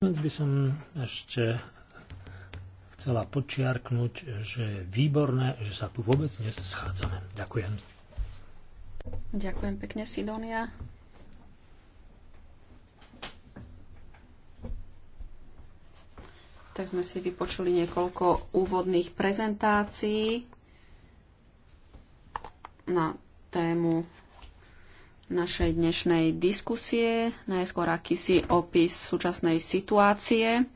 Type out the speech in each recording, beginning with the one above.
Dnes by som ešte chcela počiarknúť, že je výborné, že sa tu vôbec dnes schádzame. Ďakujem. Ďakujem pekne, Sidonia. Tak sme si vypočuli niekoľko úvodných prezentácií na tému našej dnešnej diskusie. Najskôr akýsi opis súčasnej situácie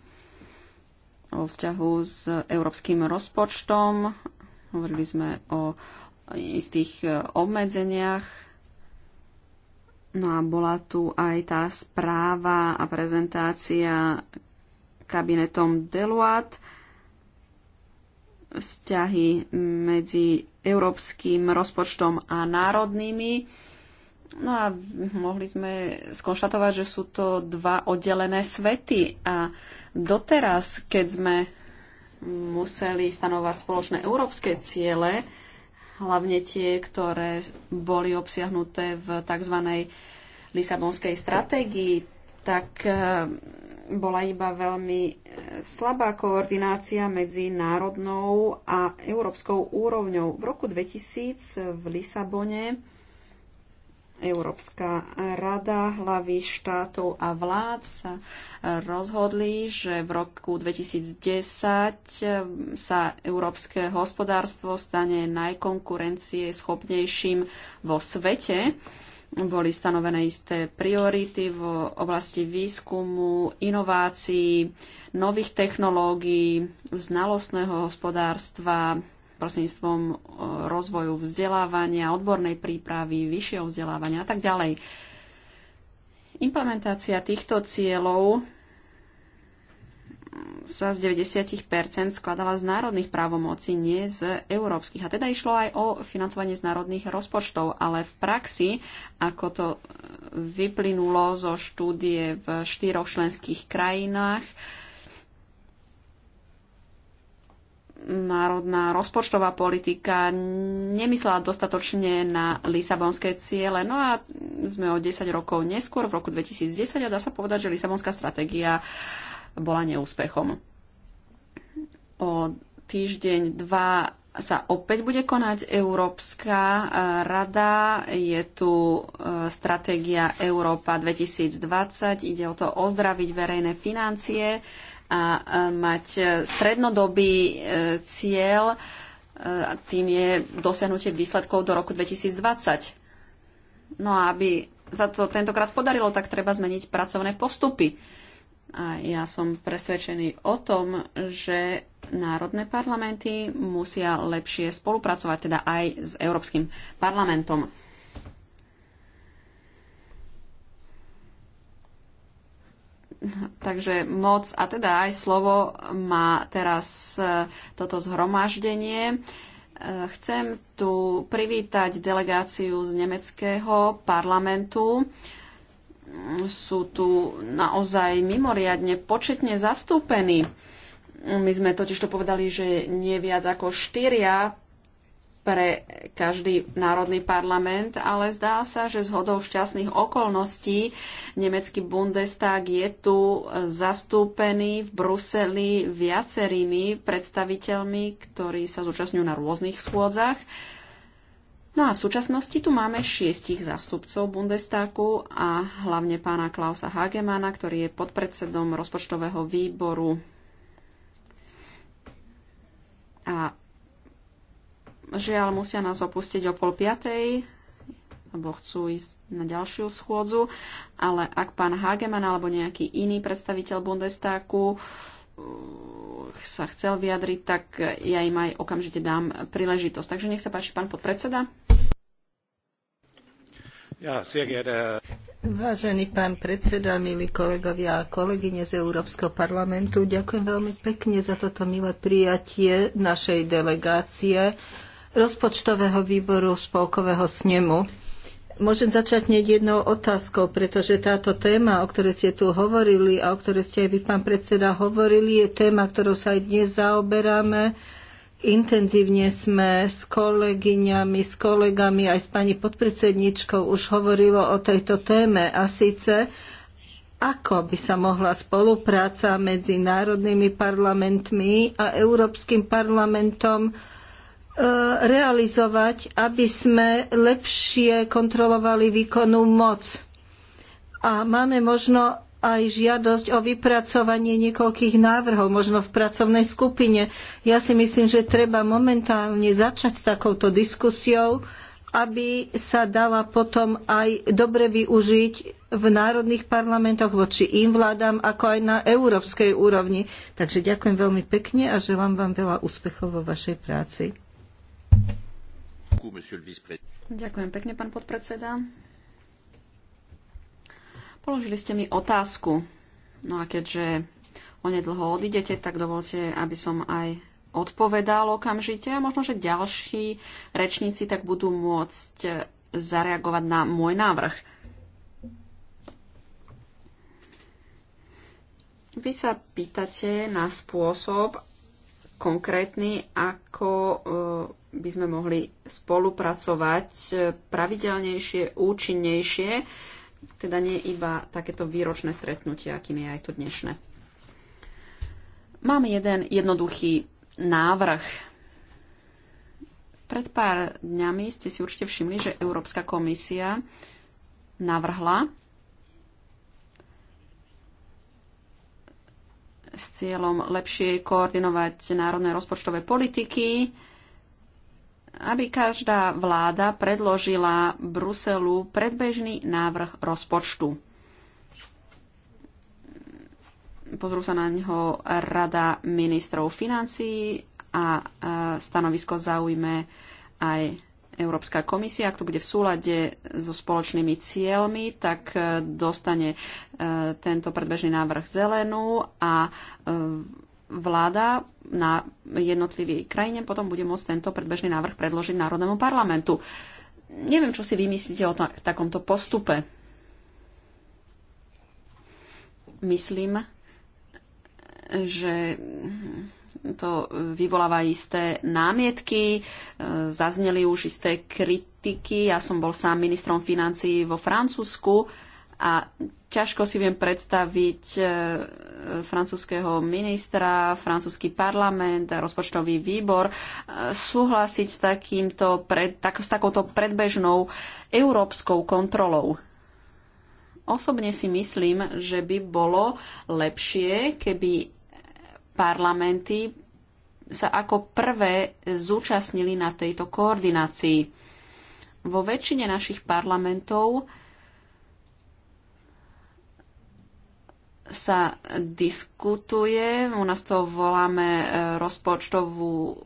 vo vzťahu s európskym rozpočtom. Hovorili sme o istých obmedzeniach. No a bola tu aj tá správa a prezentácia kabinetom Deluat vzťahy medzi európskym rozpočtom a národnými No a mohli sme skonštatovať, že sú to dva oddelené svety a doteraz, keď sme museli stanovať spoločné európske ciele, hlavne tie, ktoré boli obsiahnuté v tzv. Lisabonskej stratégii, tak e, bola iba veľmi e, slabá koordinácia medzi národnou a európskou úrovňou. V roku 2000 v Lisabone Európska rada, hlavy štátov a vlád sa rozhodli, že v roku 2010 sa európske hospodárstvo stane schopnejším vo svete. Boli stanovené isté priority v oblasti výskumu, inovácií, nových technológií, znalostného hospodárstva, prostredníctvom e, rozvoju vzdelávania, odbornej prípravy, vyššieho vzdelávania a tak ďalej. Implementácia týchto cieľov sa z 90% skladala z národných právomocí, nie z európskych. A teda išlo aj o financovanie z národných rozpočtov, ale v praxi, ako to e, vyplynulo zo štúdie v štyroch členských krajinách, národná rozpočtová politika nemyslela dostatočne na lisabonské ciele. No a sme o 10 rokov neskôr, v roku 2010, a dá sa povedať, že lisabonská stratégia bola neúspechom. O týždeň, dva sa opäť bude konať Európska e, rada. Je tu e, stratégia Európa 2020. Ide o to ozdraviť verejné financie a mať e, strednodobý e, cieľ, e, a tým je dosiahnutie výsledkov do roku 2020. No a aby sa to tentokrát podarilo, tak treba zmeniť pracovné postupy. A ja som presvedčený o tom, že národné parlamenty musia lepšie spolupracovať, teda aj s Európskym parlamentom. Takže moc a teda aj slovo má teraz e, toto zhromaždenie. E, chcem tu privítať delegáciu z nemeckého parlamentu. Sú tu naozaj mimoriadne početne zastúpení. My sme totiž to povedali, že nie viac ako štyria pre každý národný parlament, ale zdá sa, že z hodou šťastných okolností nemecký Bundestag je tu zastúpený v Bruseli viacerými predstaviteľmi, ktorí sa zúčastňujú na rôznych schôdzach. No a v súčasnosti tu máme šiestich zástupcov Bundestagu a hlavne pána Klausa Hagemana, ktorý je podpredsedom rozpočtového výboru. A Žiaľ, musia nás opustiť o pol piatej, lebo chcú ísť na ďalšiu schôdzu, ale ak pán Hageman alebo nejaký iný predstaviteľ Bundestagu uh, sa chcel vyjadriť, tak ja im aj okamžite dám príležitosť. Takže nech sa páči, pán podpredseda. Ja, Vážený pán predseda, milí kolegovia a kolegyne z Európskeho parlamentu, ďakujem veľmi pekne za toto milé prijatie našej delegácie rozpočtového výboru spolkového snemu. Môžem začať hneď jednou otázkou, pretože táto téma, o ktorej ste tu hovorili a o ktorej ste aj vy, pán predseda, hovorili, je téma, ktorou sa aj dnes zaoberáme. Intenzívne sme s kolegyňami, s kolegami, aj s pani podpredsedničkou už hovorilo o tejto téme a síce ako by sa mohla spolupráca medzi národnými parlamentmi a Európskym parlamentom E, realizovať, aby sme lepšie kontrolovali výkonnú moc. A máme možno aj žiadosť o vypracovanie niekoľkých návrhov, možno v pracovnej skupine. Ja si myslím, že treba momentálne začať s takouto diskusiou, aby sa dala potom aj dobre využiť v národných parlamentoch voči im vládam, ako aj na európskej úrovni. Takže ďakujem veľmi pekne a želám vám veľa úspechov vo vašej práci. Ďakujem pekne, pán podpredseda. Položili ste mi otázku. No a keďže onedlho odidete, tak dovolte, aby som aj odpovedal okamžite a možno, že ďalší rečníci tak budú môcť zareagovať na môj návrh. Vy sa pýtate na spôsob konkrétny, ako e, by sme mohli spolupracovať e, pravidelnejšie, účinnejšie, teda nie iba takéto výročné stretnutia, akým je aj to dnešné. Mám jeden jednoduchý návrh. Pred pár dňami ste si určite všimli, že Európska komisia navrhla s cieľom lepšie koordinovať národné rozpočtové politiky, aby každá vláda predložila Bruselu predbežný návrh rozpočtu. Pozrú sa na ňo Rada ministrov financií a stanovisko zaujme aj Európska komisia, ak to bude v súlade so spoločnými cieľmi, tak e, dostane e, tento predbežný návrh zelenú a e, vláda na jednotlivý krajine, potom bude môcť tento predbežný návrh predložiť Národnému parlamentu. Neviem, čo si vymyslíte o takomto postupe. Myslím, že to vyvoláva isté námietky, e, zazneli už isté kritiky. Ja som bol sám ministrom financií vo Francúzsku a ťažko si viem predstaviť e, francúzského ministra, francúzsky parlament a rozpočtový výbor e, súhlasiť s, takýmto pred, tak, s takouto predbežnou európskou kontrolou. Osobne si myslím, že by bolo lepšie, keby parlamenty sa ako prvé zúčastnili na tejto koordinácii. Vo väčšine našich parlamentov sa diskutuje. U nás to voláme e, rozpočtovú,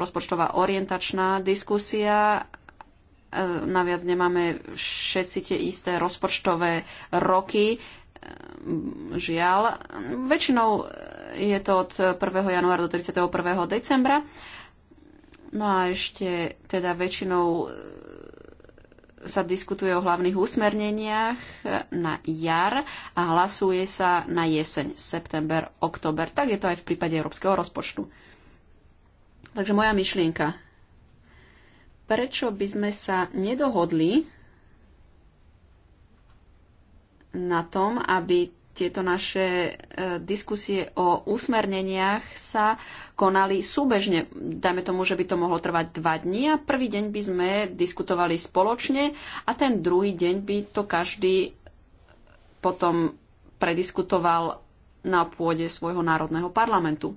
rozpočtová orientačná diskusia. E, naviac nemáme všetci tie isté rozpočtové roky. E, žiaľ, väčšinou je to od 1. januára do 31. decembra. No a ešte teda väčšinou sa diskutuje o hlavných usmerneniach na jar a hlasuje sa na jeseň, september, október. Tak je to aj v prípade európskeho rozpočtu. Takže moja myšlienka. Prečo by sme sa nedohodli na tom, aby tieto naše e, diskusie o usmerneniach sa konali súbežne. Dajme tomu, že by to mohlo trvať dva dní a prvý deň by sme diskutovali spoločne a ten druhý deň by to každý potom prediskutoval na pôde svojho národného parlamentu.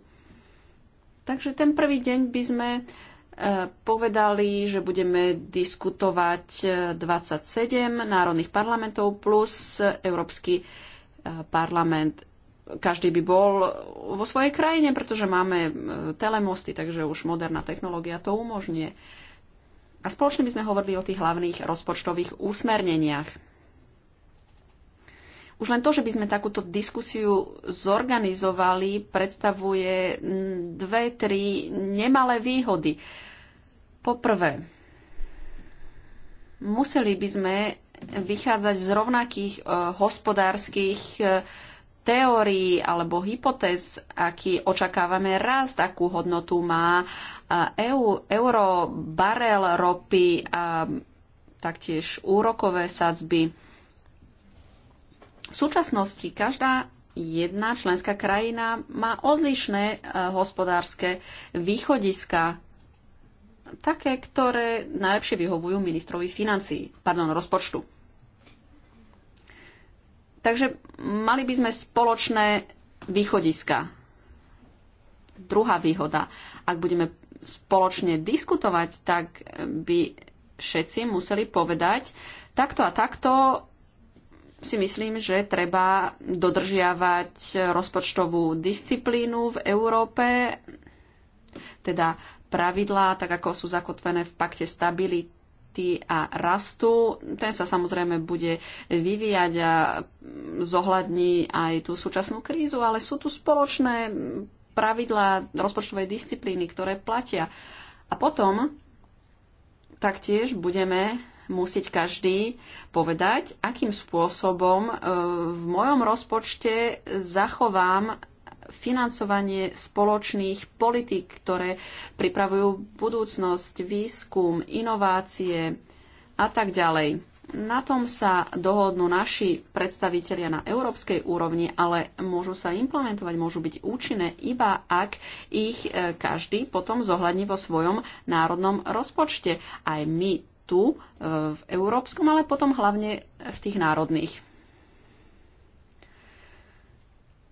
Takže ten prvý deň by sme e, povedali, že budeme diskutovať 27 e, národných parlamentov plus Európsky parlament parlament každý by bol vo svojej krajine, pretože máme e, telemosty, takže už moderná technológia to umožňuje. A spoločne by sme hovorili o tých hlavných rozpočtových úsmerneniach. Už len to, že by sme takúto diskusiu zorganizovali, predstavuje dve, tri nemalé výhody. Poprvé, museli by sme vychádzať z rovnakých e, hospodárskych e, teórií alebo hypotéz, aký očakávame rast, akú hodnotu má EU, euro, barel ropy a taktiež úrokové sadzby. V súčasnosti každá jedna členská krajina má odlišné e, hospodárske východiska také, ktoré najlepšie vyhovujú ministrovi financí, pardon, rozpočtu. Takže mali by sme spoločné východiska. Druhá výhoda. Ak budeme spoločne diskutovať, tak by všetci museli povedať, takto a takto si myslím, že treba dodržiavať rozpočtovú disciplínu v Európe, teda pravidlá, tak ako sú zakotvené v pakte stability a rastu. Ten sa samozrejme bude vyvíjať a zohľadní aj tú súčasnú krízu, ale sú tu spoločné pravidlá rozpočtovej disciplíny, ktoré platia. A potom taktiež budeme musieť každý povedať, akým spôsobom e, v mojom rozpočte zachovám financovanie spoločných politik, ktoré pripravujú budúcnosť, výskum, inovácie a tak ďalej. Na tom sa dohodnú naši predstavitelia na európskej úrovni, ale môžu sa implementovať, môžu byť účinné iba ak ich e, každý potom zohľadní vo svojom národnom rozpočte. Aj my tu e, v európskom, ale potom hlavne v tých národných.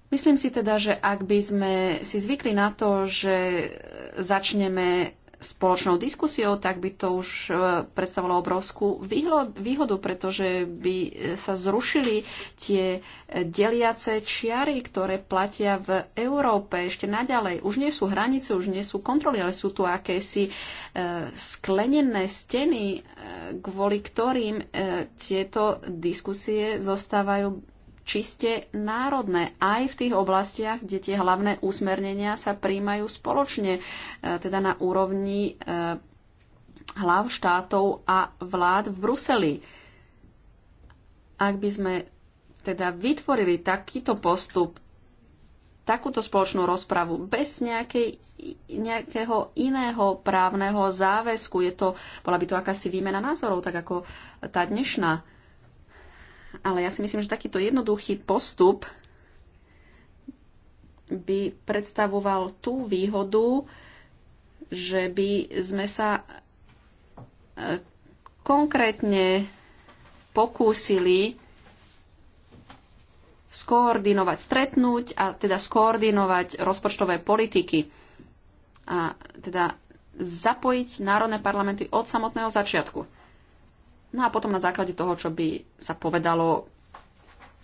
Myslím si teda, že ak by sme si zvykli na to, že začneme spoločnou diskusiou, tak by to už e, predstavovalo obrovskú výhodu, pretože by sa zrušili tie deliace čiary, ktoré platia v Európe ešte naďalej. Už nie sú hranice, už nie sú kontroly, ale sú tu akési e, sklenené steny, e, kvôli ktorým tieto diskusie zostávajú čiste národné, aj v tých oblastiach, kde tie hlavné úsmernenia sa príjmajú spoločne, e, teda na úrovni e, hlav štátov a vlád v Bruseli. Ak by sme teda vytvorili takýto postup, takúto spoločnú rozpravu bez nejakej, nejakého iného právneho záväzku, je to, bola by to akási výmena názorov, tak ako tá dnešná, ale ja si myslím, že takýto jednoduchý postup by predstavoval tú výhodu, že by sme sa e, konkrétne pokúsili skoordinovať, stretnúť a teda skoordinovať rozpočtové politiky a teda zapojiť národné parlamenty od samotného začiatku. No a potom na základe toho, čo by sa povedalo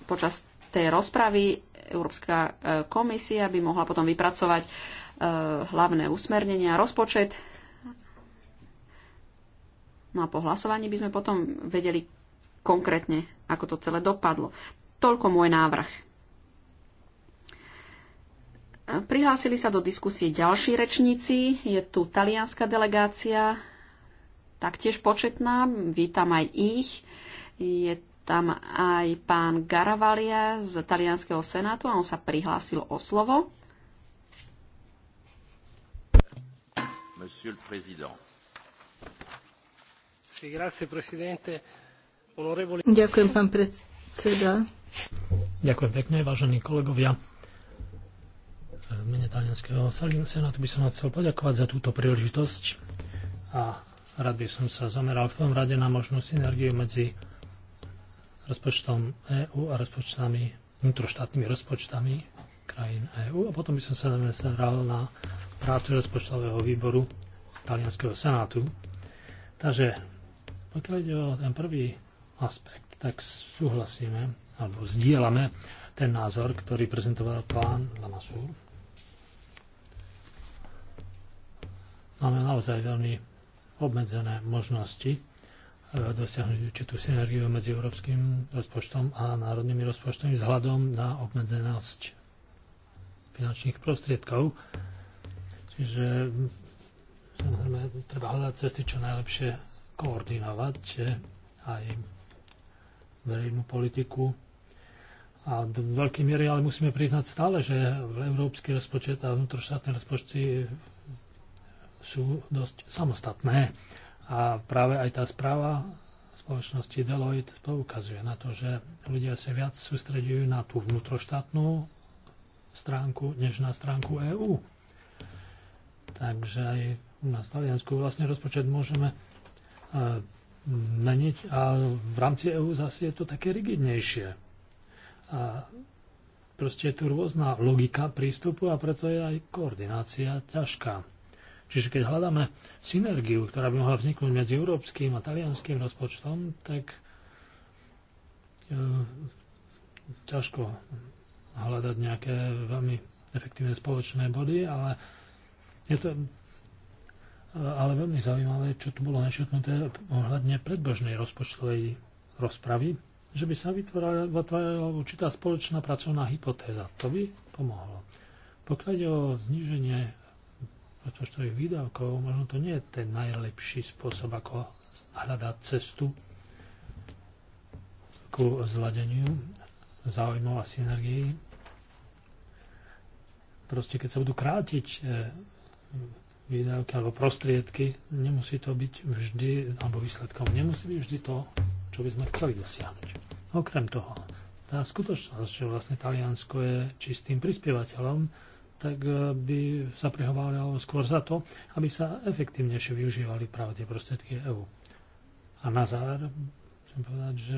počas tej rozpravy, Európska e, komisia by mohla potom vypracovať e, hlavné usmernenia, a rozpočet. No a po hlasovaní by sme potom vedeli konkrétne, ako to celé dopadlo. Toľko môj návrh. E, prihlásili sa do diskusie ďalší rečníci. Je tu talianská delegácia, taktiež početná. Vítam aj ich. Je tam aj pán Garavalia z Talianského senátu a on sa prihlásil o slovo. Monsieur le Président. Ďakujem, pán predseda. Ďakujem pekne, vážení kolegovia. V mene Talianského senátu by som vám chcel poďakovať za túto príležitosť a Rád by som sa zameral v tom rade na možnú synergiu medzi rozpočtom EÚ a rozpočtami, vnútroštátnymi rozpočtami krajín EÚ. A potom by som sa zameral na prácu rozpočtového výboru Talianského senátu. Takže pokiaľ ide o ten prvý aspekt, tak súhlasíme alebo zdieľame ten názor, ktorý prezentoval pán Lamassur. Máme naozaj veľmi obmedzené možnosti e, dosiahnuť určitú synergiu medzi európskym rozpočtom a národnými rozpočtami vzhľadom na obmedzenosť finančných prostriedkov. Čiže samozrejme treba hľadať cesty čo najlepšie koordinovať e, aj verejnú politiku. A do veľkej miery ale musíme priznať stále, že európsky rozpočet a vnútroštátne rozpočty sú dosť samostatné. A práve aj tá správa spoločnosti Deloitte poukazuje na to, že ľudia sa viac sústredujú na tú vnútroštátnu stránku, než na stránku EÚ. Takže aj na Taliansku vlastne rozpočet môžeme e, meniť a v rámci EÚ zase je to také rigidnejšie. A proste je tu rôzna logika prístupu a preto je aj koordinácia ťažká. Čiže keď hľadáme synergiu, ktorá by mohla vzniknúť medzi európskym a talianským rozpočtom, tak e, ťažko hľadať nejaké veľmi efektívne spoločné body, ale je to e, ale veľmi zaujímavé, čo tu bolo načrtnuté ohľadne predbožnej rozpočtovej rozpravy, že by sa vytvárala, určitá spoločná pracovná hypotéza. To by pomohlo. Pokiaľ ide o zníženie je výdavkov, možno to nie je ten najlepší spôsob, ako hľadať cestu ku zladeniu záujmov a synergií. Proste keď sa budú krátiť e, výdavky alebo prostriedky, nemusí to byť vždy, alebo výsledkom nemusí byť vždy to, čo by sme chceli dosiahnuť. Okrem toho, tá skutočnosť, že vlastne Taliansko je čistým prispievateľom tak eh, by sa prihováralo skôr za to, aby sa efektívnejšie využívali práve tie prostriedky EÚ. A na záver chcem povedať, že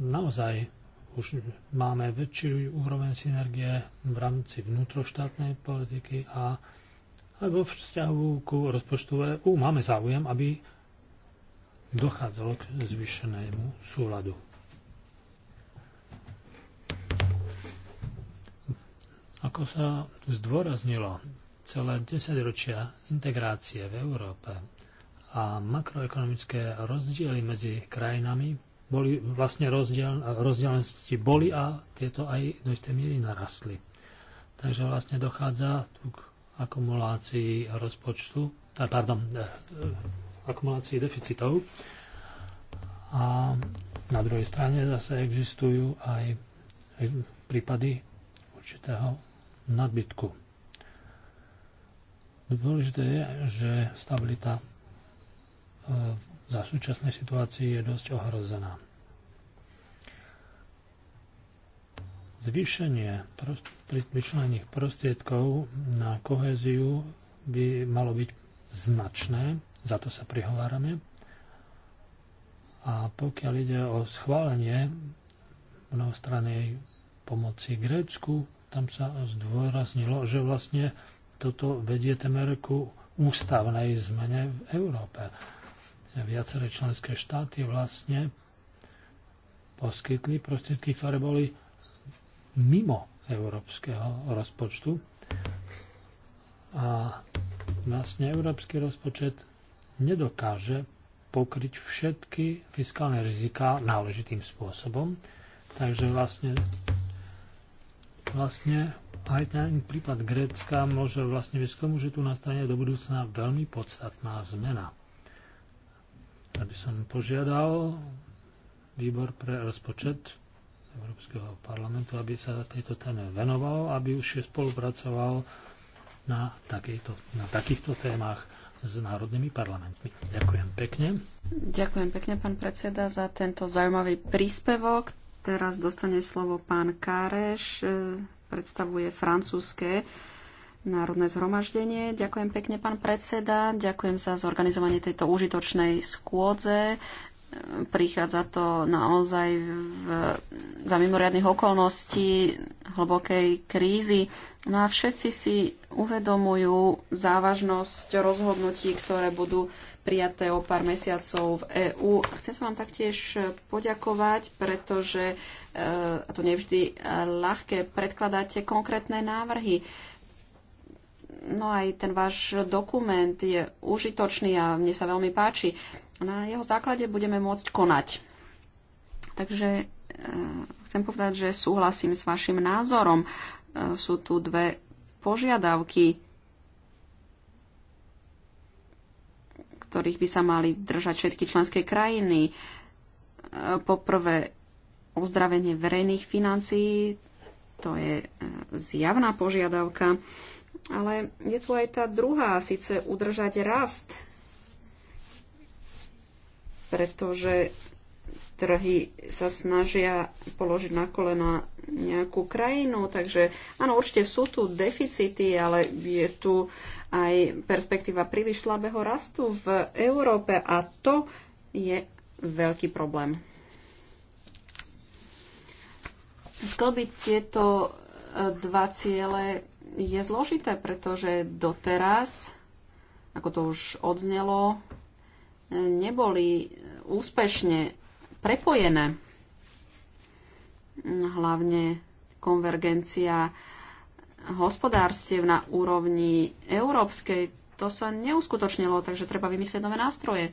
naozaj už máme väčší úroveň synergie v rámci vnútroštátnej politiky a aj vo vzťahu ku rozpočtu EU máme záujem, aby dochádzalo k zvýšenému súladu. Ako sa tu zdôraznilo, celé 10 ročia integrácie v Európe a makroekonomické rozdiely medzi krajinami boli vlastne rozdiel, rozdielnosti boli a tieto aj do istej miery narastli. Takže vlastne dochádza tu k akumulácii rozpočtu, a pardon, e, e, akumulácii deficitov. A na druhej strane zase existujú aj e, prípady určitého nadbytku. Dôležité je, že stabilita e, za súčasnej situácii je dosť ohrozená. Zvýšenie vyčlených prostriedkov na kohéziu by malo byť značné, za to sa prihovárame. A pokiaľ ide o schválenie mnohostranej pomoci Grécku, tam sa zdôraznilo, že vlastne toto vedie temer ku ústavnej zmene v Európe. Viaceré členské štáty vlastne poskytli prostriedky, ktoré boli mimo európskeho rozpočtu. A vlastne európsky rozpočet nedokáže pokryť všetky fiskálne rizika náležitým spôsobom. Takže vlastne vlastne aj ten prípad Grécka môže vlastne viesť k tomu, že tu nastane do budúcna veľmi podstatná zmena. Aby som požiadal výbor pre rozpočet Európskeho parlamentu, aby sa tejto téme venoval, aby už je spolupracoval na, takejto, na takýchto témach s národnými parlamentmi. Ďakujem pekne. Ďakujem pekne, pán predseda, za tento zaujímavý príspevok. Teraz dostane slovo pán Káreš, e, predstavuje francúzske Národné zhromaždenie. Ďakujem pekne, pán predseda. Ďakujem za zorganizovanie tejto užitočnej skôdze. E, prichádza to naozaj v, za mimoriadných okolností hlbokej krízy. No a všetci si uvedomujú závažnosť rozhodnutí, ktoré budú prijaté o pár mesiacov v EÚ. A chcem sa vám taktiež poďakovať, pretože, e, a to nevždy e, ľahké, predkladáte konkrétne návrhy. No aj ten váš dokument je užitočný a mne sa veľmi páči. Na jeho základe budeme môcť konať. Takže e, chcem povedať, že súhlasím s vašim názorom. Sú tu dve požiadavky, ktorých by sa mali držať všetky členské krajiny. E, poprvé, ozdravenie verejných financií, to je e, zjavná požiadavka, ale je tu aj tá druhá, síce udržať rast, pretože trhy sa snažia položiť na kolena nejakú krajinu. Takže áno, určite sú tu deficity, ale je tu aj perspektíva príliš slabého rastu v Európe a to je veľký problém. Sklbiť tieto e, dva ciele je zložité, pretože doteraz, ako to už odznelo, e, neboli úspešne prepojené. Hlavne konvergencia hospodárstiev na úrovni európskej, to sa neuskutočnilo, takže treba vymyslieť nové nástroje.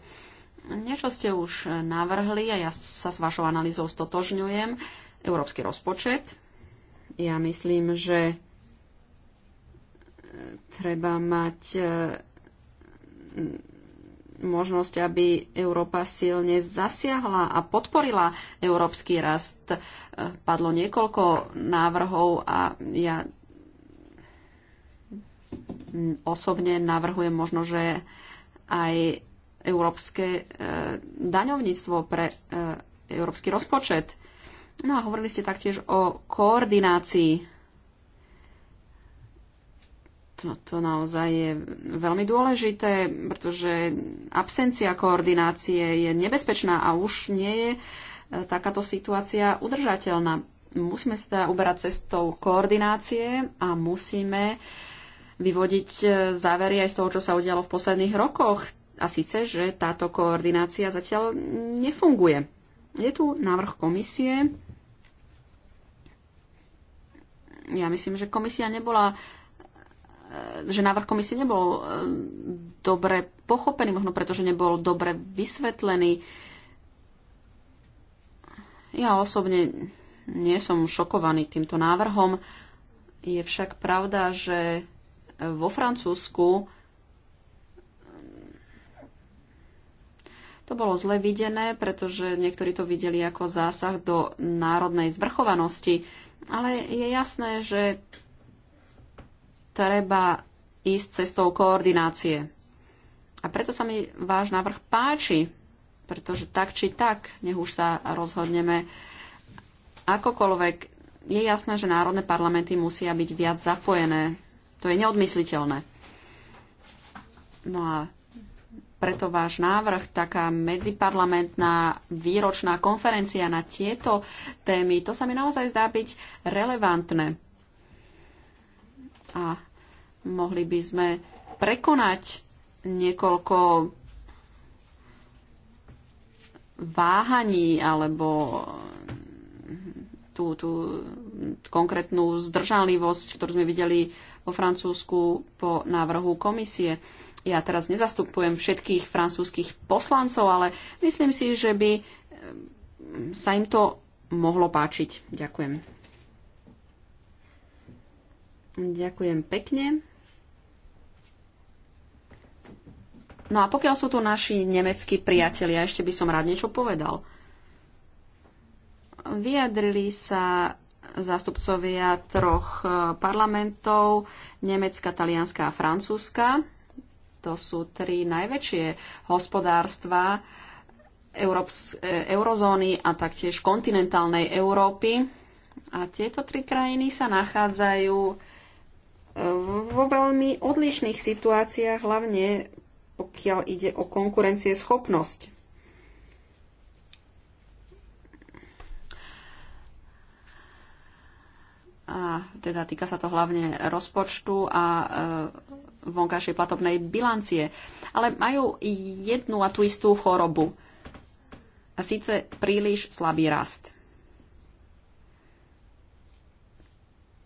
Niečo ste už navrhli a ja sa s vašou analýzou stotožňujem. Európsky rozpočet. Ja myslím, že e, treba mať e, možnosť, aby Európa silne zasiahla a podporila európsky rast. E, padlo niekoľko návrhov a ja osobne navrhujem možno, že aj európske e, daňovníctvo pre e, európsky rozpočet. No a hovorili ste taktiež o koordinácii to, no, to naozaj je veľmi dôležité, pretože absencia koordinácie je nebezpečná a už nie je e, takáto situácia udržateľná. Musíme sa teda uberať cestou koordinácie a musíme vyvodiť e, závery aj z toho, čo sa udialo v posledných rokoch. A síce, že táto koordinácia zatiaľ nefunguje. Je tu návrh komisie. Ja myslím, že komisia nebola E, že návrh komisie nebol e, dobre pochopený, možno preto, že nebol dobre vysvetlený. Ja osobne nie som šokovaný týmto návrhom. Je však pravda, že vo Francúzsku to bolo zle videné, pretože niektorí to videli ako zásah do národnej zvrchovanosti. Ale je jasné, že treba ísť cestou koordinácie. A preto sa mi váš návrh páči, pretože tak či tak, nech už sa rozhodneme akokoľvek, je jasné, že národné parlamenty musia byť viac zapojené. To je neodmysliteľné. No a preto váš návrh, taká medziparlamentná výročná konferencia na tieto témy, to sa mi naozaj zdá byť relevantné a mohli by sme prekonať niekoľko váhaní alebo tú, tú konkrétnu zdržanlivosť, ktorú sme videli vo Francúzsku po návrhu komisie. Ja teraz nezastupujem všetkých francúzskych poslancov, ale myslím si, že by sa im to mohlo páčiť. Ďakujem. Ďakujem pekne. No a pokiaľ sú tu naši nemeckí priatelia, ešte by som rád niečo povedal. Vyjadrili sa zástupcovia troch e, parlamentov, Nemecka, Talianska a Francúzska. To sú tri najväčšie hospodárstva Európs- e, eurozóny a taktiež kontinentálnej Európy. A tieto tri krajiny sa nachádzajú vo veľmi odlišných situáciách, hlavne pokiaľ ide o konkurencieschopnosť. A teda týka sa to hlavne rozpočtu a e, vonkajšej platobnej bilancie. Ale majú jednu a tú istú chorobu. A síce príliš slabý rast.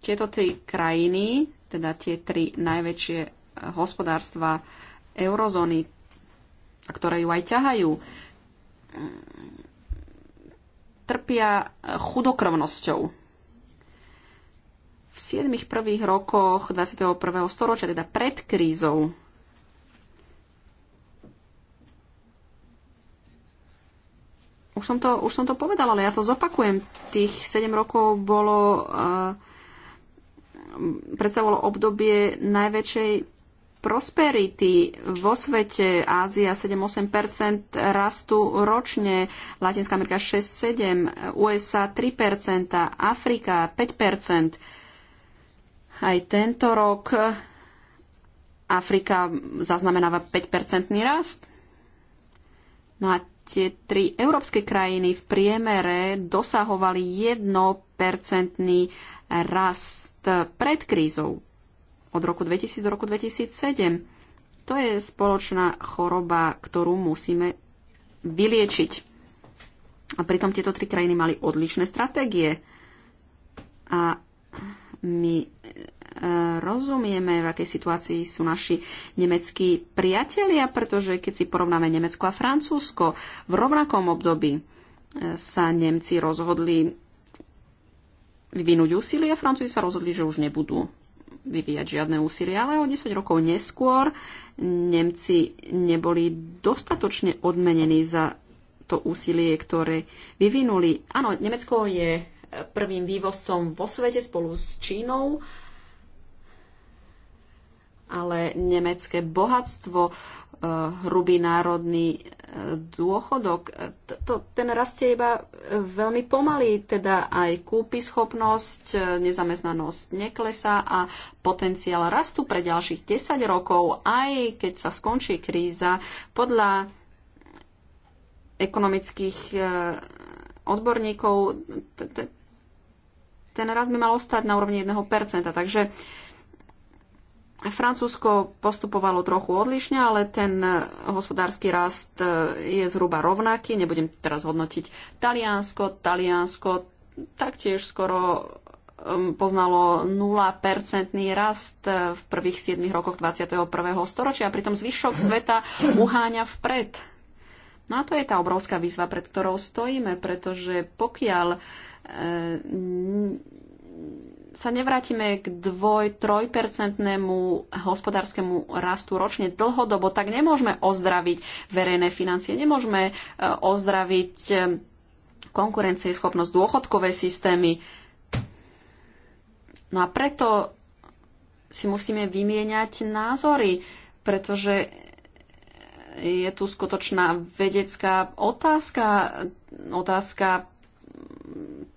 Tieto tri krajiny teda tie tri najväčšie eh, hospodárstva eurozóny, ktoré ju aj ťahajú, mm, trpia eh, chudokrvnosťou v 7 prvých rokoch 21. storočia, teda pred krízou, Už som, to, už som to povedala, ale ja to zopakujem. Tých 7 rokov bolo uh, predstavovalo obdobie najväčšej prosperity vo svete. Ázia 7-8 rastu ročne, Latinská Amerika 6-7, USA 3 Afrika 5 Aj tento rok Afrika zaznamenáva 5-percentný rast. No a tie tri európske krajiny v priemere dosahovali 1-percentný rast E, pred krízou, od roku 2000 do roku 2007. To je spoločná choroba, ktorú musíme vyliečiť. A pritom tieto tri krajiny mali odlišné stratégie. A my e, rozumieme, v akej situácii sú naši nemeckí priatelia, pretože keď si porovnáme Nemecko a Francúzsko, v rovnakom období e, sa Nemci rozhodli vyvinúť úsilie. Francúzi sa rozhodli, že už nebudú vyvíjať žiadne úsilie, ale o 10 rokov neskôr Nemci neboli dostatočne odmenení za to úsilie, ktoré vyvinuli. Áno, Nemecko je prvým vývozcom vo svete spolu s Čínou, ale nemecké bohatstvo hrubý národný e, dôchodok. To, ten rastie iba e, veľmi pomaly, teda aj kúpy schopnosť, e, nezamestnanosť neklesá a potenciál rastu pre ďalších 10 rokov, aj keď sa skončí kríza, podľa ekonomických odborníkov ten rast by mal ostať na úrovni 1%. Takže Francúzsko postupovalo trochu odlišne, ale ten e, hospodársky rast e, je zhruba rovnaký. Nebudem teraz hodnotiť Taliansko. Taliansko taktiež skoro poznalo 0-percentný rast e, v prvých 7 rokoch 21. storočia a pritom zvyšok sveta uháňa vpred. No a to je tá obrovská výzva, pred ktorou stojíme, pretože pokiaľ e, sa nevrátime k 2 3 hospodárskému rastu ročne dlhodobo, tak nemôžeme ozdraviť verejné financie, nemôžeme e, ozdraviť e, konkurencieschopnosť dôchodkové systémy. No a preto si musíme vymieňať názory, pretože je tu skutočná vedecká otázka, otázka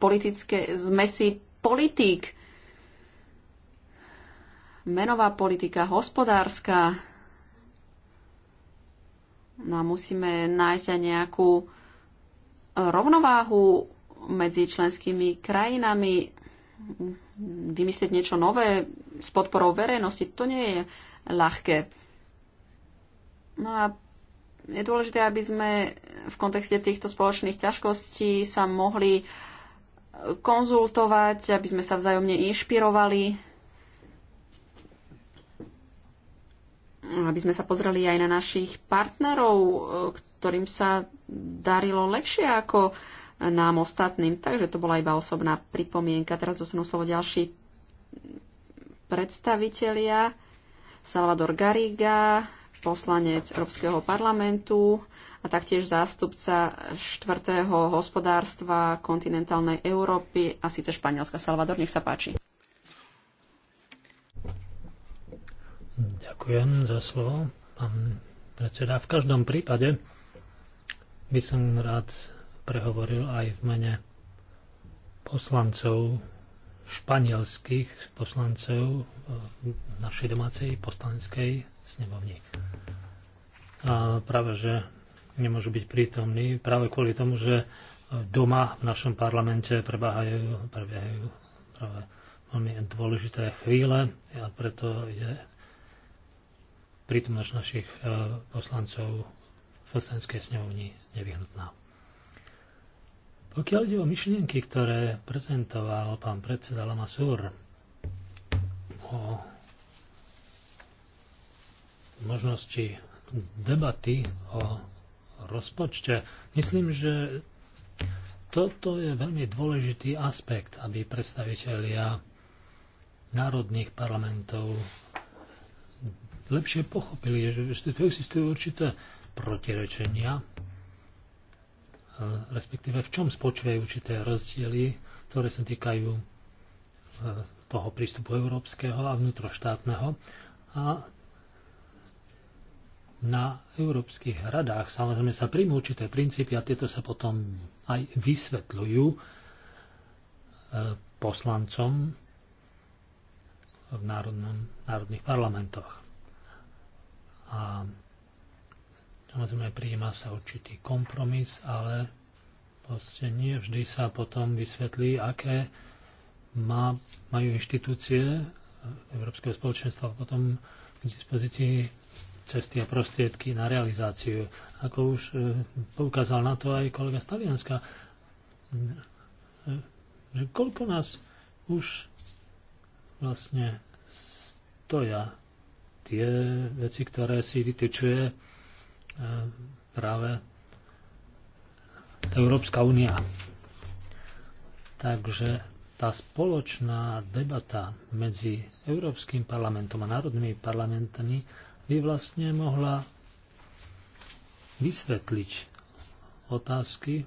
politické zmesi politík menová politika, hospodárska. No a musíme nájsť aj nejakú rovnováhu medzi členskými krajinami, vymyslieť niečo nové s podporou verejnosti, to nie je ľahké. No a je dôležité, aby sme v kontexte týchto spoločných ťažkostí sa mohli konzultovať, aby sme sa vzájomne inšpirovali aby sme sa pozreli aj na našich partnerov, e, ktorým sa darilo lepšie ako nám ostatným. Takže to bola iba osobná pripomienka. Teraz dostanú slovo ďalší predstavitelia. Salvador Gariga, poslanec Európskeho parlamentu a taktiež zástupca štvrtého hospodárstva kontinentálnej Európy a síce Španielska. Salvador, nech sa páči. Ďakujem za slovo, pán predseda. V každom prípade by som rád prehovoril aj v mene poslancov, španielských poslancov eh, našej domácej poslaneckej snemovni. A práve, že nemôžu byť prítomní, práve kvôli tomu, že doma v našom parlamente prebiehajú, prebiehajú práve veľmi dôležité chvíle a preto je prítomnosť našich e, poslancov v poslanskej snehovni nevyhnutná. Pokiaľ ide o myšlienky, ktoré prezentoval pán predseda Lamasur o možnosti debaty o rozpočte, myslím, že toto je veľmi dôležitý aspekt, aby predstavitelia národných parlamentov lepšie pochopili, že tu existujú určité protirečenia, eh, respektíve v čom spočívajú určité rozdiely, ktoré sa týkajú eh, toho prístupu európskeho a vnútroštátneho. A na európskych radách samozrejme sa príjmú určité princípy a tieto sa potom aj vysvetľujú eh, poslancom v národnom, národných parlamentoch. A samozrejme prijíma sa určitý kompromis, ale proste nie vždy sa potom vysvetlí, aké má, majú inštitúcie Európskeho spoločenstva potom k dispozícii cesty a prostriedky na realizáciu. Ako už e, poukázal na to aj kolega z Talianska, e, že koľko nás už vlastne stoja tie veci, ktoré si vytečuje e, práve Európska únia. Takže tá spoločná debata medzi Európskym parlamentom a národnými parlamentami by vlastne mohla vysvetliť otázky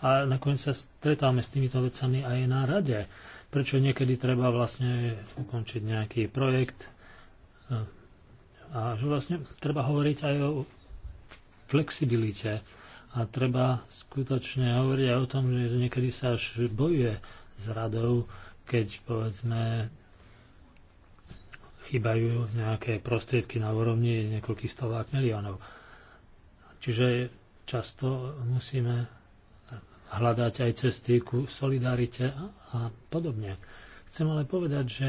a nakoniec sa stretávame s týmito vecami aj na rade. Prečo niekedy treba vlastne ukončiť nejaký projekt, a vlastne treba hovoriť aj o flexibilite a treba skutočne hovoriť aj o tom, že niekedy sa až bojuje s radou, keď povedzme chýbajú nejaké prostriedky na úrovni niekoľkých stovák miliónov. Čiže často musíme hľadať aj cesty ku solidarite a, a podobne. Chcem ale povedať, že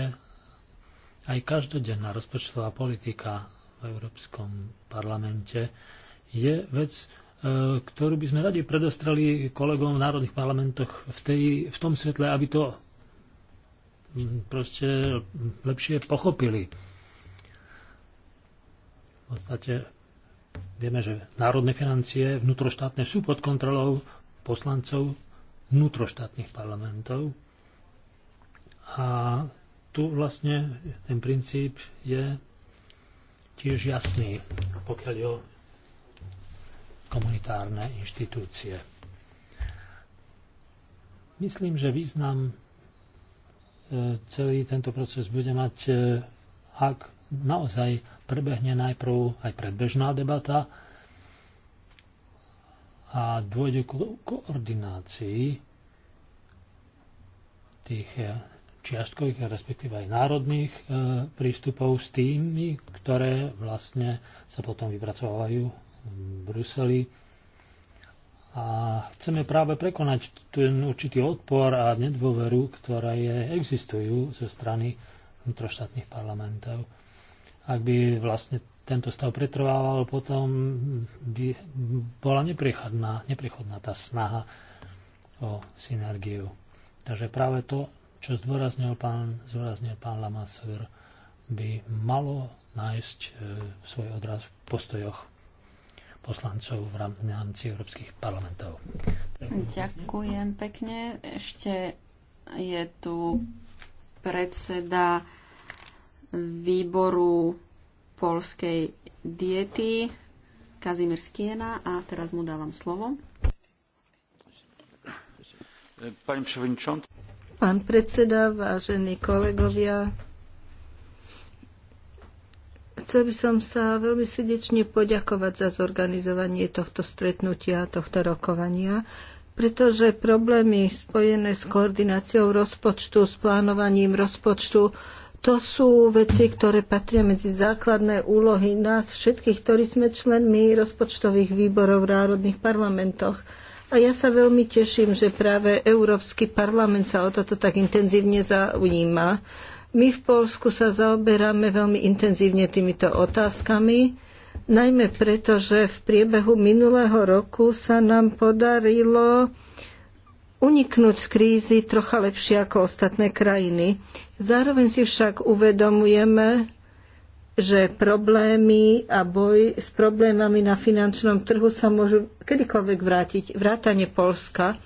aj každodenná rozpočtová politika v Európskom parlamente je vec, e, ktorú by sme radi predostrali kolegom v národných parlamentoch v, tej, v tom svetle, aby to mm, proste lepšie pochopili. V podstate vieme, že národné financie vnútroštátne sú pod kontrolou poslancov vnútroštátnych parlamentov a tu vlastne ten princíp je tiež jasný, pokiaľ je o komunitárne inštitúcie. Myslím, že význam e, celý tento proces bude mať, e, ak naozaj prebehne najprv aj predbežná debata a dôjde k koordinácii tých e, čiastkových, respektíve aj národných e, prístupov s tými, ktoré vlastne sa potom vypracovajú v Bruseli. A chceme práve prekonať ten určitý odpor a nedôveru, ktoré je, existujú zo strany vnútroštátnych parlamentov. Ak by vlastne tento stav pretrvával, potom by bola neprechodná, neprechodná tá snaha o synergiu. Takže práve to čo zdôraznil pán, zdôraznil pán Lamassur, by malo nájsť e, svoj odraz v postojoch poslancov v rámci európskych parlamentov. Ďakujem pekne. Ešte je tu predseda výboru polskej diety Kazimír Skiena a teraz mu dávam slovo. Pani przewodnicząca. Pán predseda, vážení kolegovia, chcel by som sa veľmi srdečne poďakovať za zorganizovanie tohto stretnutia, tohto rokovania, pretože problémy spojené s koordináciou rozpočtu, s plánovaním rozpočtu, to sú veci, ktoré patria medzi základné úlohy nás všetkých, ktorí sme členmi rozpočtových výborov v národných parlamentoch. A ja sa veľmi teším, že práve Európsky parlament sa o toto tak intenzívne zaujíma. My v Polsku sa zaoberáme veľmi intenzívne týmito otázkami, najmä preto, že v priebehu minulého roku sa nám podarilo uniknúť z krízy trocha lepšie ako ostatné krajiny. Zároveň si však uvedomujeme, že problémy a boj s problémami na finančnom trhu sa môžu kedykoľvek vrátiť, vrátane Polska.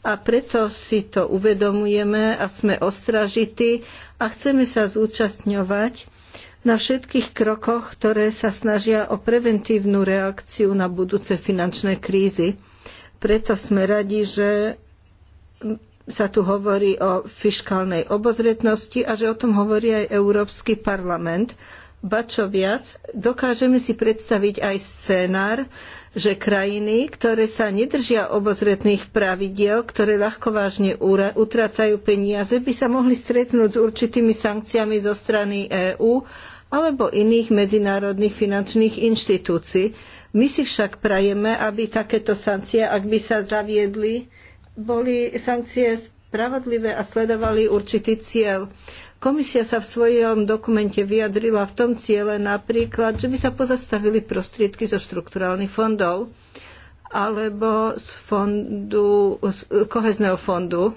A preto si to uvedomujeme a sme ostražití a chceme sa zúčastňovať na všetkých krokoch, ktoré sa snažia o preventívnu reakciu na budúce finančné krízy. Preto sme radi, že sa tu hovorí o fiškálnej obozretnosti a že o tom hovorí aj Európsky parlament Ba čo viac, dokážeme si predstaviť aj scénár, že krajiny, ktoré sa nedržia obozretných pravidiel, ktoré ľahko vážne utracajú peniaze, by sa mohli stretnúť s určitými sankciami zo strany EÚ alebo iných medzinárodných finančných inštitúcií. My si však prajeme, aby takéto sankcie, ak by sa zaviedli, boli sankcie spravodlivé a sledovali určitý cieľ. Komisia sa v svojom dokumente vyjadrila v tom ciele napríklad, že by sa pozastavili prostriedky zo štrukturálnych fondov alebo z fondu, z kohezného fondu.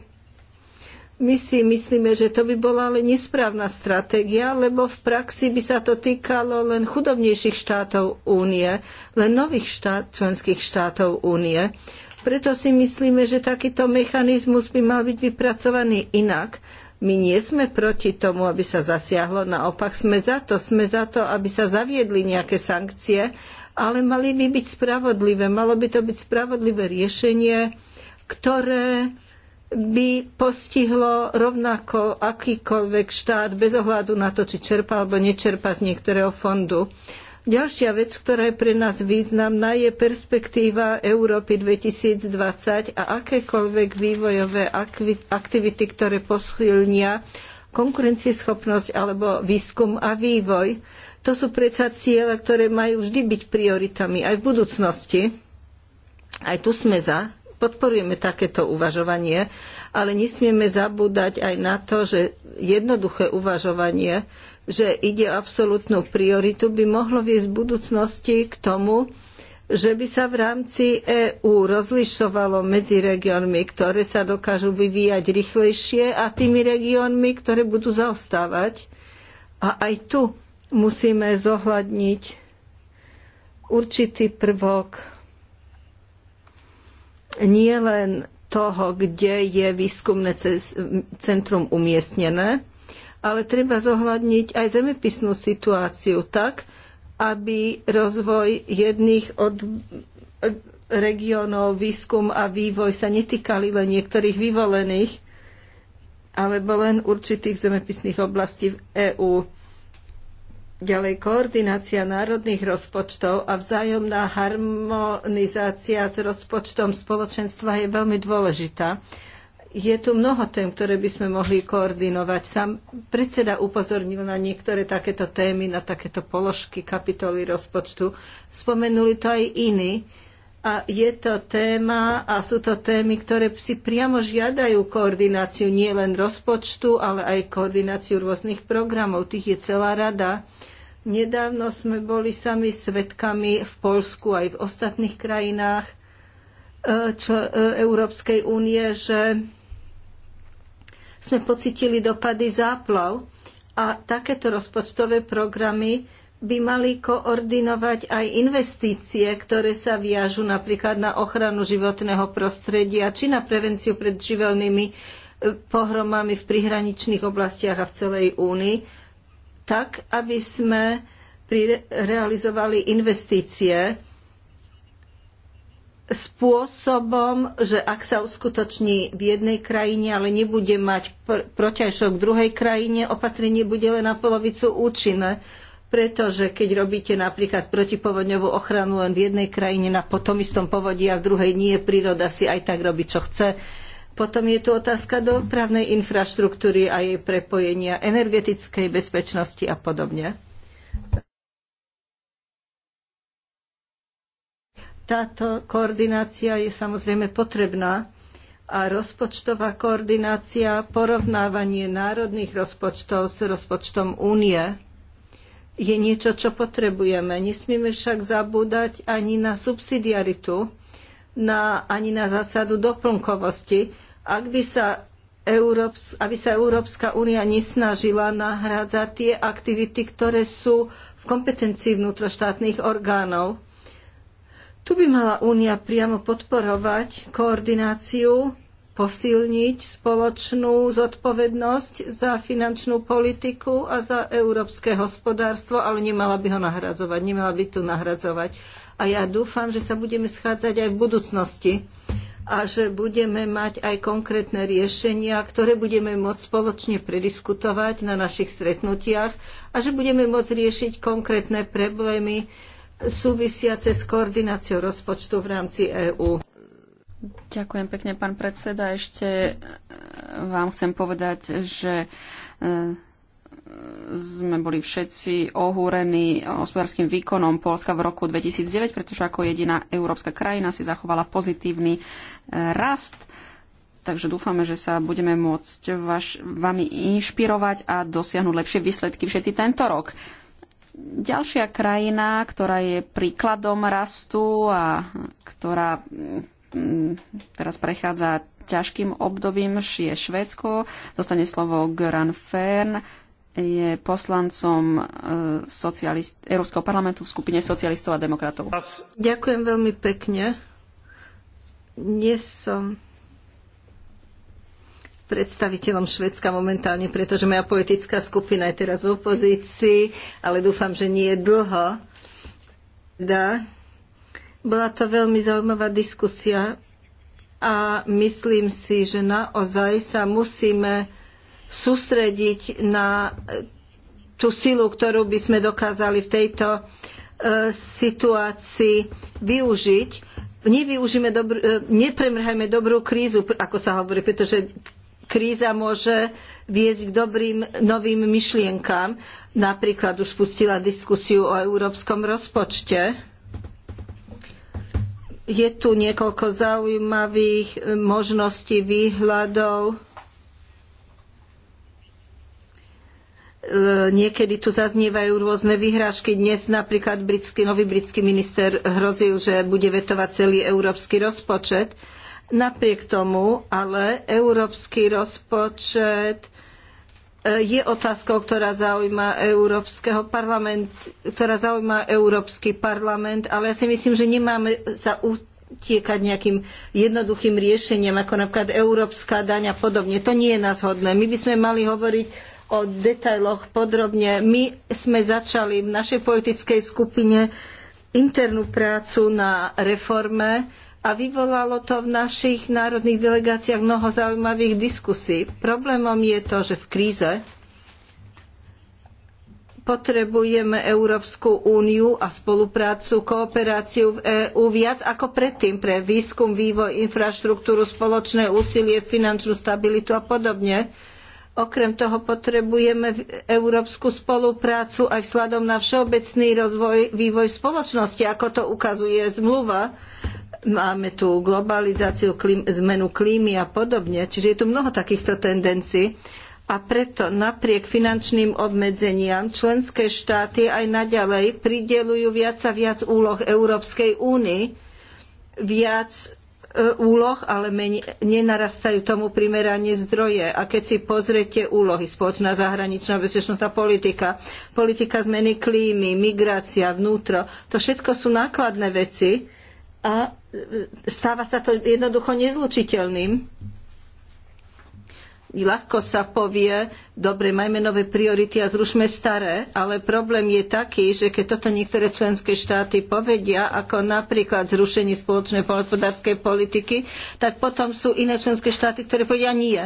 My si myslíme, že to by bola ale nesprávna stratégia, lebo v praxi by sa to týkalo len chudobnejších štátov únie, len nových štát, členských štátov únie. Preto si myslíme, že takýto mechanizmus by mal byť vypracovaný inak, my nie sme proti tomu, aby sa zasiahlo, naopak sme za to. Sme za to, aby sa zaviedli nejaké sankcie, ale mali by byť spravodlivé. Malo by to byť spravodlivé riešenie, ktoré by postihlo rovnako akýkoľvek štát bez ohľadu na to, či čerpa alebo nečerpa z niektorého fondu. Ďalšia vec, ktorá je pre nás významná, je perspektíva Európy 2020 a akékoľvek vývojové aktivity, ktoré posilnia konkurencieschopnosť alebo výskum a vývoj. To sú predsa ciele, ktoré majú vždy byť prioritami aj v budúcnosti. Aj tu sme za, podporujeme takéto uvažovanie, ale nesmieme zabúdať aj na to, že jednoduché uvažovanie, že ide o absolútnu prioritu, by mohlo viesť v budúcnosti k tomu, že by sa v rámci EÚ rozlišovalo medzi regiónmi, ktoré sa dokážu vyvíjať rýchlejšie a tými regiónmi, ktoré budú zaostávať. A aj tu musíme zohľadniť určitý prvok nie len toho, kde je výskumné centrum umiestnené, ale treba zohľadniť aj zemepisnú situáciu tak, aby rozvoj jedných od regionov, výskum a vývoj sa netýkali len niektorých vyvolených, alebo len určitých zemepisných oblastí v EÚ. Ďalej koordinácia národných rozpočtov a vzájomná harmonizácia s rozpočtom spoločenstva je veľmi dôležitá. Je tu mnoho tém, ktoré by sme mohli koordinovať. Sám predseda upozornil na niektoré takéto témy, na takéto položky kapitoly rozpočtu. Spomenuli to aj iní. A je to téma a sú to témy, ktoré si priamo žiadajú koordináciu nielen rozpočtu, ale aj koordináciu rôznych programov. Tých je celá rada. Nedávno sme boli sami svetkami v Polsku aj v ostatných krajinách eh, čo, eh, Európskej únie, že sme pocitili dopady záplav a takéto rozpočtové programy by mali koordinovať aj investície, ktoré sa viažu napríklad na ochranu životného prostredia či na prevenciu pred živelnými eh, pohromami v prihraničných oblastiach a v celej únii tak, aby sme realizovali investície spôsobom, že ak sa uskutoční v jednej krajine, ale nebude mať pr- protiažok v druhej krajine, opatrenie bude len na polovicu účinné. Pretože keď robíte napríklad protipovodňovú ochranu len v jednej krajine na potom istom povodí a v druhej nie, príroda si aj tak robí, čo chce. Potom je tu otázka dopravnej infraštruktúry a jej prepojenia, energetickej bezpečnosti a podobne. Táto koordinácia je samozrejme potrebná a rozpočtová koordinácia, porovnávanie národných rozpočtov s rozpočtom únie je niečo, čo potrebujeme. Nesmieme však zabúdať ani na subsidiaritu, na, ani na zásadu doplnkovosti. Ak by sa Európs, aby sa Európska únia nesnažila nahrádzať tie aktivity, ktoré sú v kompetencii vnútroštátnych orgánov. Tu by mala únia priamo podporovať koordináciu, posilniť spoločnú zodpovednosť za finančnú politiku a za európske hospodárstvo, ale nemala by ho nahradzovať, nemala by tu nahradzovať a ja dúfam, že sa budeme schádzať aj v budúcnosti a že budeme mať aj konkrétne riešenia, ktoré budeme môcť spoločne prediskutovať na našich stretnutiach a že budeme môcť riešiť konkrétne problémy súvisiace s koordináciou rozpočtu v rámci EÚ. Ďakujem pekne, pán predseda. Ešte eh, vám chcem povedať, že eh, sme boli všetci ohúrení hospodárským výkonom Polska v roku 2009, pretože ako jediná európska krajina si zachovala pozitívny e, rast. Takže dúfame, že sa budeme môcť vaš, vami inšpirovať a dosiahnuť lepšie výsledky všetci tento rok. Ďalšia krajina, ktorá je príkladom rastu a ktorá mm, teraz prechádza ťažkým obdobím, je Švédsko. Dostane slovo Göran Fern je poslancom e, socialist, Európskeho parlamentu v skupine socialistov a demokratov. Ďakujem veľmi pekne. Nie som predstaviteľom Švedska momentálne, pretože moja politická skupina je teraz v opozícii, ale dúfam, že nie je dlho. Da. Bola to veľmi zaujímavá diskusia a myslím si, že naozaj sa musíme sústrediť na e, tú silu, ktorú by sme dokázali v tejto e, situácii využiť. Nevyužíme e, nepremrhajme dobrú krízu, ako sa hovorí, pretože kríza môže viesť k dobrým novým myšlienkám. Napríklad už spustila diskusiu o európskom rozpočte. Je tu niekoľko zaujímavých možností, výhľadov E, niekedy tu zaznievajú rôzne vyhrážky. Dnes napríklad britský, nový britský minister hrozil, že bude vetovať celý európsky rozpočet. Napriek tomu, ale európsky rozpočet e, je otázkou, ktorá zaujíma, Európskeho parlament, ktorá zaujíma Európsky parlament, ale ja si myslím, že nemáme sa utiekať nejakým jednoduchým riešeniam, ako napríklad európska daň a podobne. To nie je nás hodné. My by sme mali hovoriť o detailoch podrobne. My sme začali v našej politickej skupine internú prácu na reforme a vyvolalo to v našich národných delegáciách mnoho zaujímavých diskusí. Problémom je to, že v kríze potrebujeme Európsku úniu a spoluprácu, kooperáciu v EÚ viac ako predtým pre výskum, vývoj, infraštruktúru, spoločné úsilie, finančnú stabilitu a podobne. Okrem toho potrebujeme európsku spoluprácu aj vzhľadom na všeobecný rozvoj, vývoj spoločnosti, ako to ukazuje zmluva. Máme tu globalizáciu, klím, zmenu klímy a podobne, čiže je tu mnoho takýchto tendencií. A preto napriek finančným obmedzeniam členské štáty aj naďalej prideľujú viac a viac úloh Európskej únii, viac úloh, ale nenarastajú tomu primerane zdroje. A keď si pozriete úlohy, spoločná zahraničná bezpečnostná politika, politika zmeny klímy, migrácia, vnútro, to všetko sú nákladné veci a stáva sa to jednoducho nezlučiteľným ľahko sa povie, dobre, majme nové priority a zrušme staré, ale problém je taký, že keď toto niektoré členské štáty povedia, ako napríklad zrušenie spoločnej poľnohospodárskej politiky, tak potom sú iné členské štáty, ktoré povedia nie.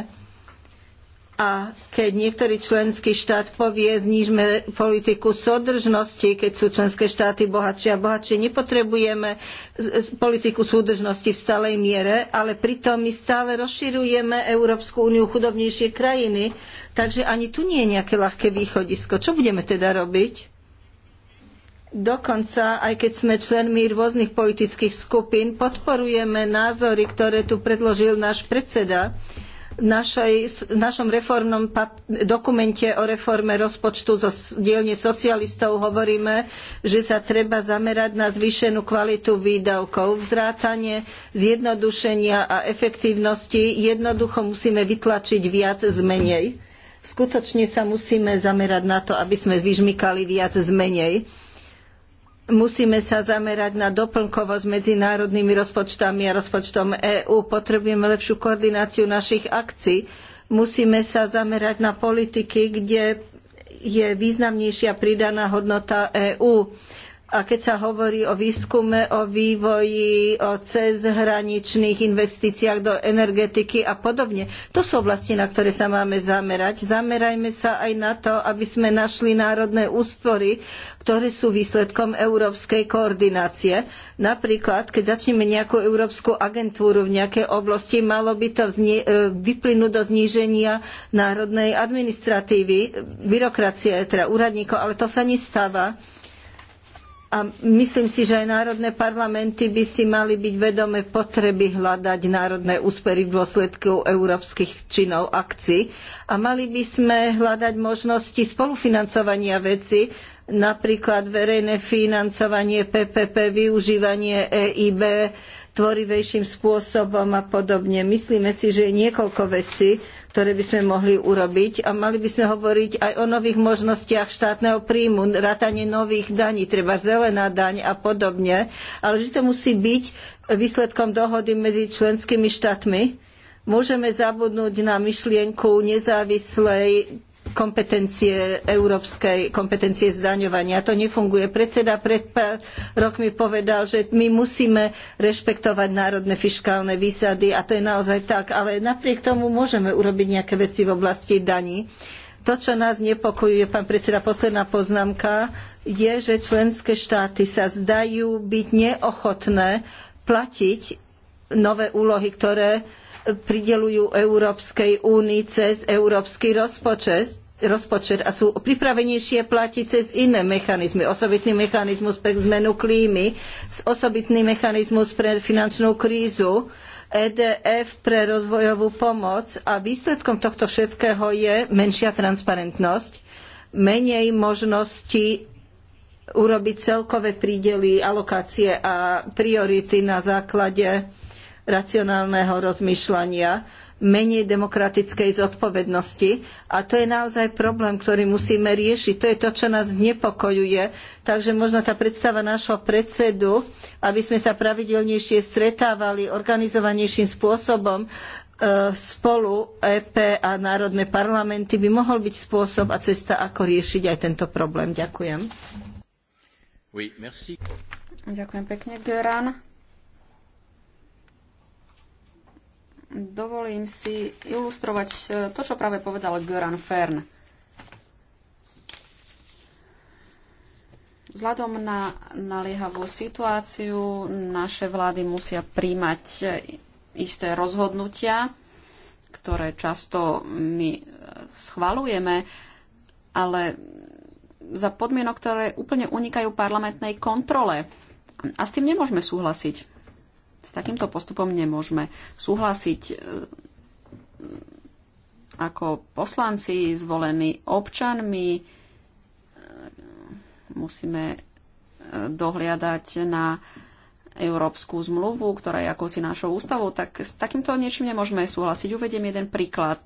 A keď niektorý členský štát povie, znižme politiku súdržnosti, keď sú členské štáty bohatšie a bohatšie, nepotrebujeme politiku súdržnosti v stálej miere, ale pritom my stále rozširujeme Európsku úniu chudobnejšie krajiny, takže ani tu nie je nejaké ľahké východisko. Čo budeme teda robiť? Dokonca, aj keď sme členmi rôznych politických skupín, podporujeme názory, ktoré tu predložil náš predseda našej, našom reformnom dokumente o reforme rozpočtu zo dielne socialistov hovoríme, že sa treba zamerať na zvýšenú kvalitu výdavkov, vzrátanie, zjednodušenia a efektívnosti. Jednoducho musíme vytlačiť viac z menej. Skutočne sa musíme zamerať na to, aby sme vyžmykali viac z menej musíme sa zamerať na doplnkovosť medzinárodnými rozpočtami a rozpočtom EÚ. Potrebujeme lepšiu koordináciu našich akcií. Musíme sa zamerať na politiky, kde je významnejšia pridaná hodnota EÚ. A keď sa hovorí o výskume, o vývoji, o cezhraničných investíciách do energetiky a podobne, to sú oblasti, na ktoré sa máme zamerať. Zamerajme sa aj na to, aby sme našli národné úspory, ktoré sú výsledkom európskej koordinácie. Napríklad, keď začneme nejakú európsku agentúru v nejakej oblasti, malo by to e, vyplynúť do zníženia národnej administratívy, byrokracie, teda úradníkov, ale to sa nestáva a myslím si, že aj národné parlamenty by si mali byť vedome potreby hľadať národné úspery v dôsledku európskych činov akcií a mali by sme hľadať možnosti spolufinancovania veci, napríklad verejné financovanie PPP, využívanie EIB tvorivejším spôsobom a podobne. Myslíme si, že je niekoľko vecí, ktoré by sme mohli urobiť a mali by sme hovoriť aj o nových možnostiach štátneho príjmu, rátanie nových daní, treba zelená daň a podobne, ale vždy to musí byť výsledkom dohody medzi členskými štátmi. Môžeme zabudnúť na myšlienku nezávislej kompetencie európskej kompetencie zdaňovania. To nefunguje. Predseda pred pár rokmi povedal, že my musíme rešpektovať národné fiškálne výsady a to je naozaj tak, ale napriek tomu môžeme urobiť nejaké veci v oblasti daní. To, čo nás nepokojuje, pán predseda, posledná poznámka, je, že členské štáty sa zdajú byť neochotné platiť nové úlohy, ktoré prideľujú Európskej únii cez európsky rozpočet, rozpočet a sú pripravenejšie platiť cez iné mechanizmy. Osobitný mechanizmus pre zmenu klímy, osobitný mechanizmus pre finančnú krízu, EDF pre rozvojovú pomoc a výsledkom tohto všetkého je menšia transparentnosť, menej možností urobiť celkové prídely, alokácie a priority na základe racionálneho rozmýšľania, menej demokratickej zodpovednosti. A to je naozaj problém, ktorý musíme riešiť. To je to, čo nás znepokojuje. Takže možno tá predstava nášho predsedu, aby sme sa pravidelnejšie stretávali organizovanejším spôsobom e, spolu EP a národné parlamenty by mohol byť spôsob a cesta, ako riešiť aj tento problém. Ďakujem. Oui, Ďakujem pekne, Göran. Dovolím si ilustrovať e, to, čo práve povedal Göran Fern. Vzhľadom na naliehavú situáciu naše vlády musia príjmať e, isté rozhodnutia, ktoré často my e, schvalujeme, ale za podmienok, ktoré úplne unikajú parlamentnej kontrole. A s tým nemôžeme súhlasiť s takýmto postupom nemôžeme súhlasiť. E, ako poslanci zvolení občanmi e, musíme e, dohliadať na Európsku zmluvu, ktorá je ako si našou ústavou, tak s takýmto niečím nemôžeme súhlasiť. Uvediem jeden príklad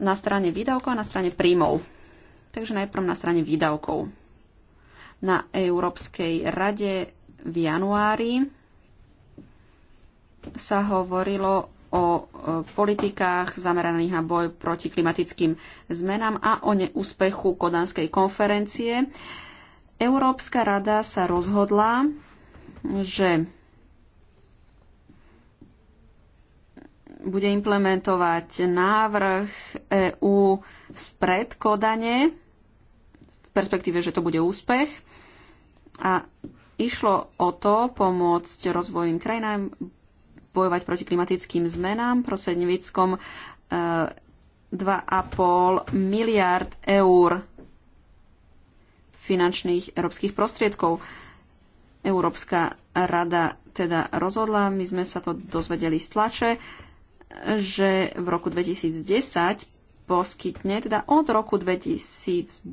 na strane výdavkov a na strane príjmov. Takže najprv na strane výdavkov. Na Európskej rade v januári sa hovorilo o e, politikách zameraných na boj proti klimatickým zmenám a o neúspechu Kodanskej konferencie. Európska rada sa rozhodla, že bude implementovať návrh EÚ spred Kodane v perspektíve, že to bude úspech. A išlo o to pomôcť rozvojným krajinám bojovať proti klimatickým zmenám prostredníctvom 2,5 eh, miliard eur finančných európskych prostriedkov. Európska rada teda rozhodla, my sme sa to dozvedeli z tlače, že v roku 2010 poskytne, teda od roku 2010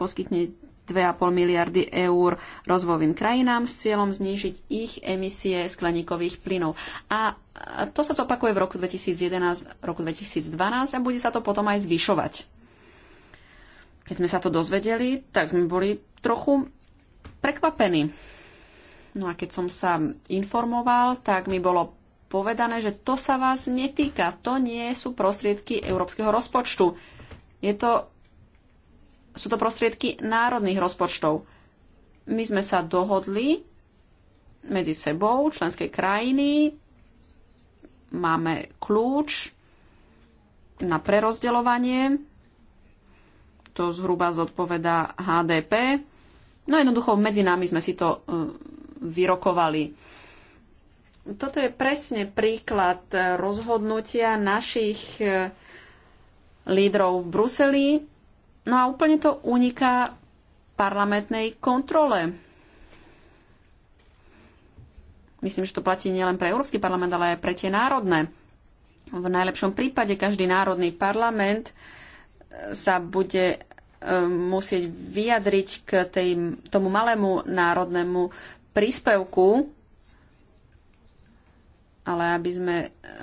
poskytne 2,5 miliardy eur rozvojovým krajinám s cieľom znížiť ich emisie skleníkových plynov. A to sa zopakuje v roku 2011, roku 2012 a bude sa to potom aj zvyšovať. Keď sme sa to dozvedeli, tak sme boli trochu prekvapení. No a keď som sa informoval, tak mi bolo povedané, že to sa vás netýka, to nie sú prostriedky európskeho rozpočtu. Je to sú to prostriedky národných rozpočtov. My sme sa dohodli medzi sebou, členské krajiny, máme kľúč na prerozdeľovanie, to zhruba zodpoveda HDP. No jednoducho medzi nami sme si to e, vyrokovali. Toto je presne príklad e, rozhodnutia našich e, lídrov v Bruseli, No a úplne to uniká parlamentnej kontrole. Myslím, že to platí nielen pre Európsky parlament, ale aj pre tie národné. V najlepšom prípade každý národný parlament eh, sa bude eh, musieť vyjadriť k tej, tomu malému národnému príspevku, ale aby sme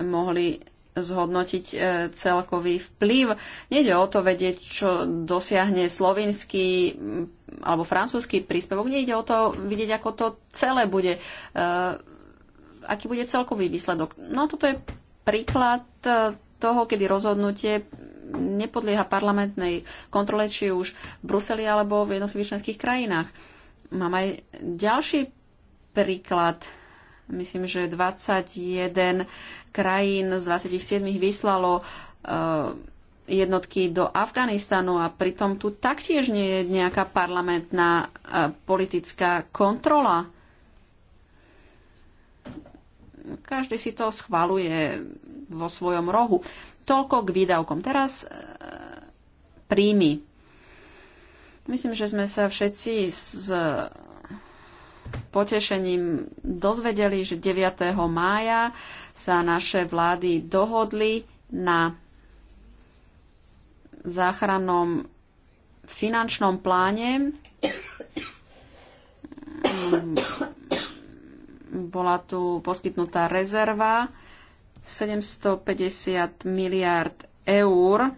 mohli zhodnotiť e, celkový vplyv. Nede o to vedieť, čo dosiahne slovinský alebo francúzsky príspevok. Nejde o to vidieť, ako to celé bude, e, aký bude celkový výsledok. No toto je príklad e, toho, kedy rozhodnutie nepodlieha parlamentnej kontrole, či už v Bruseli alebo v jednotlivých členských krajinách. Mám aj ďalší príklad. Myslím, že 21 krajín z 27 vyslalo e, jednotky do Afganistanu a pritom tu taktiež nie je nejaká parlamentná e, politická kontrola. Každý si to schvaluje vo svojom rohu. Toľko k výdavkom. Teraz e, príjmy. Myslím, že sme sa všetci z potešením dozvedeli, že 9. mája sa naše vlády dohodli na záchrannom finančnom pláne. Bola tu poskytnutá rezerva 750 miliard eur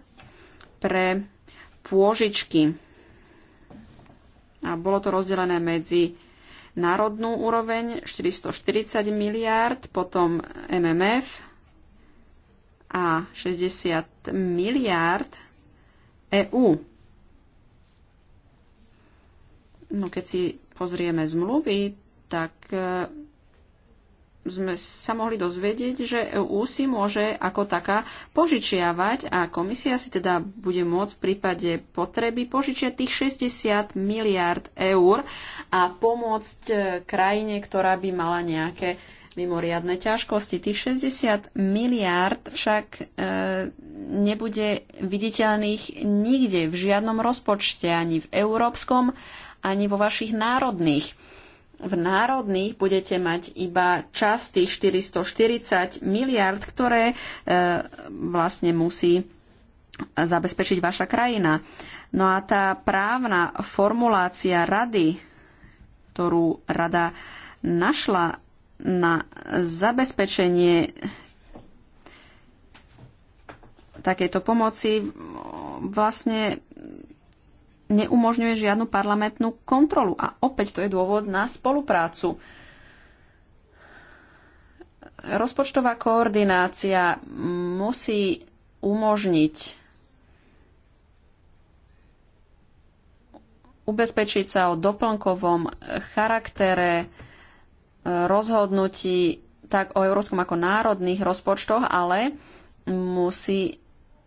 pre pôžičky. A bolo to rozdelené medzi národnú úroveň 440 miliárd, potom MMF a 60 miliárd EU. No keď si pozrieme zmluvy, tak sme sa mohli dozvedieť, že EU si môže ako taká požičiavať a komisia si teda bude môcť v prípade potreby požičiať tých 60 miliard eur a pomôcť e, krajine, ktorá by mala nejaké mimoriadne ťažkosti. Tých 60 miliárd však e, nebude viditeľných nikde, v žiadnom rozpočte, ani v európskom, ani vo vašich národných v národných budete mať iba čas tých 440 miliard, ktoré e, vlastne musí zabezpečiť vaša krajina. No a tá právna formulácia rady, ktorú rada našla na zabezpečenie takejto pomoci, vlastne neumožňuje žiadnu parlamentnú kontrolu. A opäť to je dôvod na spoluprácu. Rozpočtová koordinácia musí umožniť ubezpečiť sa o doplnkovom charaktere rozhodnutí tak o európskom ako národných rozpočtoch, ale musí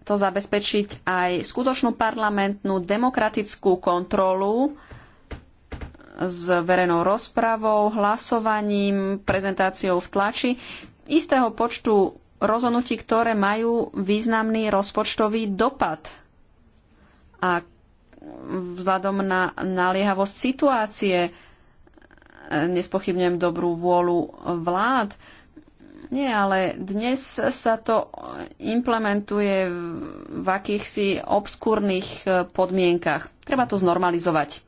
to zabezpečiť aj skutočnú parlamentnú demokratickú kontrolu s verejnou rozpravou, hlasovaním, prezentáciou v tlači istého počtu rozhodnutí, ktoré majú významný rozpočtový dopad. A vzhľadom na naliehavosť situácie, nespochybnem dobrú vôľu vlád, nie, ale dnes sa to implementuje v akýchsi obskúrnych e, podmienkach. Treba to znormalizovať.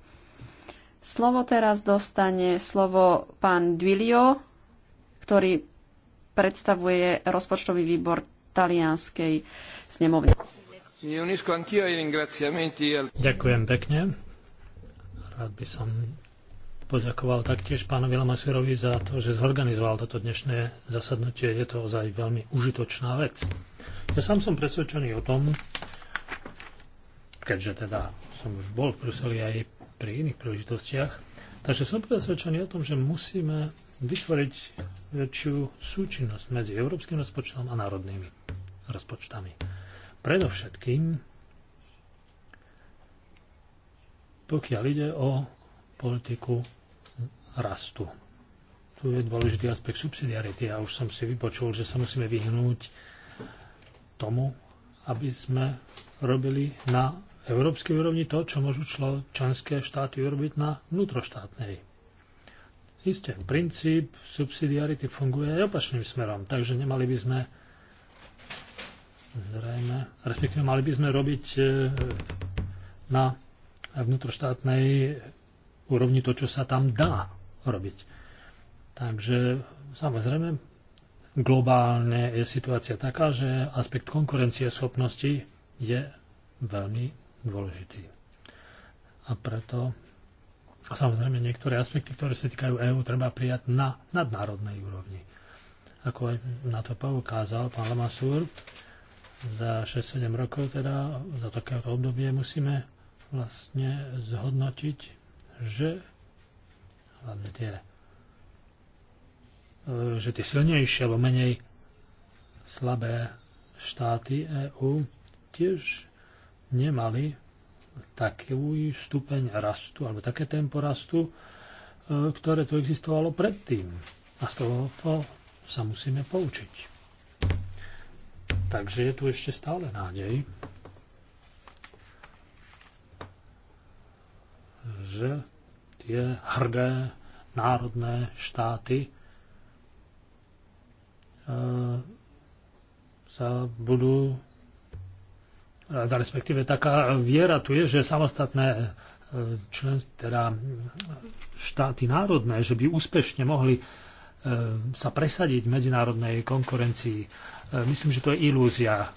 Slovo teraz dostane slovo pán Dvilio, ktorý predstavuje rozpočtový výbor talianskej snemovne. Ďakujem pekne. Rád by som poďakoval taktiež pánovi Lamasirovi za to, že zorganizoval toto dnešné zasadnutie. Je to ozaj veľmi užitočná vec. Ja sám som presvedčený o tom, keďže teda som už bol v Bruseli aj pri iných príležitostiach, takže som presvedčený o tom, že musíme vytvoriť väčšiu súčinnosť medzi európskym rozpočtom a národnými rozpočtami. Predovšetkým, pokiaľ ide o politiku rastu. Tu je dôležitý aspekt subsidiarity Ja už som si vypočul, že sa musíme vyhnúť tomu, aby sme robili na európskej úrovni to, čo môžu člo, členské štáty urobiť na vnútroštátnej. Isté, princíp subsidiarity funguje aj opačným smerom, takže nemali by sme zrejme, respektíve mali by sme robiť e, na vnútroštátnej úrovni to, čo sa tam dá robiť. Takže samozrejme globálne je situácia taká, že aspekt konkurencie schopnosti je veľmi dôležitý. A preto a samozrejme niektoré aspekty, ktoré sa týkajú EÚ, treba prijať na nadnárodnej úrovni. Ako aj na to poukázal pán Lamassur, za 6-7 rokov teda, za takéto obdobie musíme vlastne zhodnotiť, že hlavne tie, e, že tie silnejšie alebo menej slabé štáty EÚ tiež nemali takú stupeň rastu alebo také tempo rastu, e, ktoré tu existovalo predtým. A z toho to sa musíme poučiť. Takže je tu ešte stále nádej, že tie hrdé národné štáty e, sa budú e, respektíve taká viera tu je, že samostatné e, člen, teda štáty národné, že by úspešne mohli sa presadiť v medzinárodnej konkurencii. Myslím, že to je ilúzia.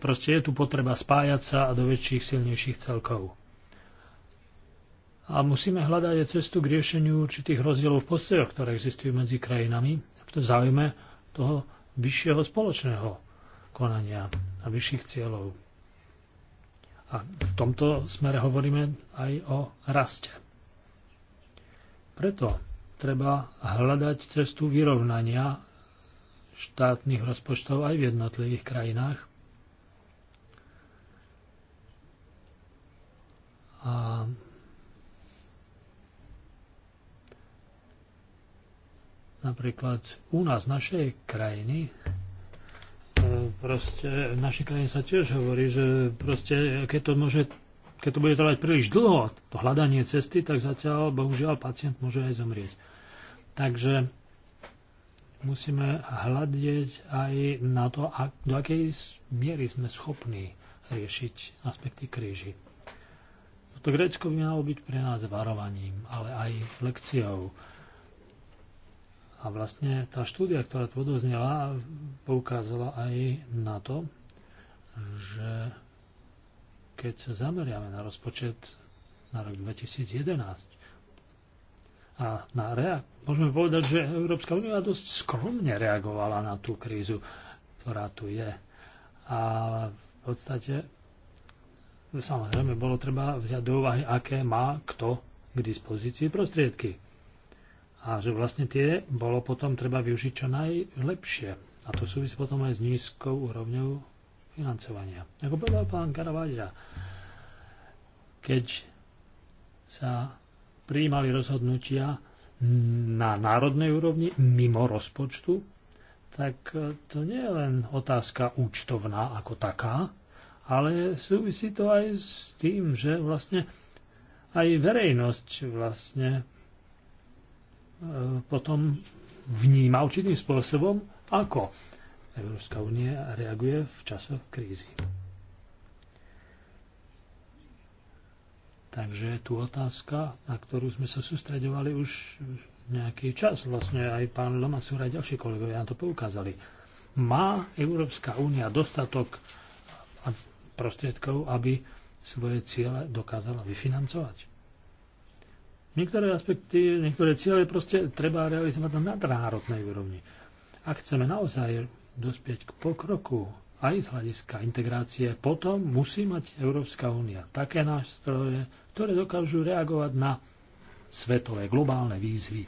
Proste je tu potreba spájať sa a do väčších, silnejších celkov a musíme hľadať aj cestu k riešeniu určitých rozdielov v postojoch, ktoré existujú medzi krajinami v záujme toho vyššieho spoločného konania a vyšších cieľov. A v tomto smere hovoríme aj o raste. Preto treba hľadať cestu vyrovnania štátnych rozpočtov aj v jednotlivých krajinách. A Napríklad u nás, našej krajiny, e, proste, v našej krajine sa tiež hovorí, že proste, keď to môže keď to bude trvať príliš dlho, to hľadanie cesty, tak zatiaľ, bohužiaľ, pacient môže aj zomrieť. Takže musíme hľadieť aj na to, do akej miery sme schopní riešiť aspekty kríži. No to Grécko by malo byť pre nás varovaním, ale aj lekciou. A vlastne tá štúdia, ktorá tu odoznela, poukázala aj na to, že keď sa zameriame na rozpočet na rok 2011 a na reak... môžeme povedať, že Európska únia dosť skromne reagovala na tú krízu, ktorá tu je. A v podstate samozrejme bolo treba vziať do úvahy, aké má kto k dispozícii prostriedky a že vlastne tie bolo potom treba využiť čo najlepšie. A to súvisí potom aj s nízkou úrovňou financovania. Ako povedal pán Karavadža, keď sa prijímali rozhodnutia na národnej úrovni mimo rozpočtu, tak to nie je len otázka účtovná ako taká, ale súvisí to aj s tým, že vlastne aj verejnosť vlastne potom vníma určitým spôsobom, ako Európska únie reaguje v časoch krízy. Takže je tu otázka, na ktorú sme sa sústredovali už nejaký čas. Vlastne aj pán Lomasúr a ďalší kolegovia na to poukázali. Má Európska únia dostatok prostriedkov, aby svoje ciele dokázala vyfinancovať? Niektoré aspekty, niektoré ciele proste treba realizovať na nadnárodnej úrovni. Ak chceme naozaj dospieť k pokroku aj z hľadiska integrácie, potom musí mať Európska únia také nástroje, ktoré dokážu reagovať na svetové, globálne výzvy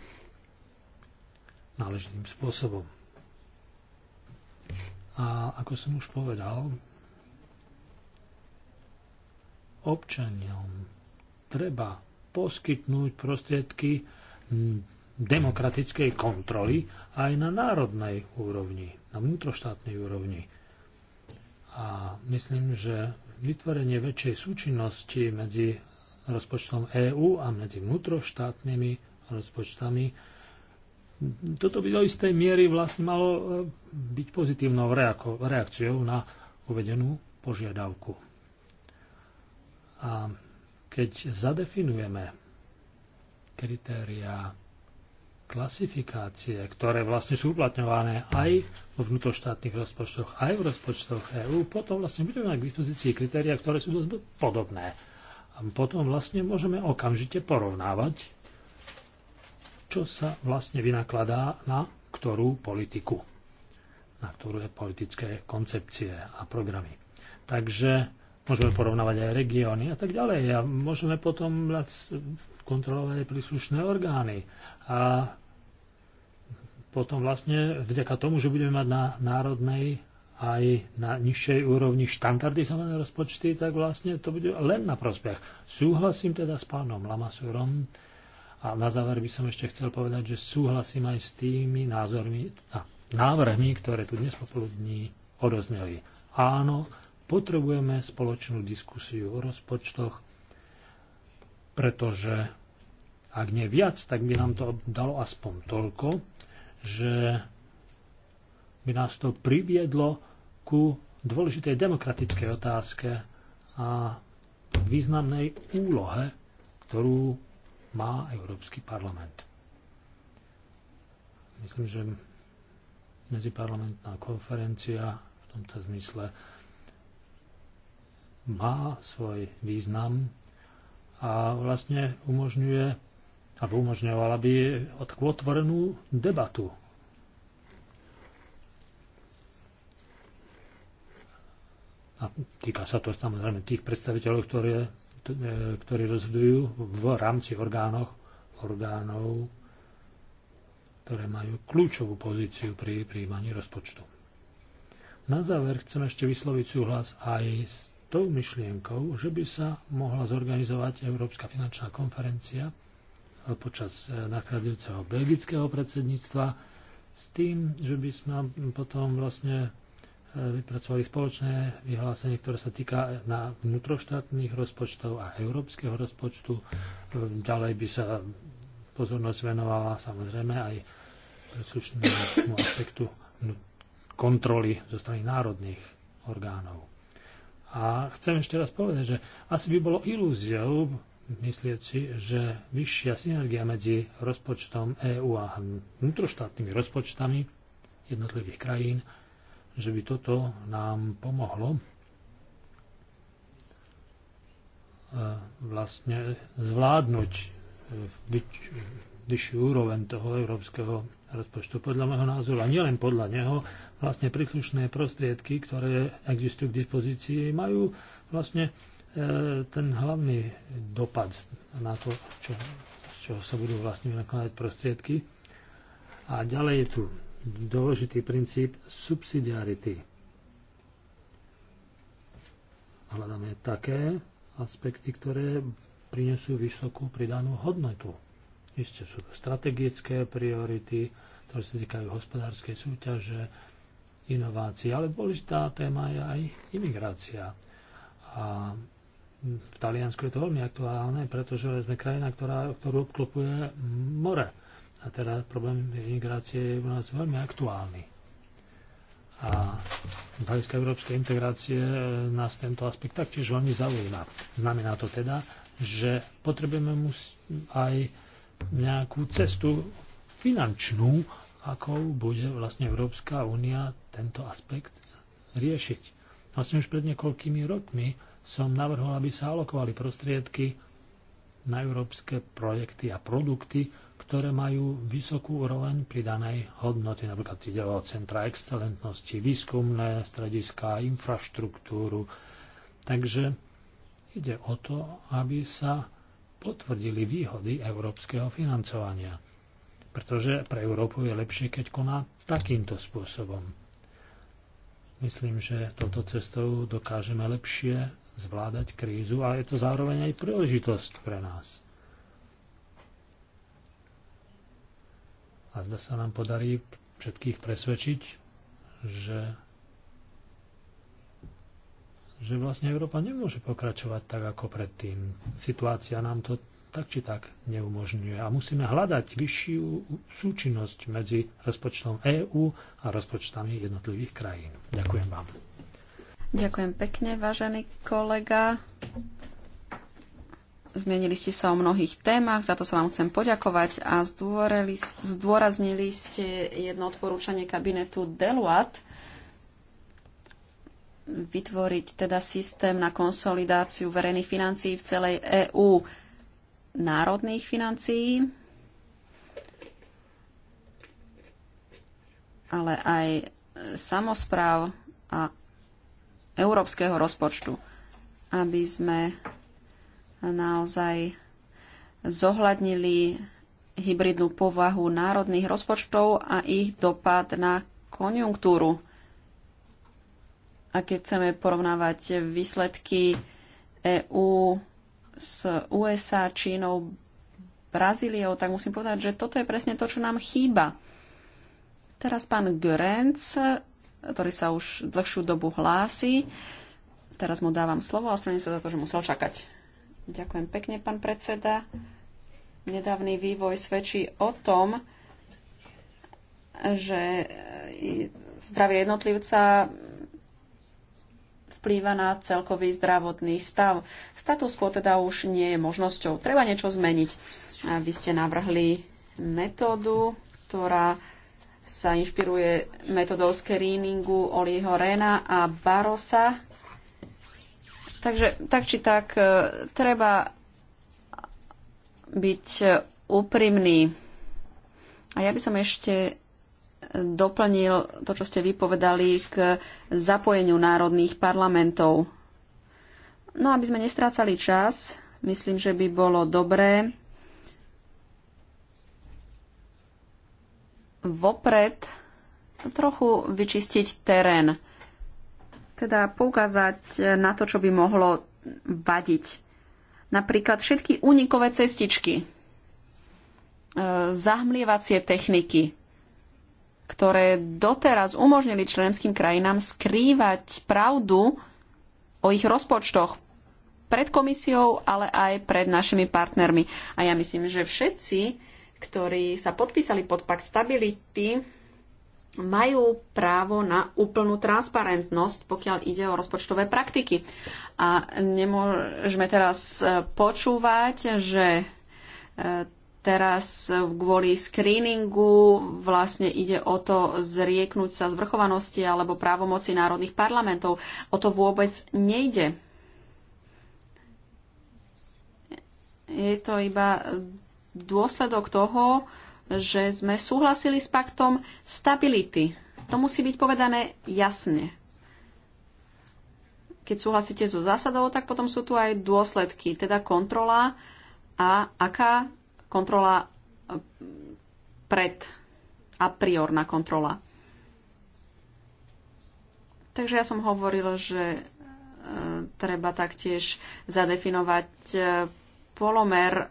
náležitým spôsobom. A ako som už povedal, občaniom treba poskytnúť prostriedky demokratickej kontroly aj na národnej úrovni, na vnútroštátnej úrovni. A myslím, že vytvorenie väčšej súčinnosti medzi rozpočtom EÚ a medzi vnútroštátnymi rozpočtami toto by do istej miery vlastne malo e, byť pozitívnou reakciou na uvedenú požiadavku. A keď zadefinujeme kritériá klasifikácie, ktoré vlastne sú uplatňované aj vo vnútroštátnych rozpočtoch, aj v rozpočtoch EÚ, potom vlastne budeme mať k dispozícii kritéria, ktoré sú dosť podobné. A potom vlastne môžeme okamžite porovnávať, čo sa vlastne vynakladá na ktorú politiku, na ktorú je politické koncepcie a programy. Takže Môžeme porovnávať aj regióny a tak ďalej. A môžeme potom kontrolovať aj príslušné orgány. A potom vlastne vďaka tomu, že budeme mať na národnej aj na nižšej úrovni štandardizované rozpočty, tak vlastne to bude len na prospech. Súhlasím teda s pánom Lamasurom a na záver by som ešte chcel povedať, že súhlasím aj s tými názormi a návrhmi, ktoré tu dnes popoludní odozneli. Áno, potrebujeme spoločnú diskusiu o rozpočtoch, pretože ak nie viac, tak by nám to dalo aspoň toľko, že by nás to priviedlo ku dôležitej demokratickej otázke a významnej úlohe, ktorú má Európsky parlament. Myslím, že medziparlamentná konferencia v tomto zmysle má svoj význam a vlastne umožňuje alebo umožňovala by takú otvorenú debatu. A týka sa to samozrejme tých predstaviteľov, ktorí, ktorí rozhodujú v rámci orgánoch, orgánov, ktoré majú kľúčovú pozíciu pri príjmaní rozpočtu. Na záver chcem ešte vysloviť súhlas aj s tou myšlienkou, že by sa mohla zorganizovať Európska finančná konferencia e, počas e, nadchádzajúceho belgického predsedníctva s tým, že by sme potom vlastne e, vypracovali spoločné vyhlásenie, ktoré sa týka na vnútroštátnych rozpočtov a európskeho rozpočtu. Ďalej by sa pozornosť venovala samozrejme aj príslušnému aspektu kontroly zo strany národných orgánov. A chcem ešte raz povedať, že asi by bolo ilúziou myslieť si, že vyššia synergia medzi rozpočtom EÚ a hm, vnútroštátnymi rozpočtami jednotlivých krajín, že by toto nám pomohlo e, vlastne zvládnuť e, vyššiu úroveň toho európskeho rozpočtu. Podľa môjho názoru, a nielen podľa neho, vlastne príslušné prostriedky, ktoré existujú k dispozícii, majú vlastne e, ten hlavný dopad na to, čo, z čoho sa budú vlastne vynakladať prostriedky. A ďalej je tu dôležitý princíp subsidiarity. Hľadáme také aspekty, ktoré prinesú vysokú pridanú hodnotu Isté sú strategické priority, ktoré sa týkajú hospodárskej súťaže, inovácií, ale dôležitá téma je aj imigrácia. A v Taliansku je to veľmi aktuálne, pretože sme krajina, ktorá, ktorú obklopuje more. A teda problém imigrácie je u nás veľmi aktuálny. A z hľadiska európskej integrácie e, nás tento aspekt taktiež veľmi zaujíma. Znamená to teda, že potrebujeme aj nejakú cestu finančnú, ako bude vlastne Európska únia tento aspekt riešiť. Vlastne už pred niekoľkými rokmi som navrhol, aby sa alokovali prostriedky na európske projekty a produkty, ktoré majú vysokú úroveň pridanej hodnoty. Napríklad ide o centra excelentnosti, výskumné strediska, infraštruktúru. Takže ide o to, aby sa potvrdili výhody európskeho financovania. Pretože pre Európu je lepšie, keď koná takýmto spôsobom. Myslím, že touto cestou dokážeme lepšie zvládať krízu a je to zároveň aj príležitosť pre nás. A zda sa nám podarí všetkých presvedčiť, že že vlastne Európa nemôže pokračovať tak ako predtým. Situácia nám to tak či tak neumožňuje a musíme hľadať vyššiu súčinnosť medzi rozpočtom EÚ a rozpočtami jednotlivých krajín. Ďakujem vám. Ďakujem pekne, vážený kolega. Zmenili ste sa o mnohých témach, za to sa vám chcem poďakovať a zdôraznili ste jedno odporúčanie kabinetu Deluat, vytvoriť teda systém na konsolidáciu verejných financií v celej EÚ národných financií, ale aj samozpráv a európskeho rozpočtu, aby sme naozaj zohľadnili hybridnú povahu národných rozpočtov a ich dopad na konjunktúru a keď chceme porovnávať výsledky EÚ s USA, Čínou, Brazíliou, tak musím povedať, že toto je presne to, čo nám chýba. Teraz pán Görenc, ktorý sa už dlhšiu dobu hlási, teraz mu dávam slovo a sa za to, že musel čakať. Ďakujem pekne, pán predseda. Nedávny vývoj svedčí o tom, že zdravie jednotlivca vplýva na celkový zdravotný stav. Status quo teda už nie je možnosťou. Treba niečo zmeniť. Vy ste navrhli metódu, ktorá sa inšpiruje metodou screeningu Oliho Rena a Barosa. Takže tak či tak e, treba byť úprimný. A ja by som ešte doplnil to, čo ste vypovedali k zapojeniu národných parlamentov. No aby sme nestrácali čas, myslím, že by bolo dobré vopred trochu vyčistiť terén. Teda poukázať na to, čo by mohlo vadiť. Napríklad všetky únikové cestičky, e, zahmlievacie techniky, ktoré doteraz umožnili členským krajinám skrývať pravdu o ich rozpočtoch pred komisiou, ale aj pred našimi partnermi. A ja myslím, že všetci, ktorí sa podpísali pod pakt stability, majú právo na úplnú transparentnosť, pokiaľ ide o rozpočtové praktiky. A nemôžeme teraz eh, počúvať, že eh, teraz eh, kvôli screeningu vlastne ide o to zrieknúť sa zvrchovanosti alebo právomoci národných parlamentov. O to vôbec nejde. Je to iba dôsledok toho, že sme súhlasili s paktom stability. To musí byť povedané jasne. Keď súhlasíte so zásadou, tak potom sú tu aj dôsledky, teda kontrola a aká kontrola eh, pred a priorná kontrola. Takže ja som hovoril, že eh, treba taktiež zadefinovať eh, polomer mm,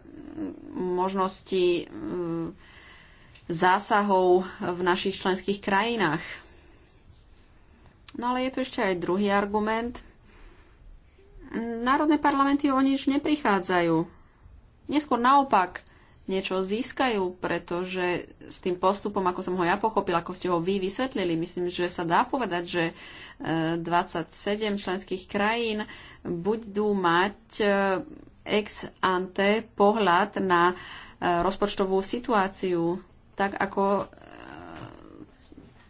možností zásahov v našich členských krajinách. No ale je tu ešte aj druhý argument. Národné parlamenty o nič neprichádzajú. Neskôr naopak, niečo získajú, pretože s tým postupom, ako som ho ja pochopil, ako ste ho vy vysvetlili, myslím, že sa dá povedať, že 27 eh, členských krajín budú mať eh, ex ante pohľad na eh, rozpočtovú situáciu, tak ako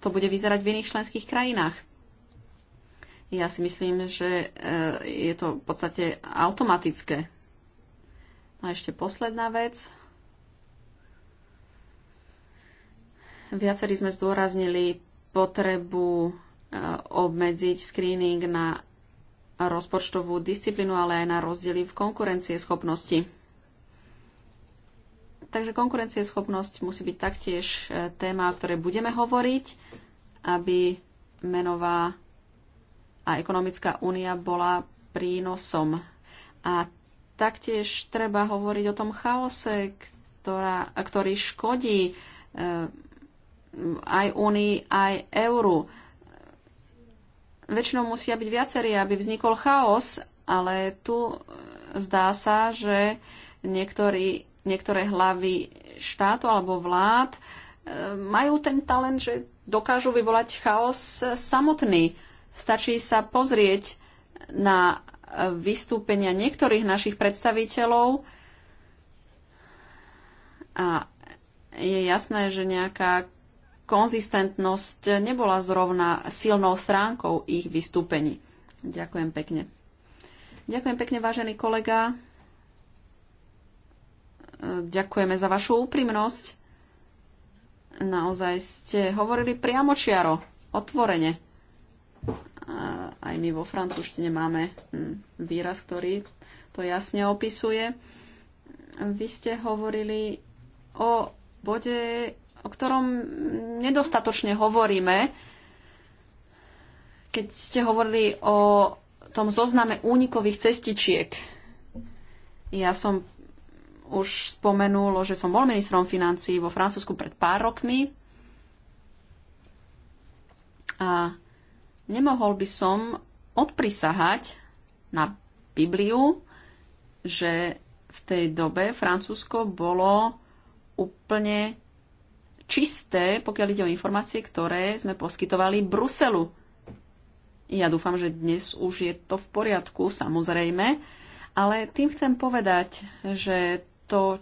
to bude vyzerať v iných členských krajinách. Ja si myslím, že je to v podstate automatické. A ešte posledná vec. Viacerí sme zdôraznili potrebu e, obmedziť screening na rozpočtovú disciplínu, ale aj na rozdiely v schopnosti. Takže schopnosť musí byť taktiež e, téma, o ktorej budeme hovoriť, aby menová a ekonomická únia bola prínosom. A taktiež treba hovoriť o tom chaose, ktorá, ktorý škodí e, aj únii, aj euru. Väčšinou musia byť viacerí, aby vznikol chaos, ale tu eh, zdá sa, že niektorí, niektoré hlavy štátu alebo vlád eh, majú ten talent, že dokážu vyvolať chaos samotný. Stačí sa pozrieť na eh, vystúpenia niektorých našich predstaviteľov a je jasné, že nejaká konzistentnosť nebola zrovna silnou stránkou ich vystúpení. Ďakujem pekne. Ďakujem pekne, vážený kolega. Ďakujeme za vašu úprimnosť. Naozaj ste hovorili priamo čiaro otvorene. Aj my vo francúzštine máme hm, výraz, ktorý to jasne opisuje. Vy ste hovorili o bode o ktorom nedostatočne hovoríme, keď ste hovorili o tom zozname únikových cestičiek. Ja som už spomenul, že som bol ministrom financí vo Francúzsku pred pár rokmi a nemohol by som odprisahať na Bibliu, že v tej dobe Francúzsko bolo úplne čisté, pokiaľ ide o informácie, ktoré sme poskytovali Bruselu. Ja dúfam, že dnes už je to v poriadku, samozrejme, ale tým chcem povedať, že to,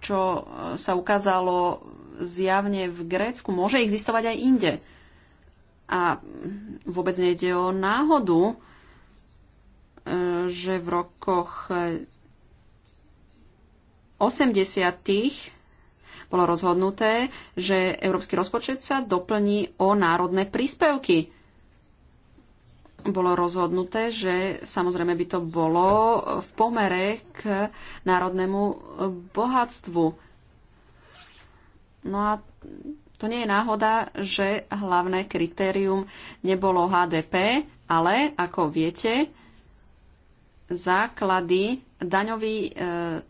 čo e, sa ukázalo zjavne v Grécku, môže existovať aj inde. A vôbec nejde o náhodu, e, že v rokoch 80. E, bolo rozhodnuté, že európsky rozpočet sa doplní o národné príspevky. Bolo rozhodnuté, že samozrejme by to bolo v pomere k národnému bohatstvu. No a to nie je náhoda, že hlavné kritérium nebolo HDP, ale ako viete, základy, daňový e,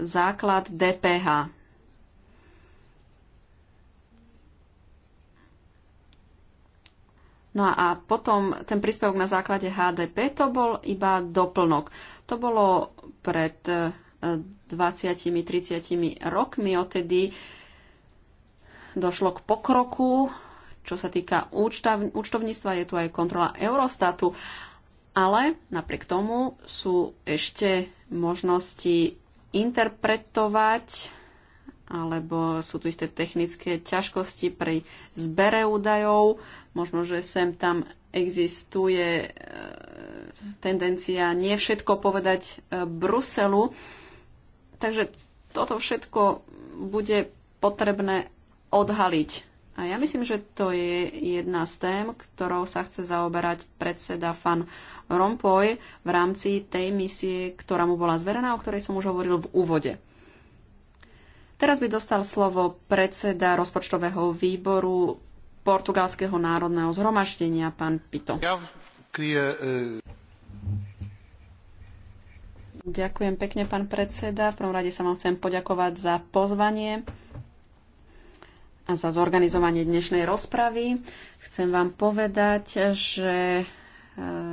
základ DPH. No a potom ten príspevok na základe HDP to bol iba doplnok. To bolo pred 20-30 e, rokmi odtedy došlo k pokroku, čo sa týka účtav, účtovníctva, je tu aj kontrola Eurostatu, ale napriek tomu sú ešte možnosti interpretovať alebo sú tu isté technické ťažkosti pri zbere údajov Možno, že sem tam existuje e, tendencia nie všetko povedať e, Bruselu. Takže toto všetko bude potrebné odhaliť. A ja myslím, že to je jedna z tém, ktorou sa chce zaoberať predseda Fan Rompuy v rámci tej misie, ktorá mu bola zverená, o ktorej som už hovoril v úvode. Teraz by dostal slovo predseda rozpočtového výboru portugalského národného zhromaždenia, pán Pito. Ja, e... Ďakujem pekne, pán predseda. V prvom rade sa vám chcem poďakovať za pozvanie a za zorganizovanie dnešnej rozpravy. Chcem vám povedať, že e,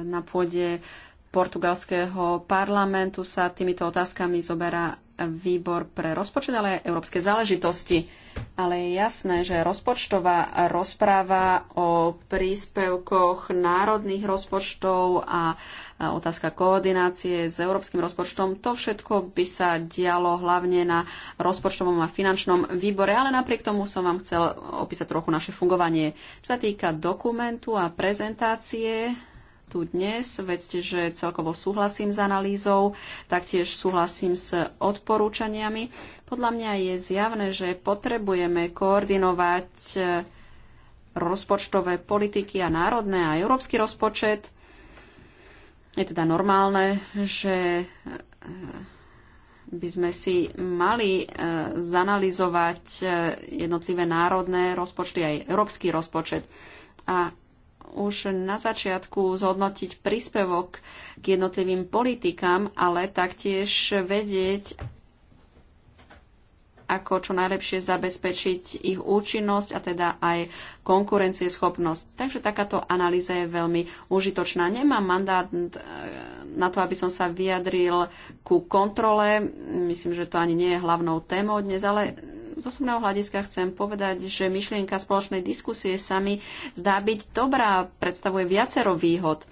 na pôde portugalského parlamentu sa týmito otázkami zoberá výbor pre rozpočet, ale aj európske záležitosti. Ale je jasné, že rozpočtová rozpráva o príspevkoch národných rozpočtov a otázka koordinácie s európskym rozpočtom, to všetko by sa dialo hlavne na rozpočtovom a finančnom výbore, ale napriek tomu som vám chcel opísať trochu naše fungovanie. Čo sa týka dokumentu a prezentácie, tu dnes. Vedzte, že celkovo súhlasím s analýzou, taktiež súhlasím s odporúčaniami. Podľa mňa je zjavné, že potrebujeme koordinovať e, rozpočtové politiky a národné a európsky rozpočet. Je teda normálne, že e, by sme si mali e, zanalizovať jednotlivé národné rozpočty aj európsky rozpočet. A už na začiatku zhodnotiť príspevok k jednotlivým politikám, ale taktiež vedieť, ako čo najlepšie zabezpečiť ich účinnosť a teda aj konkurencieschopnosť. Takže takáto analýza je veľmi užitočná. Nemám mandát eh, na to, aby som sa vyjadril ku kontrole. Myslím, že to ani nie je hlavnou témou dnes, ale z osobného hľadiska chcem povedať, že myšlienka spoločnej diskusie sa mi zdá byť dobrá, predstavuje viacero výhod.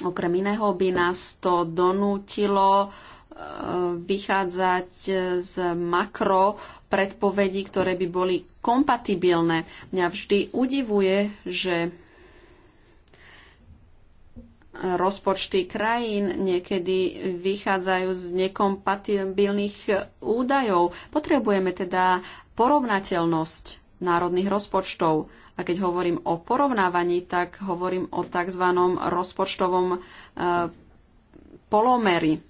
Okrem iného by nás to donútilo e, vychádzať z makro predpovedí, ktoré by boli kompatibilné. Mňa vždy udivuje, že rozpočty krajín niekedy vychádzajú z nekompatibilných údajov. Potrebujeme teda porovnateľnosť národných rozpočtov. A keď hovorím o porovnávaní, tak hovorím o tzv. rozpočtovom e, polomeri.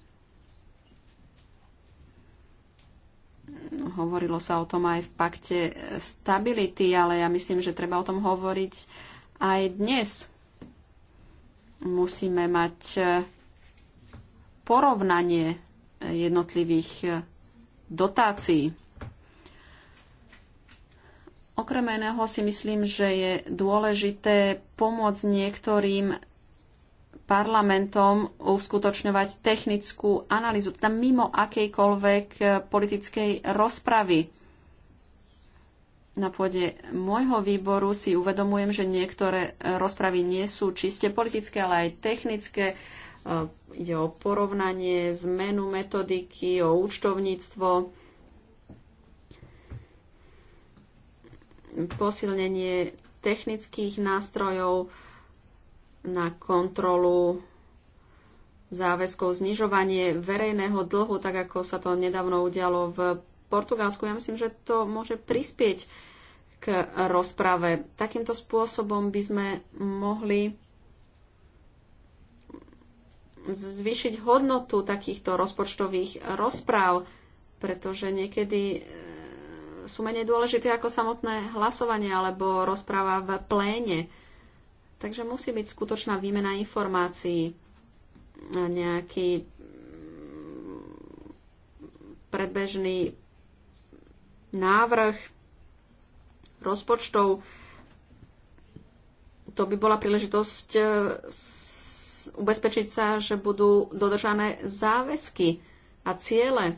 Hovorilo sa o tom aj v pakte stability, ale ja myslím, že treba o tom hovoriť aj dnes Musíme mať e, porovnanie e, jednotlivých e, dotácií. Okrem iného si myslím, že je dôležité pomôcť niektorým parlamentom uskutočňovať technickú analýzu, tam teda mimo akejkoľvek politickej rozpravy na pôde môjho výboru si uvedomujem, že niektoré e, rozpravy nie sú čiste politické, ale aj technické. E, ide o porovnanie, zmenu metodiky, o účtovníctvo, posilnenie technických nástrojov na kontrolu záväzkov, znižovanie verejného dlhu, tak ako sa to nedávno udialo v Portugalsku. Ja myslím, že to môže prispieť k rozprave. Takýmto spôsobom by sme mohli zvýšiť hodnotu takýchto rozpočtových rozpráv, pretože niekedy e, sú menej dôležité ako samotné hlasovanie alebo rozpráva v pléne. Takže musí byť skutočná výmena informácií, nejaký predbežný návrh rozpočtov. To by bola príležitosť e, ubezpečiť sa, že budú dodržané záväzky a ciele.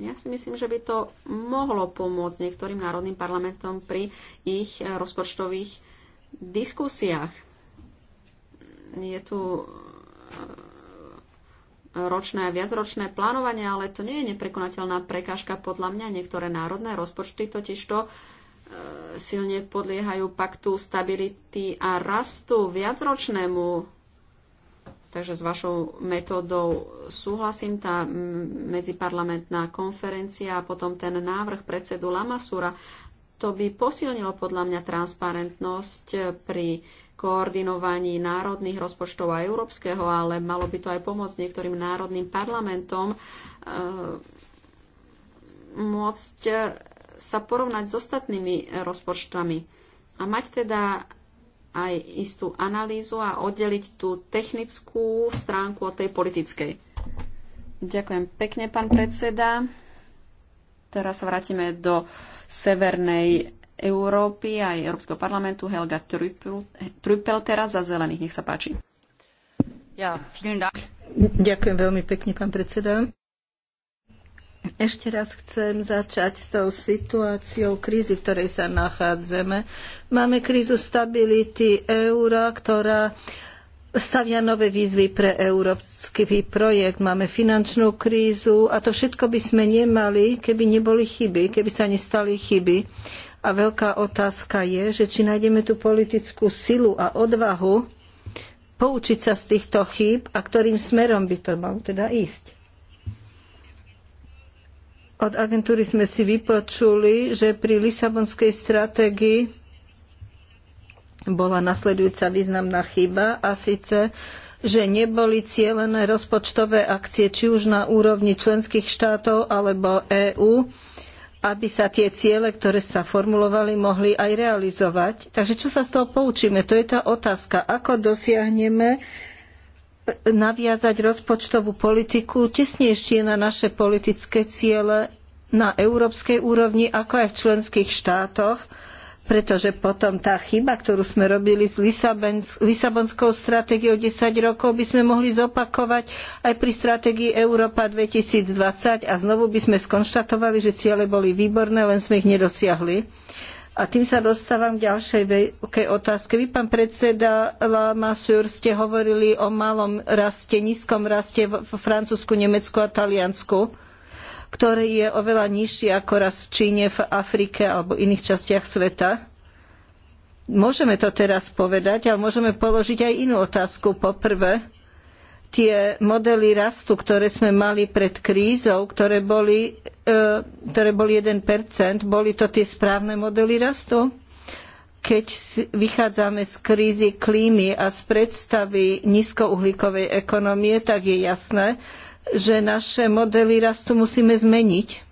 Ja si myslím, že by to mohlo pomôcť niektorým národným parlamentom pri ich e, rozpočtových diskusiách. Je tu e, ročné a viacročné plánovanie, ale to nie je neprekonateľná prekážka. Podľa mňa niektoré národné rozpočty totižto e, silne podliehajú paktu stability a rastu viacročnému. Takže s vašou metódou súhlasím, tá medziparlamentná konferencia a potom ten návrh predsedu Lamasura to by posilnilo podľa mňa transparentnosť pri koordinovaní národných rozpočtov a európskeho, ale malo by to aj pomôcť niektorým národným parlamentom e, môcť sa porovnať s ostatnými rozpočtami a mať teda aj istú analýzu a oddeliť tú technickú stránku od tej politickej. Ďakujem pekne, pán predseda. Teraz sa vrátime do Severnej Európy aj Európskeho parlamentu Helga Trüppel teraz za zelených. Nech sa páči. Ja, Dank. Ďakujem veľmi pekne, pán predseda. Ešte raz chcem začať s tou situáciou krízy, v ktorej sa nachádzame. Máme krízu stability eura, ktorá stavia nové výzvy pre európsky projekt. Máme finančnú krízu a to všetko by sme nemali, keby neboli chyby, keby sa nestali chyby. A veľká otázka je, že či nájdeme tú politickú silu a odvahu poučiť sa z týchto chýb a ktorým smerom by to malo teda ísť. Od agentúry sme si vypočuli, že pri Lisabonskej stratégii bola nasledujúca významná chyba a síce že neboli cielené rozpočtové akcie či už na úrovni členských štátov alebo EÚ, aby sa tie ciele, ktoré sa formulovali, mohli aj realizovať. Takže čo sa z toho poučíme? To je tá otázka, ako dosiahneme naviazať rozpočtovú politiku tesnejšie na naše politické ciele na európskej úrovni, ako aj v členských štátoch pretože potom tá chyba, ktorú sme robili s Lisabonskou stratégiou 10 rokov, by sme mohli zopakovať aj pri stratégii Európa 2020 a znovu by sme skonštatovali, že ciele boli výborné, len sme ich nedosiahli. A tým sa dostávam k ďalšej veľkej otázke. Vy, pán predseda Lamassur, ste hovorili o malom raste, nízkom raste v Francúzsku, Nemecku a Taliansku ktorý je oveľa nižší ako raz v Číne, v Afrike alebo iných častiach sveta? Môžeme to teraz povedať, ale môžeme položiť aj inú otázku. Poprvé, tie modely rastu, ktoré sme mali pred krízou, ktoré boli, e, ktoré boli 1%, boli to tie správne modely rastu? keď vychádzame z krízy klímy a z predstavy nízkouhlíkovej ekonomie, tak je jasné, že naše modely rastu musíme zmeniť.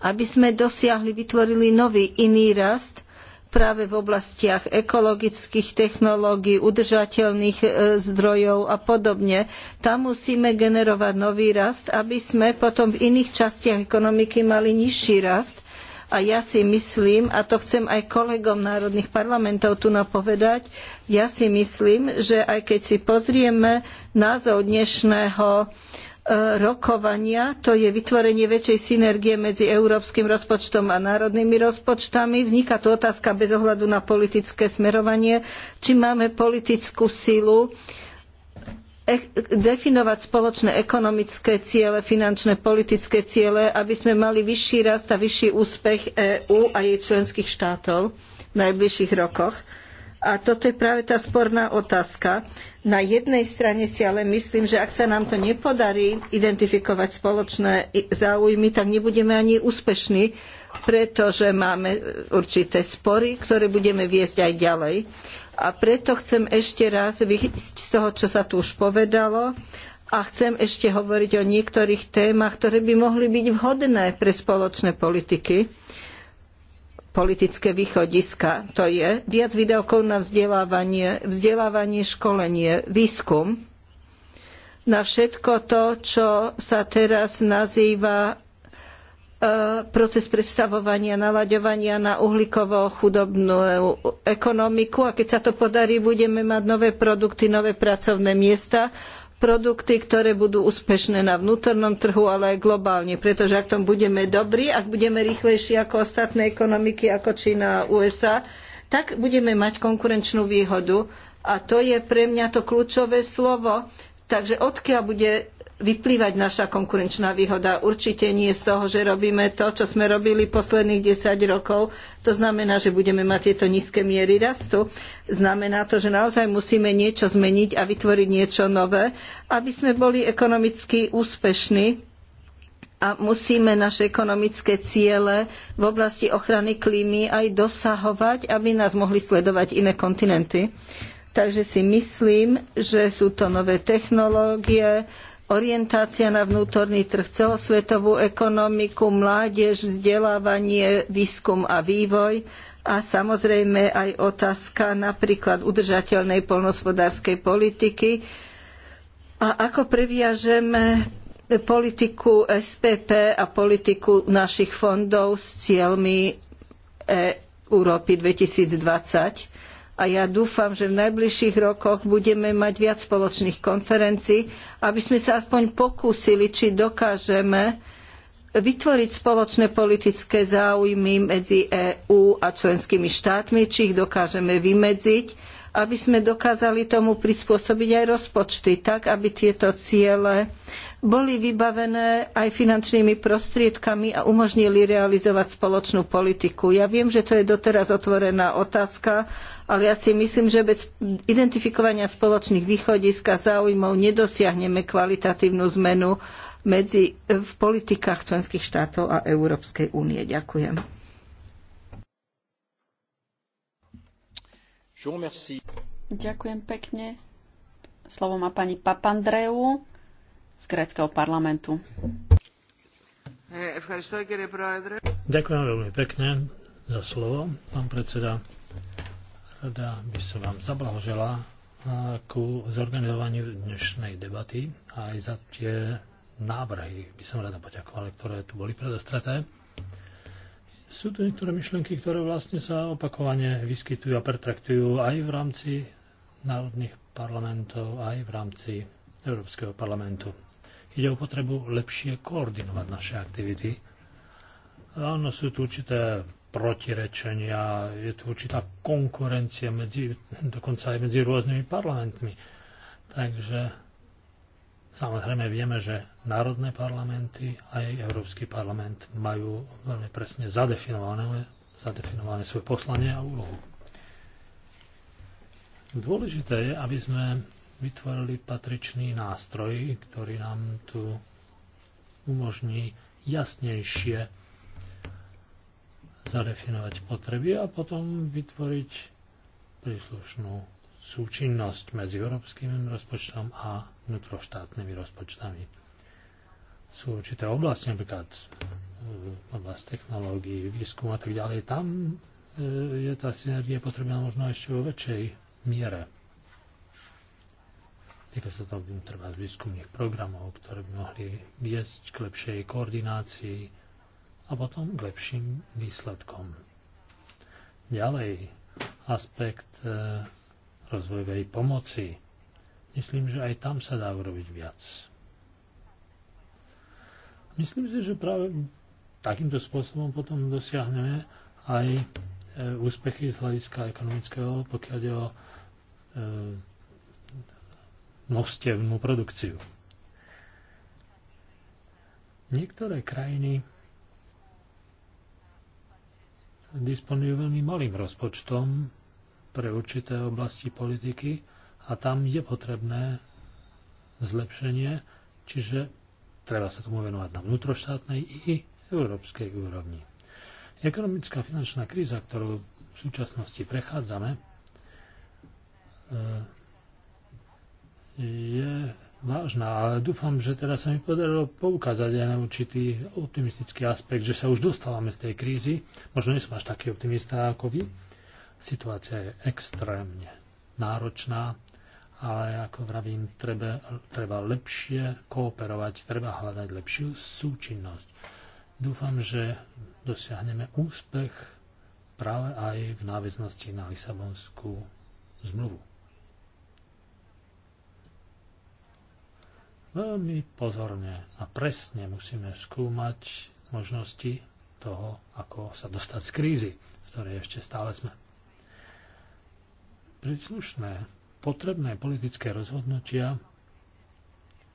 Aby sme dosiahli, vytvorili nový, iný rast práve v oblastiach ekologických technológií, udržateľných e, zdrojov a podobne. Tam musíme generovať nový rast, aby sme potom v iných častiach ekonomiky mali nižší rast a ja si myslím, a to chcem aj kolegom národných parlamentov tu napovedať, ja si myslím, že aj keď si pozrieme názov dnešného e, rokovania, to je vytvorenie väčšej synergie medzi európskym rozpočtom a národnými rozpočtami. Vzniká tu otázka bez ohľadu na politické smerovanie, či máme politickú silu uh, definovať spoločné ekonomické ciele, finančné, politické ciele, aby sme mali vyšší rast a vyšší úspech EÚ a jej členských štátov v najbližších rokoch. A toto je práve tá sporná otázka. Na jednej strane si ale myslím, že ak sa nám to nepodarí identifikovať spoločné záujmy, tak nebudeme ani úspešní, pretože máme určité spory, ktoré budeme viesť aj ďalej. A preto chcem ešte raz vyjsť z toho, čo sa tu už povedalo a chcem ešte hovoriť o niektorých témach, ktoré by mohli byť vhodné pre spoločné politiky politické východiska. To je viac výdavkov na vzdelávanie, vzdelávanie, školenie, výskum, na všetko to, čo sa teraz nazýva E, proces predstavovania, nalaďovania na uhlíkovo chudobnú ekonomiku a keď sa to podarí, budeme mať nové produkty, nové pracovné miesta, produkty, ktoré budú úspešné na vnútornom trhu, ale aj globálne. Pretože ak tom budeme dobrí, ak budeme rýchlejší ako ostatné ekonomiky, ako Čína a USA, tak budeme mať konkurenčnú výhodu. A to je pre mňa to kľúčové slovo. Takže odkiaľ bude vyplývať naša konkurenčná výhoda. Určite nie z toho, že robíme to, čo sme robili posledných 10 rokov. To znamená, že budeme mať tieto nízke miery rastu. Znamená to, že naozaj musíme niečo zmeniť a vytvoriť niečo nové, aby sme boli ekonomicky úspešní a musíme naše ekonomické ciele v oblasti ochrany klímy aj dosahovať, aby nás mohli sledovať iné kontinenty. Takže si myslím, že sú to nové technológie, orientácia na vnútorný trh, celosvetovú ekonomiku, mládež, vzdelávanie, výskum a vývoj a samozrejme aj otázka napríklad udržateľnej poľnohospodárskej politiky a ako previažeme politiku SPP a politiku našich fondov s cieľmi e- Európy 2020 a ja dúfam, že v najbližších rokoch budeme mať viac spoločných konferencií, aby sme sa aspoň pokúsili, či dokážeme vytvoriť spoločné politické záujmy medzi EÚ a členskými štátmi, či ich dokážeme vymedziť, aby sme dokázali tomu prispôsobiť aj rozpočty, tak aby tieto ciele boli vybavené aj finančnými prostriedkami a umožnili realizovať spoločnú politiku. Ja viem, že to je doteraz otvorená otázka, ale ja si myslím, že bez identifikovania spoločných východisk a záujmov nedosiahneme kvalitatívnu zmenu medzi, v politikách členských štátov a Európskej únie. Ďakujem. Ďakujem pekne. Slovo má pani Papandreou z gréckého parlamentu. Ďakujem veľmi pekne za slovo, pán predseda. Rada by som vám zablahožela ku zorganizovaniu dnešnej debaty a aj za tie návrhy by som rada poďakovala, ktoré tu boli predostreté. Sú tu niektoré myšlenky, ktoré vlastne sa opakovane vyskytujú a pertraktujú aj v rámci národných parlamentov, aj v rámci Európskeho parlamentu. Ide o potrebu lepšie koordinovať naše aktivity. Áno, sú tu určité protirečenia, je tu určitá konkurencia medzi, dokonca aj medzi rôznymi parlamentmi. Takže samozrejme vieme, že národné parlamenty a aj Európsky parlament majú veľmi presne zadefinované, zadefinované svoje poslanie a úlohu. Dôležité je, aby sme vytvorili patričný nástroj, ktorý nám tu umožní jasnejšie zadefinovať potreby a potom vytvoriť príslušnú súčinnosť medzi európskym rozpočtom a vnútroštátnymi rozpočtami. Sú určité oblasti, napríklad e, oblasť technológií, výskum a tak ďalej. Tam e, je tá synergia potrebná možno ešte vo väčšej miere. Týka sa to treba výskumných programov, ktoré by mohli viesť k lepšej koordinácii a potom k lepším výsledkom. Ďalej, aspekt e, rozvojovej pomoci. Myslím, že aj tam sa dá urobiť viac. Myslím si, že práve takýmto spôsobom potom dosiahneme aj e, úspechy z hľadiska ekonomického, pokiaľ je o e, množstevnú produkciu. Niektoré krajiny disponujú veľmi malým rozpočtom pre určité oblasti politiky a tam je potrebné zlepšenie, čiže treba sa tomu venovať na vnútroštátnej i európskej úrovni. Ekonomická finančná kríza, ktorú v súčasnosti prechádzame, e, je vážna. A dúfam, že teraz sa mi podarilo poukázať aj na určitý optimistický aspekt, že sa už dostávame z tej krízy. Možno nie som až taký optimista ako vy. Situácia je extrémne náročná, ale ako vravím, treba, treba lepšie kooperovať, treba hľadať lepšiu súčinnosť. Dúfam, že dosiahneme úspech práve aj v náväznosti na Lisabonskú zmluvu. veľmi pozorne a presne musíme skúmať možnosti toho, ako sa dostať z krízy, v ktorej ešte stále sme. Príslušné potrebné politické rozhodnutia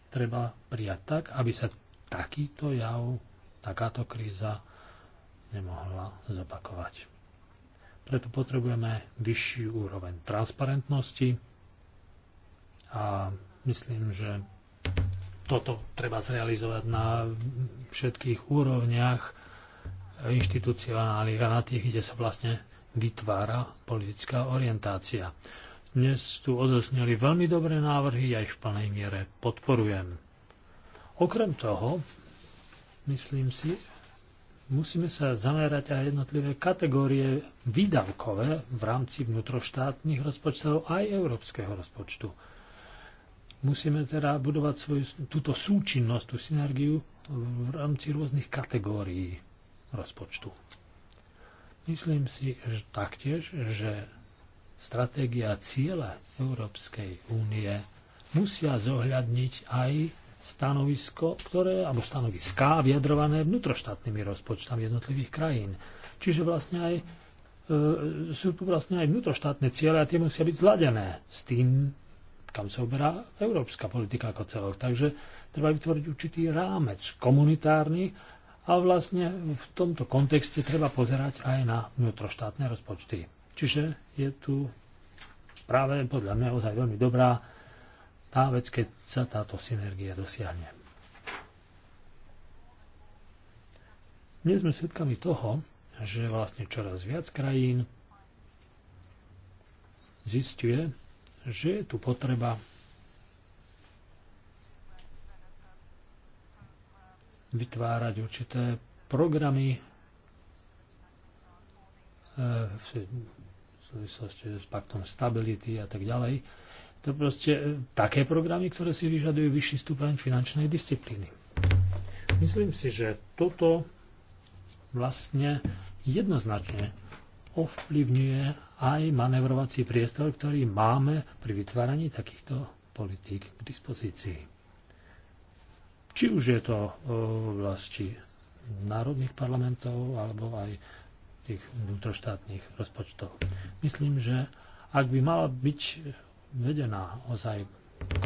treba prijať tak, aby sa takýto jav, takáto kríza nemohla zopakovať. Preto potrebujeme vyšší úroveň transparentnosti a myslím, že toto treba zrealizovať na všetkých úrovniach inštitucionálnych a na tých, kde sa vlastne vytvára politická orientácia. Dnes tu odosneli veľmi dobré návrhy, ja ich v plnej miere podporujem. Okrem toho, myslím si, musíme sa zamerať aj jednotlivé kategórie výdavkové v rámci vnútroštátnych rozpočtov aj európskeho rozpočtu. Musíme teda budovať svoju, túto súčinnosť, tú synergiu v rámci rôznych kategórií rozpočtu. Myslím si že taktiež, že stratégia cieľa Európskej únie musia zohľadniť aj stanovisko, ktoré, alebo stanoviská vyjadrované vnútroštátnymi rozpočtami jednotlivých krajín. Čiže vlastne aj e, sú tu vlastne aj vnútroštátne ciele a tie musia byť zladené s tým, kam sa uberá európska politika ako celok. Takže treba vytvoriť určitý rámec komunitárny a vlastne v tomto kontexte treba pozerať aj na vnútroštátne rozpočty. Čiže je tu práve podľa mňa ozaj veľmi dobrá tá vec, keď sa táto synergia dosiahne. Dnes sme svedkami toho, že vlastne čoraz viac krajín zistuje, že je tu potreba vytvárať určité programy e, v súvislosti s paktom stability a tak ďalej. To proste e, také programy, ktoré si vyžadujú vyšší stupeň finančnej disciplíny. Myslím si, že toto vlastne jednoznačne ovplyvňuje aj manevrovací priestor, ktorý máme pri vytváraní takýchto politík k dispozícii. Či už je to eh, vlasti národných parlamentov alebo aj tých vnútroštátnych rozpočtov. Myslím, že ak by mala byť vedená ozaj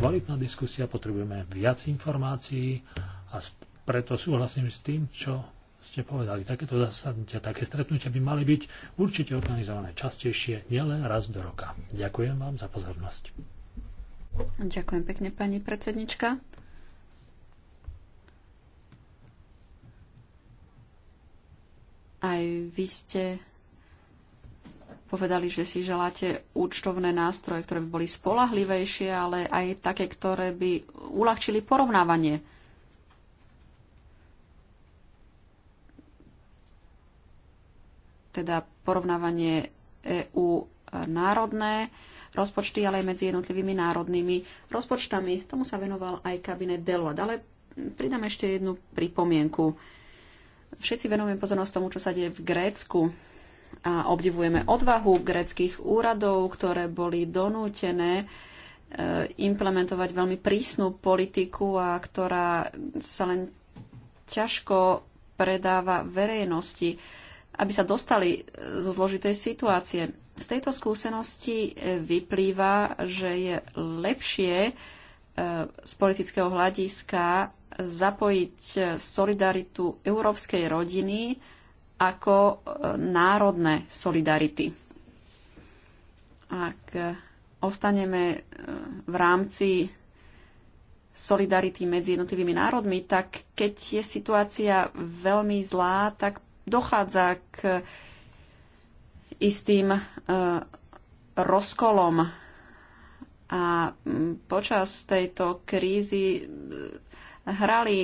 kvalitná diskusia, potrebujeme viac informácií a preto súhlasím s tým, čo ste povedali, takéto zasadnutia, také stretnutia by mali byť určite organizované častejšie, nielen raz do roka. Ďakujem vám za pozornosť. Ďakujem pekne, pani predsednička. Aj vy ste povedali, že si želáte účtovné nástroje, ktoré by boli spolahlivejšie, ale aj také, ktoré by uľahčili porovnávanie teda porovnávanie EÚ národné rozpočty, ale aj medzi jednotlivými národnými rozpočtami. Tomu sa venoval aj kabinet Deloitte. Ale pridám ešte jednu pripomienku. Všetci venujeme pozornosť tomu, čo sa deje v Grécku a obdivujeme odvahu gréckých úradov, ktoré boli donútené e, implementovať veľmi prísnu politiku a ktorá sa len ťažko predáva verejnosti aby sa dostali e, zo zložitej situácie. Z tejto skúsenosti e, vyplýva, že je lepšie e, z politického hľadiska zapojiť solidaritu európskej rodiny ako národné solidarity. Ak ostaneme v rámci solidarity medzi jednotlivými národmi, tak keď je situácia veľmi zlá, tak dochádza k istým e, rozkolom. A počas tejto krízy e, hrali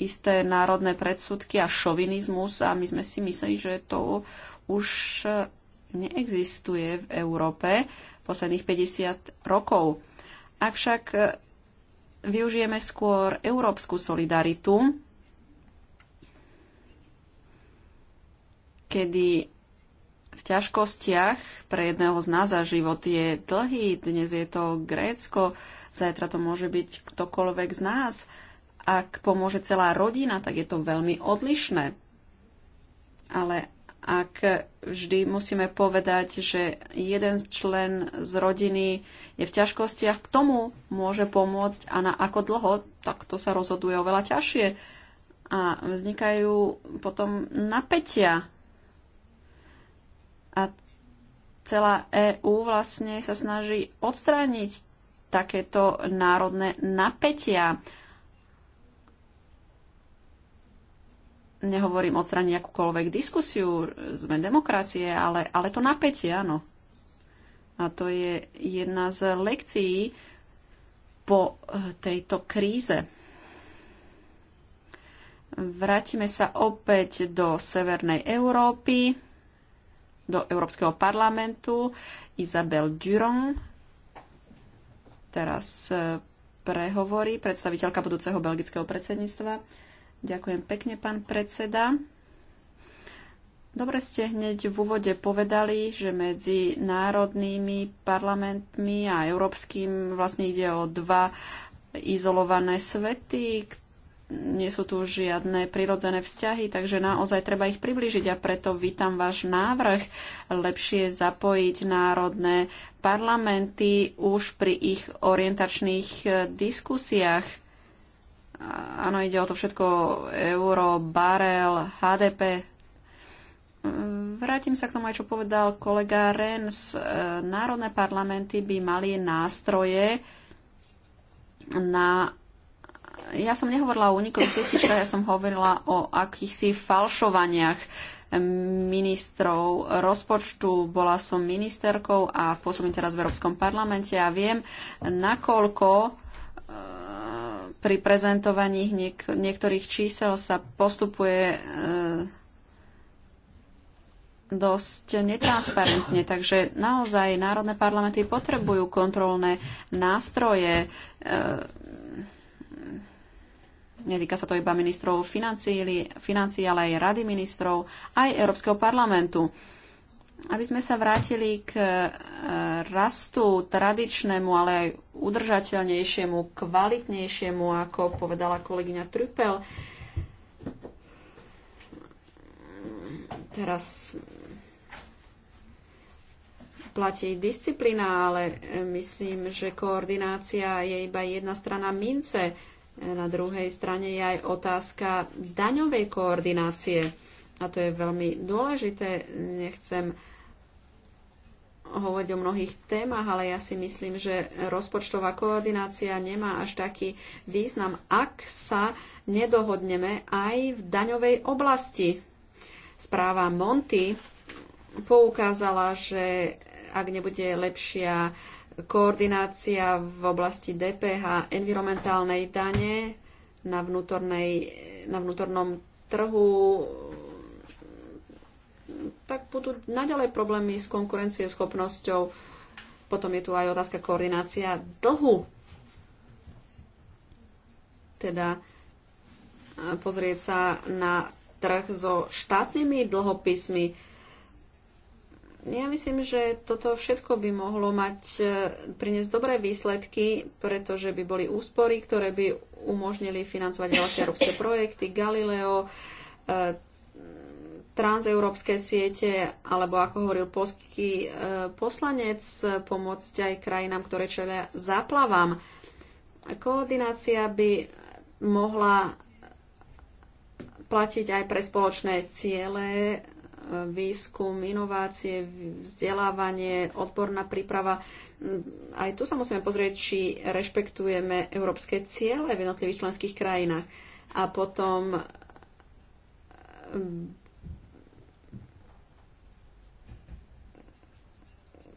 isté národné predsudky a šovinizmus a my sme si mysleli, že to už e, neexistuje v Európe posledných 50 rokov. Avšak využijeme skôr európsku solidaritu, kedy v ťažkostiach pre jedného z nás a život je dlhý, dnes je to Grécko, zajtra to môže byť ktokoľvek z nás. Ak pomôže celá rodina, tak je to veľmi odlišné. Ale ak vždy musíme povedať, že jeden člen z rodiny je v ťažkostiach, k tomu môže pomôcť a na ako dlho, tak to sa rozhoduje oveľa ťažšie. A vznikajú potom napätia a celá EÚ vlastne sa snaží odstrániť takéto národné napätia. Nehovorím odstrániť akúkoľvek diskusiu, sme demokracie, ale, ale to napätie, áno. A to je jedna z lekcií po eh, tejto kríze. Vrátime sa opäť do Severnej Európy do Európskeho parlamentu Isabel Durand. Teraz e, prehovorí predstaviteľka budúceho belgického predsedníctva. Ďakujem pekne, pán predseda. Dobre ste hneď v úvode povedali, že medzi národnými parlamentmi a európskym vlastne ide o dva izolované svety, nie sú tu žiadne prirodzené vzťahy, takže naozaj treba ich priblížiť a preto vítam váš návrh lepšie zapojiť národné parlamenty už pri ich orientačných e, diskusiách. Áno, ide o to všetko euro, barel, HDP. E, vrátim sa k tomu aj, čo povedal kolega Rens. E, národné parlamenty by mali nástroje na ja som nehovorila o unikových lističkách, ja som hovorila o akýchsi falšovaniach ministrov rozpočtu. Bola som ministerkou a pôsobím teraz v Európskom parlamente a viem, nakoľko eh, pri prezentovaní niek- niektorých čísel sa postupuje e, dosť netransparentne. Takže naozaj národné parlamenty potrebujú kontrolné nástroje. E, Netýka sa to iba ministrov financií, ale aj rady ministrov, aj Európskeho parlamentu. Aby sme sa vrátili k e, rastu tradičnému, ale aj udržateľnejšiemu, kvalitnejšiemu, ako povedala kolegyňa Trupel. Teraz platí disciplína, ale e, myslím, že koordinácia je iba jedna strana mince na druhej strane je aj otázka daňovej koordinácie. A to je veľmi dôležité. Nechcem hovoriť o mnohých témach, ale ja si myslím, že rozpočtová koordinácia nemá až taký význam, ak sa nedohodneme aj v daňovej oblasti. Správa Monty poukázala, že ak nebude lepšia koordinácia v oblasti DPH, environmentálnej dane na, vnútornej, na vnútornom trhu, tak budú naďalej problémy s konkurencieschopnosťou. Potom je tu aj otázka koordinácia dlhu. Teda eh, pozrieť sa na trh so štátnymi dlhopismi, ja myslím, že toto všetko by mohlo mať, e, priniesť dobré výsledky, pretože by boli úspory, ktoré by umožnili financovať ďalšie európske projekty, Galileo, e, transeurópske siete, alebo ako hovoril polský e, poslanec, pomôcť aj krajinám, ktoré čelia záplavám. Koordinácia by mohla platiť aj pre spoločné ciele výskum, inovácie, vzdelávanie, odborná príprava. Aj tu sa musíme pozrieť, či rešpektujeme európske ciele v jednotlivých členských krajinách. A potom ehm,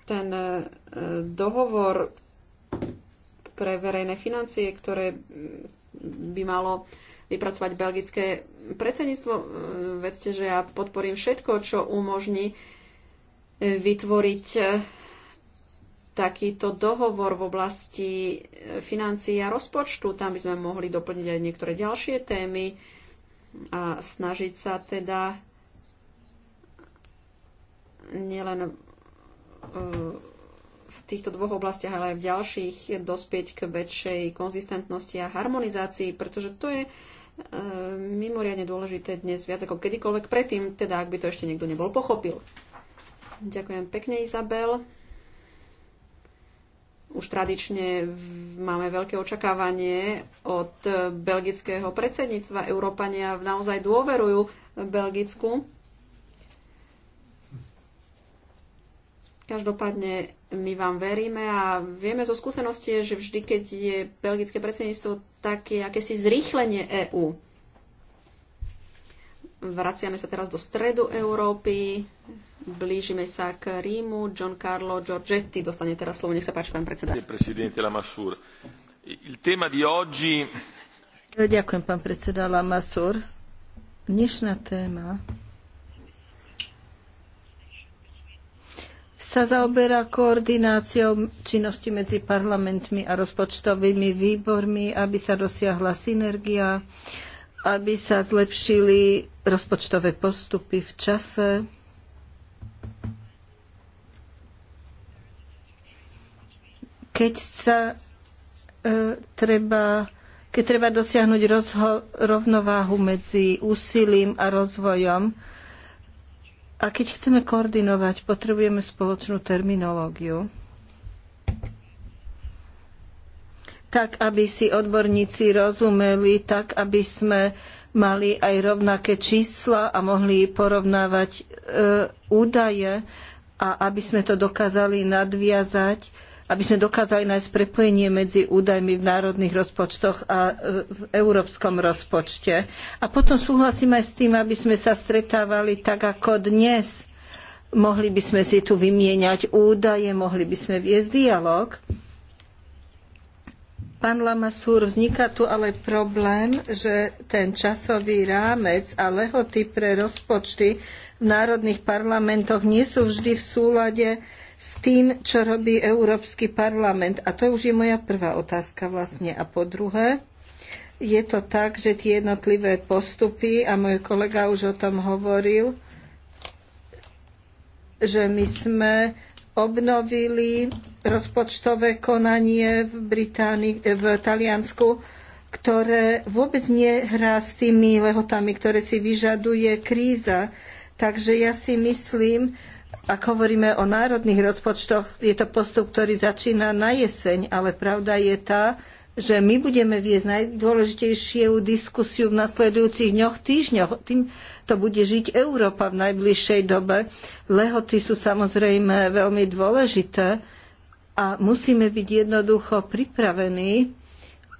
ten e, dohovor pre verejné financie, ktoré by malo vypracovať belgické predsedníctvo. E, vedzte, že ja podporím všetko, čo umožní e, vytvoriť e, takýto dohovor v oblasti financií a rozpočtu. Tam by sme mohli doplniť aj niektoré ďalšie témy a snažiť sa teda nielen v týchto dvoch oblastiach, ale aj v ďalších dospieť k väčšej konzistentnosti a harmonizácii, pretože to je E, mimoriadne dôležité dnes viac ako kedykoľvek predtým, teda ak by to ešte niekto nebol pochopil. Ďakujem pekne, Izabel. Už tradične máme veľké očakávanie od belgického predsedníctva. Európania naozaj dôverujú Belgicku. Každopádne my vám veríme a vieme zo skúsenosti, že vždy, keď je belgické predsedníctvo, také akési zrýchlenie EÚ. Vraciame sa teraz do stredu Európy, blížime sa k Rímu. John Carlo Giorgetti dostane teraz slovo. Nech sa páči, pán predseda. Ďakujem, pán predseda Lamassur. Dnešná téma sa zaoberá koordináciou činnosti medzi parlamentmi a rozpočtovými výbormi, aby sa dosiahla synergia, aby sa zlepšili rozpočtové postupy v čase. Keď sa e, treba keď treba dosiahnuť rovnováhu medzi úsilím a rozvojom, a keď chceme koordinovať, potrebujeme spoločnú terminológiu. Tak, aby si odborníci rozumeli, tak, aby sme mali aj rovnaké čísla a mohli porovnávať e, údaje a aby sme to dokázali nadviazať aby sme dokázali nájsť prepojenie medzi údajmi v národných rozpočtoch a e, v európskom rozpočte. A potom súhlasím aj s tým, aby sme sa stretávali tak ako dnes. Mohli by sme si tu vymieňať údaje, mohli by sme viesť dialog. Pán Lamasúr, vzniká tu ale problém, že ten časový rámec a lehoty pre rozpočty v národných parlamentoch nie sú vždy v súlade s tým, čo robí Európsky parlament? A to už je moja prvá otázka vlastne. A po druhé, je to tak, že tie jednotlivé postupy, a môj kolega už o tom hovoril, že my sme obnovili rozpočtové konanie v, Británii, v Taliansku, ktoré vôbec nehrá s tými lehotami, ktoré si vyžaduje kríza. Takže ja si myslím, ak hovoríme o národných rozpočtoch, je to postup, ktorý začína na jeseň, ale pravda je tá, že my budeme viesť najdôležitejšiu diskusiu v nasledujúcich dňoch, týždňoch. Tým to bude žiť Európa v najbližšej dobe. Lehoty sú samozrejme veľmi dôležité a musíme byť jednoducho pripravení,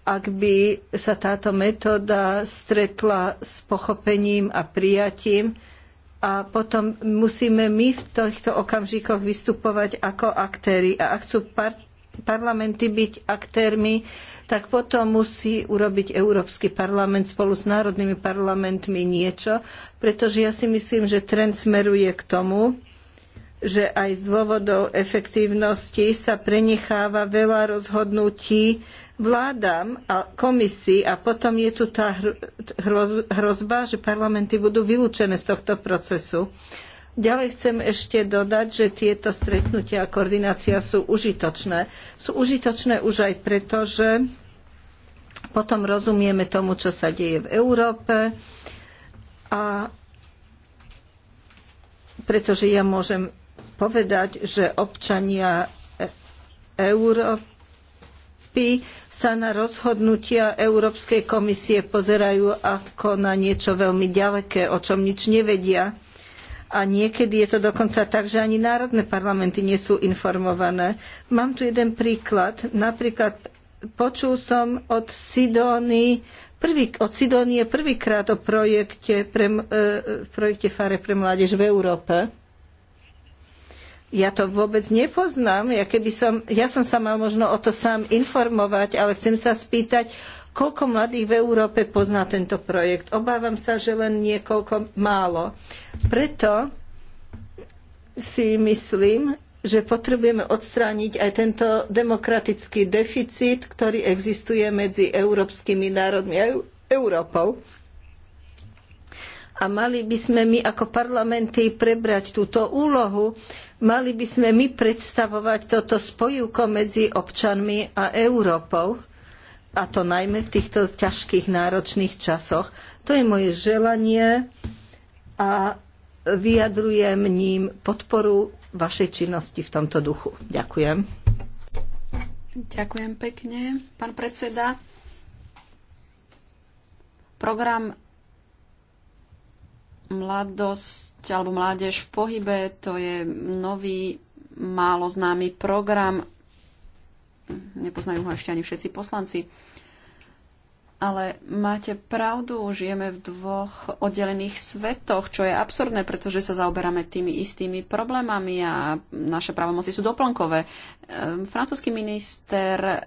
ak by sa táto metóda stretla s pochopením a prijatím, a potom musíme my v týchto okamžikoch vystupovať ako aktéry. A ak chcú par- parlamenty byť aktérmi, tak potom musí urobiť Európsky parlament spolu s národnými parlamentmi niečo, pretože ja si myslím, že trend smeruje k tomu, že aj z dôvodov efektívnosti sa prenecháva veľa rozhodnutí vládám a komisii a potom je tu tá hrozba, že parlamenty budú vylúčené z tohto procesu. Ďalej chcem ešte dodať, že tieto stretnutia a koordinácia sú užitočné. Sú užitočné už aj preto, že potom rozumieme tomu, čo sa deje v Európe a pretože ja môžem povedať, že občania e- Európy sa na rozhodnutia Európskej komisie pozerajú ako na niečo veľmi ďaleké, o čom nič nevedia. A niekedy je to dokonca tak, že ani národné parlamenty nie sú informované. Mám tu jeden príklad. Napríklad počul som od Sidóny prvý, od Sidónie prvýkrát o projekte, pre, e, e, projekte Fare pre mládež v Európe. Ja to vôbec nepoznám. Ja, keby som, ja som sa mal možno o to sám informovať, ale chcem sa spýtať, koľko mladých v Európe pozná tento projekt. Obávam sa, že len niekoľko málo. Preto si myslím, že potrebujeme odstrániť aj tento demokratický deficit, ktorý existuje medzi európskymi národmi a Európou. A mali by sme my ako parlamenty prebrať túto úlohu, Mali by sme my predstavovať toto spojivko medzi občanmi a Európou, a to najmä v týchto ťažkých, náročných časoch. To je moje želanie a vyjadrujem ním podporu vašej činnosti v tomto duchu. Ďakujem. Ďakujem pekne, pán predseda. Program Mladosť alebo mládež v pohybe, to je nový, málo známy program. Nepoznajú ho ešte ani všetci poslanci. Ale máte pravdu, žijeme v dvoch oddelených svetoch, čo je absurdné, pretože sa zaoberáme tými istými problémami a naše právomoci sú doplnkové. Ehm, francúzsky minister ehm,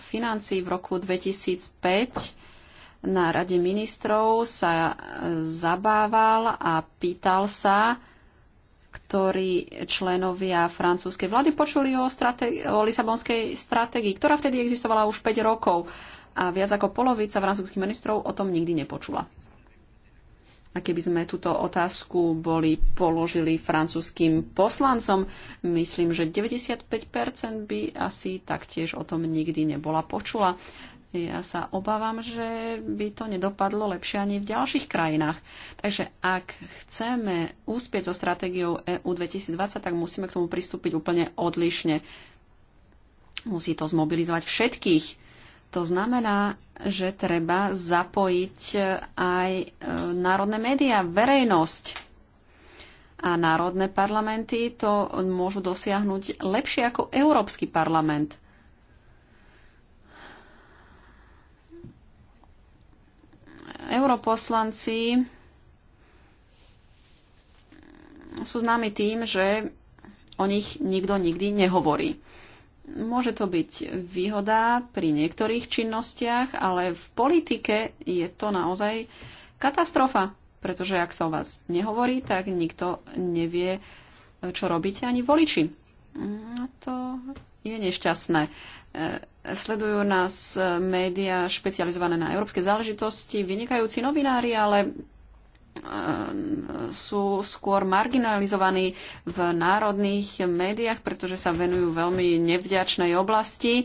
financí v roku 2005 na Rade ministrov sa e, zabával a pýtal sa, ktorí členovia francúzskej vlády počuli o, strate- o Lisabonskej stratégii, ktorá vtedy existovala už 5 rokov a viac ako polovica francúzských ministrov o tom nikdy nepočula. A keby sme túto otázku boli položili francúzským poslancom, myslím, že 95% by asi taktiež o tom nikdy nebola počula. Ja sa obávam, že by to nedopadlo lepšie ani v ďalších krajinách. Takže ak chceme úspieť so stratégiou EU 2020, tak musíme k tomu pristúpiť úplne odlišne. Musí to zmobilizovať všetkých. To znamená, že treba zapojiť aj e, národné médiá, verejnosť. A národné parlamenty to môžu dosiahnuť lepšie ako Európsky parlament. europoslanci sú známi tým, že o nich nikto nikdy nehovorí. Môže to byť výhoda pri niektorých činnostiach, ale v politike je to naozaj katastrofa, pretože ak sa o vás nehovorí, tak nikto nevie, čo robíte ani voliči. A to je nešťastné. Sledujú nás médiá špecializované na európske záležitosti, vynikajúci novinári, ale e, sú skôr marginalizovaní v národných médiách, pretože sa venujú veľmi nevďačnej oblasti.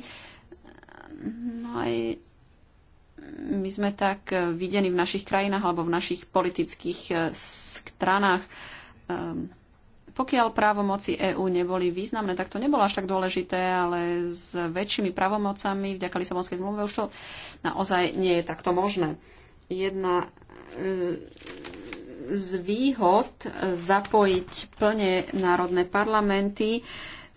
No aj my sme tak videní v našich krajinách alebo v našich politických e, stranách. Ehm, pokiaľ právomoci EÚ neboli významné, tak to nebolo až tak dôležité, ale s väčšími právomocami vďaka Lisabonskej zmluve už to naozaj nie je takto možné. Jedna e, z výhod zapojiť plne národné parlamenty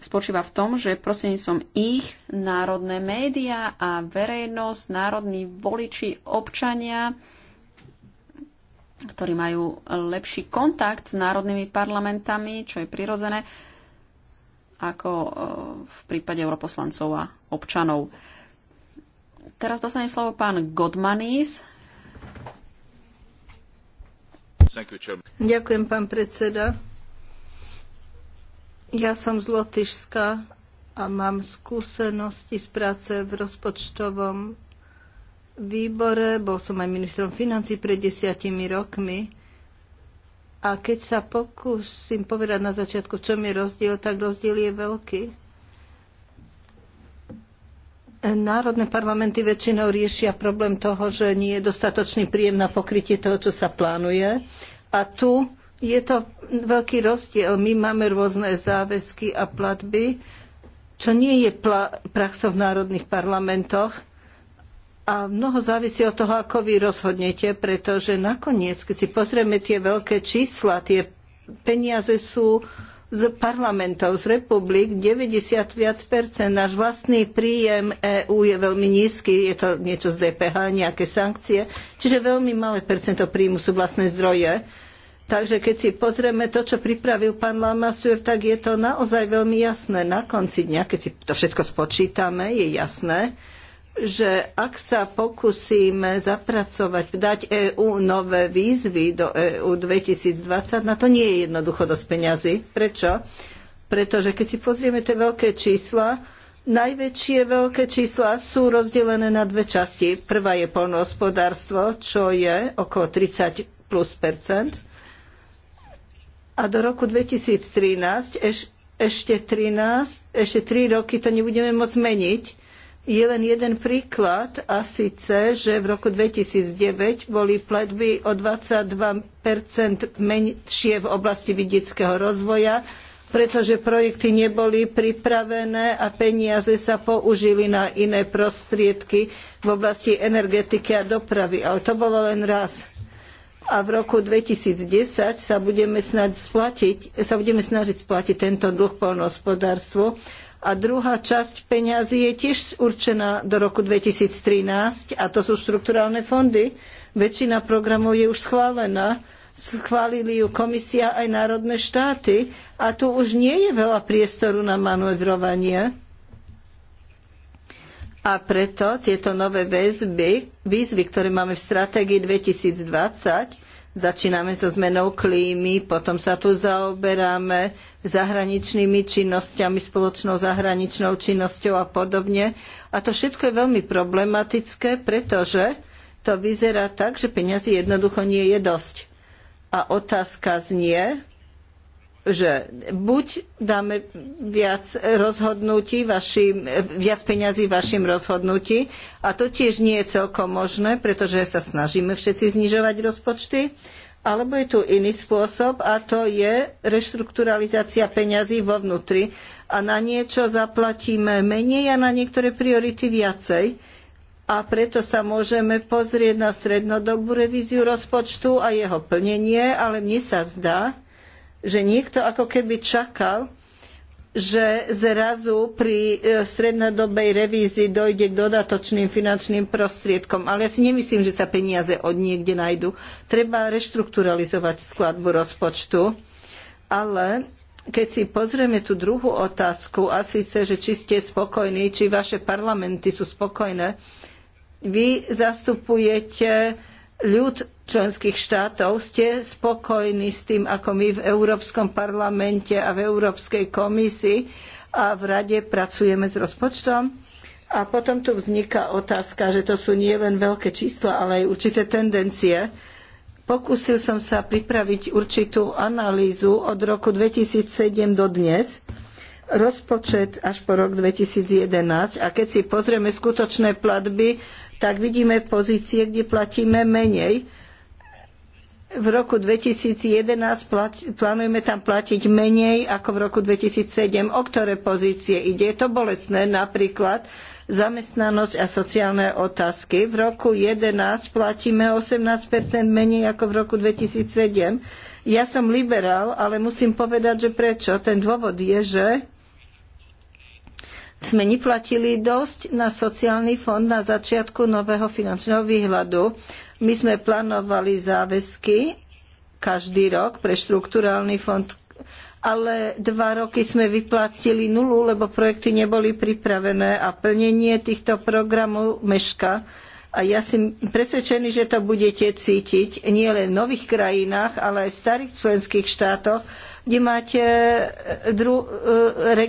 spočíva v tom, že prostredníctvom ich národné médiá a verejnosť, národní voliči, občania ktorí majú lepší kontakt s národnými parlamentami, čo je prirodzené, ako e, v prípade europoslancov a občanov. Teraz dostane slovo pán Godmanis. Ďakujem, pán predseda. Ja som z Lotyšska a mám skúsenosti z práce v rozpočtovom výbore, bol som aj ministrom financí pred desiatimi rokmi. A keď sa pokúsim povedať na začiatku, čo je rozdiel, tak rozdiel je veľký. Národné parlamenty väčšinou riešia problém toho, že nie je dostatočný príjem na pokrytie toho, čo sa plánuje. A tu je to veľký rozdiel. My máme rôzne záväzky a platby, čo nie je praxou v národných parlamentoch a mnoho závisí od toho, ako vy rozhodnete, pretože nakoniec, keď si pozrieme tie veľké čísla, tie peniaze sú z parlamentov, z republik 90 viac percent. Náš vlastný príjem EÚ je veľmi nízky, je to niečo z DPH, nejaké sankcie, čiže veľmi malé percento príjmu sú vlastné zdroje. Takže keď si pozrieme to, čo pripravil pán Lamasur, tak je to naozaj veľmi jasné. Na konci dňa, keď si to všetko spočítame, je jasné, že ak sa pokúsime zapracovať, dať EÚ nové výzvy do EÚ 2020, na to nie je jednoducho dosť peňazí. Prečo? Pretože keď si pozrieme tie veľké čísla, najväčšie veľké čísla sú rozdelené na dve časti. Prvá je poľnohospodárstvo, čo je okolo 30 plus percent. A do roku 2013 eš, ešte 13, ešte 3 roky to nebudeme môcť meniť je len jeden príklad a síce, že v roku 2009 boli platby o 22 menšie v oblasti vidieckého rozvoja, pretože projekty neboli pripravené a peniaze sa použili na iné prostriedky v oblasti energetiky a dopravy. Ale to bolo len raz. A v roku 2010 sa budeme, snažiť splatiť, sa budeme snažiť splatiť tento dlh poľnohospodárstvu a druhá časť peňazí je tiež určená do roku 2013 a to sú štrukturálne fondy. Väčšina programov je už schválená. Schválili ju komisia aj národné štáty a tu už nie je veľa priestoru na manévrovanie. A preto tieto nové väzby, výzvy, ktoré máme v stratégii 2020, Začíname so zmenou klímy, potom sa tu zaoberáme zahraničnými činnosťami, spoločnou zahraničnou činnosťou a podobne. A to všetko je veľmi problematické, pretože to vyzerá tak, že peňazí jednoducho nie je dosť. A otázka znie, že buď dáme viac rozhodnutí, vašim, viac peňazí vašim rozhodnutí, a to tiež nie je celkom možné, pretože sa snažíme všetci znižovať rozpočty, alebo je tu iný spôsob a to je reštrukturalizácia peňazí vo vnútri a na niečo zaplatíme menej a na niektoré priority viacej a preto sa môžeme pozrieť na strednodobú revíziu rozpočtu a jeho plnenie, ale mne sa zdá, že niekto ako keby čakal, že zrazu pri e, strednodobej revízii dojde k dodatočným finančným prostriedkom. Ale ja si nemyslím, že sa peniaze od niekde nájdu. Treba reštrukturalizovať skladbu rozpočtu. Ale keď si pozrieme tú druhú otázku, a síce, že či ste spokojní, či vaše parlamenty sú spokojné, vy zastupujete ľud členských štátov. Ste spokojní s tým, ako my v Európskom parlamente a v Európskej komisii a v Rade pracujeme s rozpočtom? A potom tu vzniká otázka, že to sú nielen veľké čísla, ale aj určité tendencie. Pokúsil som sa pripraviť určitú analýzu od roku 2007 do dnes, rozpočet až po rok 2011 a keď si pozrieme skutočné platby, tak vidíme pozície, kde platíme menej v roku 2011 plánujeme tam platiť menej ako v roku 2007. O ktoré pozície ide? Je to bolestné napríklad zamestnanosť a sociálne otázky. V roku 2011 platíme 18 menej ako v roku 2007. Ja som liberál, ale musím povedať, že prečo. Ten dôvod je, že sme neplatili dosť na sociálny fond na začiatku nového finančného výhľadu. My sme plánovali záväzky každý rok pre štrukturálny fond, ale dva roky sme vyplatili nulu, lebo projekty neboli pripravené a plnenie týchto programov meška. A ja som presvedčený, že to budete cítiť nielen v nových krajinách, ale aj v starých členských štátoch, kde máte dru, e, re,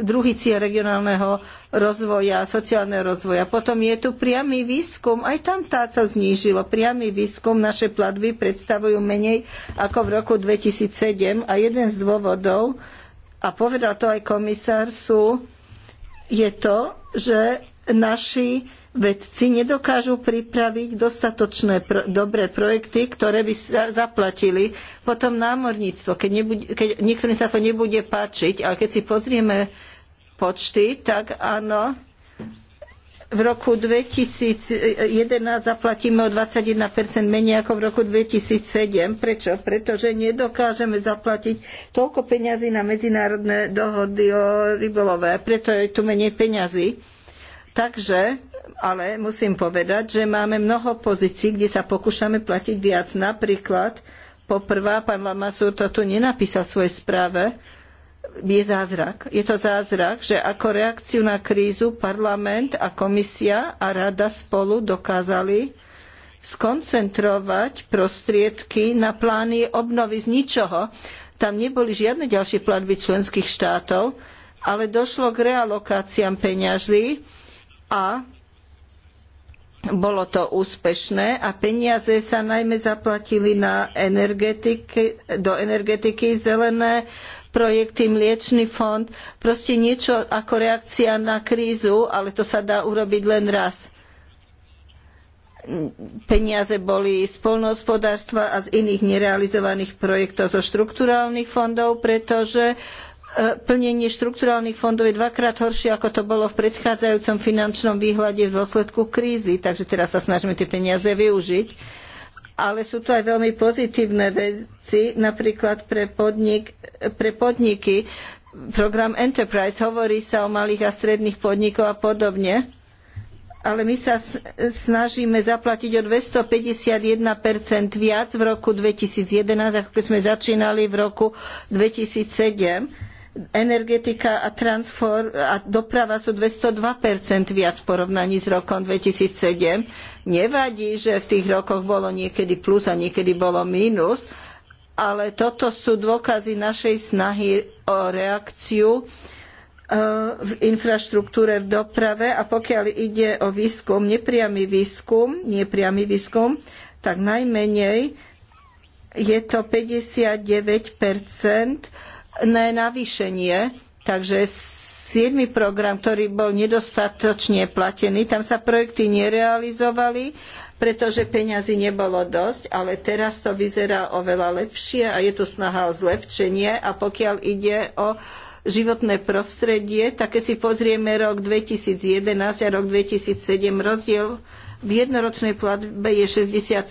druhý cieľ regionálneho rozvoja, sociálneho rozvoja. Potom je tu priamy výskum, aj tam táto znížilo. Priamy výskum naše platby predstavujú menej ako v roku 2007 a jeden z dôvodov, a povedal to aj komisár, sú, je to, že naši vedci nedokážu pripraviť dostatočné pro, dobré projekty, ktoré by sa zaplatili. Potom námorníctvo, keď, nebude, keď niektorým sa to nebude páčiť, ale keď si pozrieme počty, tak áno, v roku 2011 zaplatíme o 21% menej ako v roku 2007. Prečo? Pretože nedokážeme zaplatiť toľko peňazí na medzinárodné dohody o rybolove. Preto je tu menej peňazí. Takže ale musím povedať, že máme mnoho pozícií, kde sa pokúšame platiť viac. Napríklad, poprvá, pán Lamasur to tu nenapísal v svojej správe, je zázrak. Je to zázrak, že ako reakciu na krízu parlament a komisia a rada spolu dokázali skoncentrovať prostriedky na plány obnovy z ničoho. Tam neboli žiadne ďalšie platby členských štátov, ale došlo k realokáciám peňaží a bolo to úspešné a peniaze sa najmä zaplatili na energetiky, do energetiky zelené projekty, mliečny fond, proste niečo ako reakcia na krízu, ale to sa dá urobiť len raz peniaze boli z poľnohospodárstva a z iných nerealizovaných projektov zo štrukturálnych fondov, pretože E, plnenie štrukturálnych fondov je dvakrát horšie, ako to bolo v predchádzajúcom finančnom výhľade v dôsledku krízy, takže teraz sa snažíme tie peniaze využiť. Ale sú tu aj veľmi pozitívne veci, napríklad pre, podnik, pre podniky. Program Enterprise hovorí sa o malých a stredných podnikoch a podobne, ale my sa snažíme zaplatiť o 251 viac v roku 2011, ako keď sme začínali v roku 2007 energetika a, transfer, a doprava sú 202% viac v porovnaní s rokom 2007. Nevadí, že v tých rokoch bolo niekedy plus a niekedy bolo mínus, ale toto sú dôkazy našej snahy o reakciu e, v infraštruktúre v doprave a pokiaľ ide o výskum, nepriamy výskum, nepriamy výskum, tak najmenej je to 59 navýšenie, takže 7. program, ktorý bol nedostatočne platený, tam sa projekty nerealizovali, pretože peňazí nebolo dosť, ale teraz to vyzerá oveľa lepšie a je tu snaha o zlepšenie a pokiaľ ide o životné prostredie, tak keď si pozrieme rok 2011 a rok 2007, rozdiel v jednoročnej platbe je 67%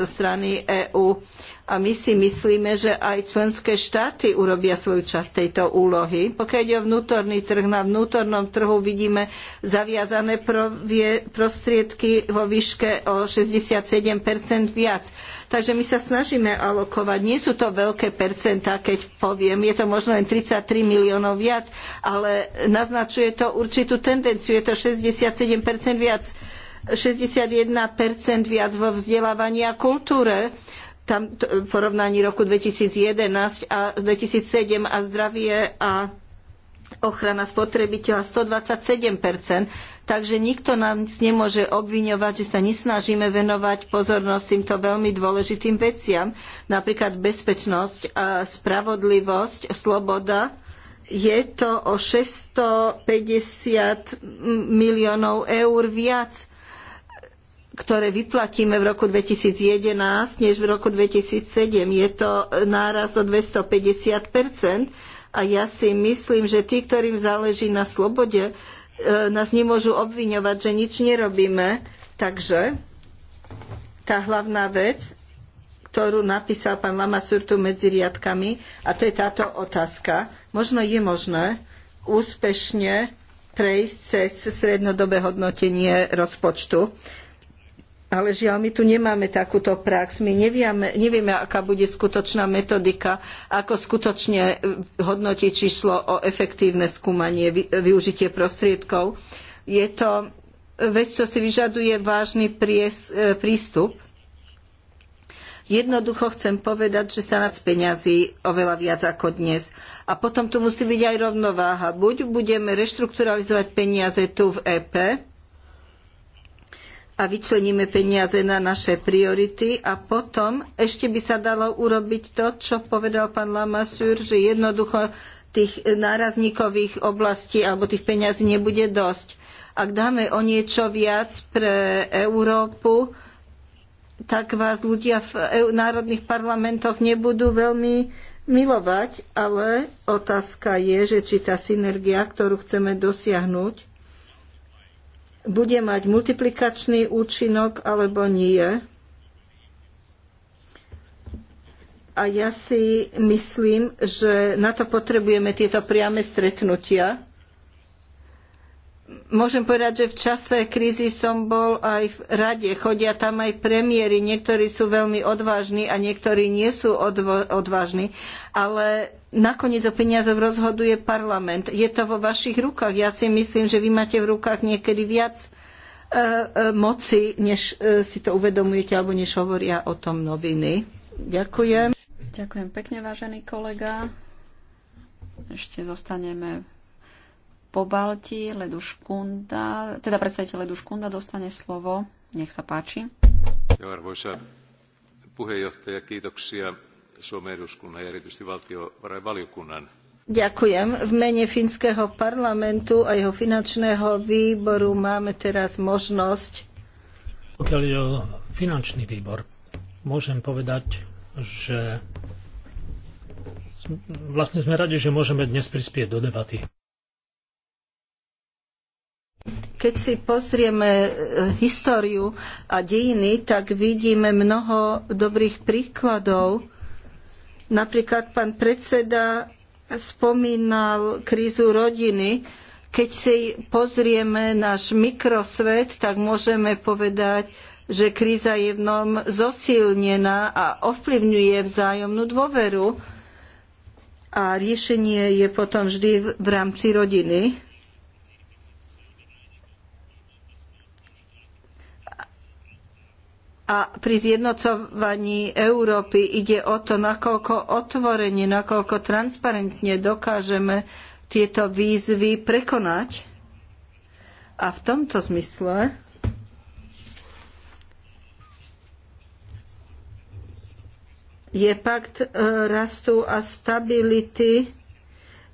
zo strany EÚ. A my si myslíme, že aj členské štáty urobia svoju časť tejto úlohy. Pokiaľ ide o vnútorný trh, na vnútornom trhu vidíme zaviazané prostriedky vo výške o 67 viac. Takže my sa snažíme alokovať. Nie sú to veľké percentá, keď poviem. Je to možno len 33 miliónov viac, ale naznačuje to určitú tendenciu. Je to 67 viac 61 viac vo vzdelávaní a kultúre tam v porovnaní roku 2011 a 2007 a zdravie a ochrana spotrebiteľa 127%, takže nikto nás nemôže obviňovať, že sa nesnažíme venovať pozornosť týmto veľmi dôležitým veciam. Napríklad bezpečnosť, a spravodlivosť, sloboda. Je to o 650 miliónov eur viac ktoré vyplatíme v roku 2011 než v roku 2007. Je to náraz o 250 a ja si myslím, že tí, ktorým záleží na slobode, e, nás nemôžu obviňovať, že nič nerobíme. Takže tá hlavná vec, ktorú napísal pán Lamasur tu medzi riadkami, a to je táto otázka. Možno je možné úspešne prejsť cez strednodobé hodnotenie rozpočtu. Ale žiaľ, my tu nemáme takúto prax. My nevieme, nevieme, aká bude skutočná metodika, ako skutočne e, hodnotiť číslo o efektívne skúmanie, využitie prostriedkov. Je to vec, čo si vyžaduje vážny pries, e, prístup. Jednoducho chcem povedať, že sa nad peňazí oveľa viac ako dnes. A potom tu musí byť aj rovnováha. Buď budeme reštrukturalizovať peniaze tu v EP, a vyčleníme peniaze na naše priority a potom ešte by sa dalo urobiť to, čo povedal pán Lamassur, že jednoducho tých nárazníkových oblastí alebo tých peňazí nebude dosť. Ak dáme o niečo viac pre Európu, tak vás ľudia v národných parlamentoch nebudú veľmi milovať, ale otázka je, že či tá synergia, ktorú chceme dosiahnuť, bude mať multiplikačný účinok alebo nie. A ja si myslím, že na to potrebujeme tieto priame stretnutia. Môžem povedať, že v čase krízy som bol aj v rade. Chodia tam aj premiéry. Niektorí sú veľmi odvážni a niektorí nie sú odvážni. Ale Nakoniec o peniazoch rozhoduje parlament. Je to vo vašich rukách. Ja si myslím, že vy máte v rukách niekedy viac e, e, moci, než e, si to uvedomujete, alebo než hovoria o tom noviny. Ďakujem. Ďakujem pekne, vážený kolega. Ešte zostaneme po Balti. Ledu Škunda, teda predstaviteľ Ledu Škunda dostane slovo. Nech sa páči. Arvoisa puheenjohtaja, kiitoksia Ďakujem. V mene Fínskeho parlamentu a jeho finančného výboru máme teraz možnosť. Pokiaľ ide o finančný výbor, môžem povedať, že vlastne sme radi, že môžeme dnes prispieť do debaty. Keď si pozrieme e, históriu a dejiny, tak vidíme mnoho dobrých príkladov Napríklad pán predseda spomínal krízu rodiny. Keď si pozrieme náš mikrosvet, tak môžeme povedať, že kríza je v nom zosilnená a ovplyvňuje vzájomnú dôveru a riešenie je potom vždy v rámci rodiny. a pri zjednocovaní Európy ide o to, nakoľko otvorene, nakoľko transparentne dokážeme tieto výzvy prekonať. A v tomto zmysle je pakt e, rastu a stability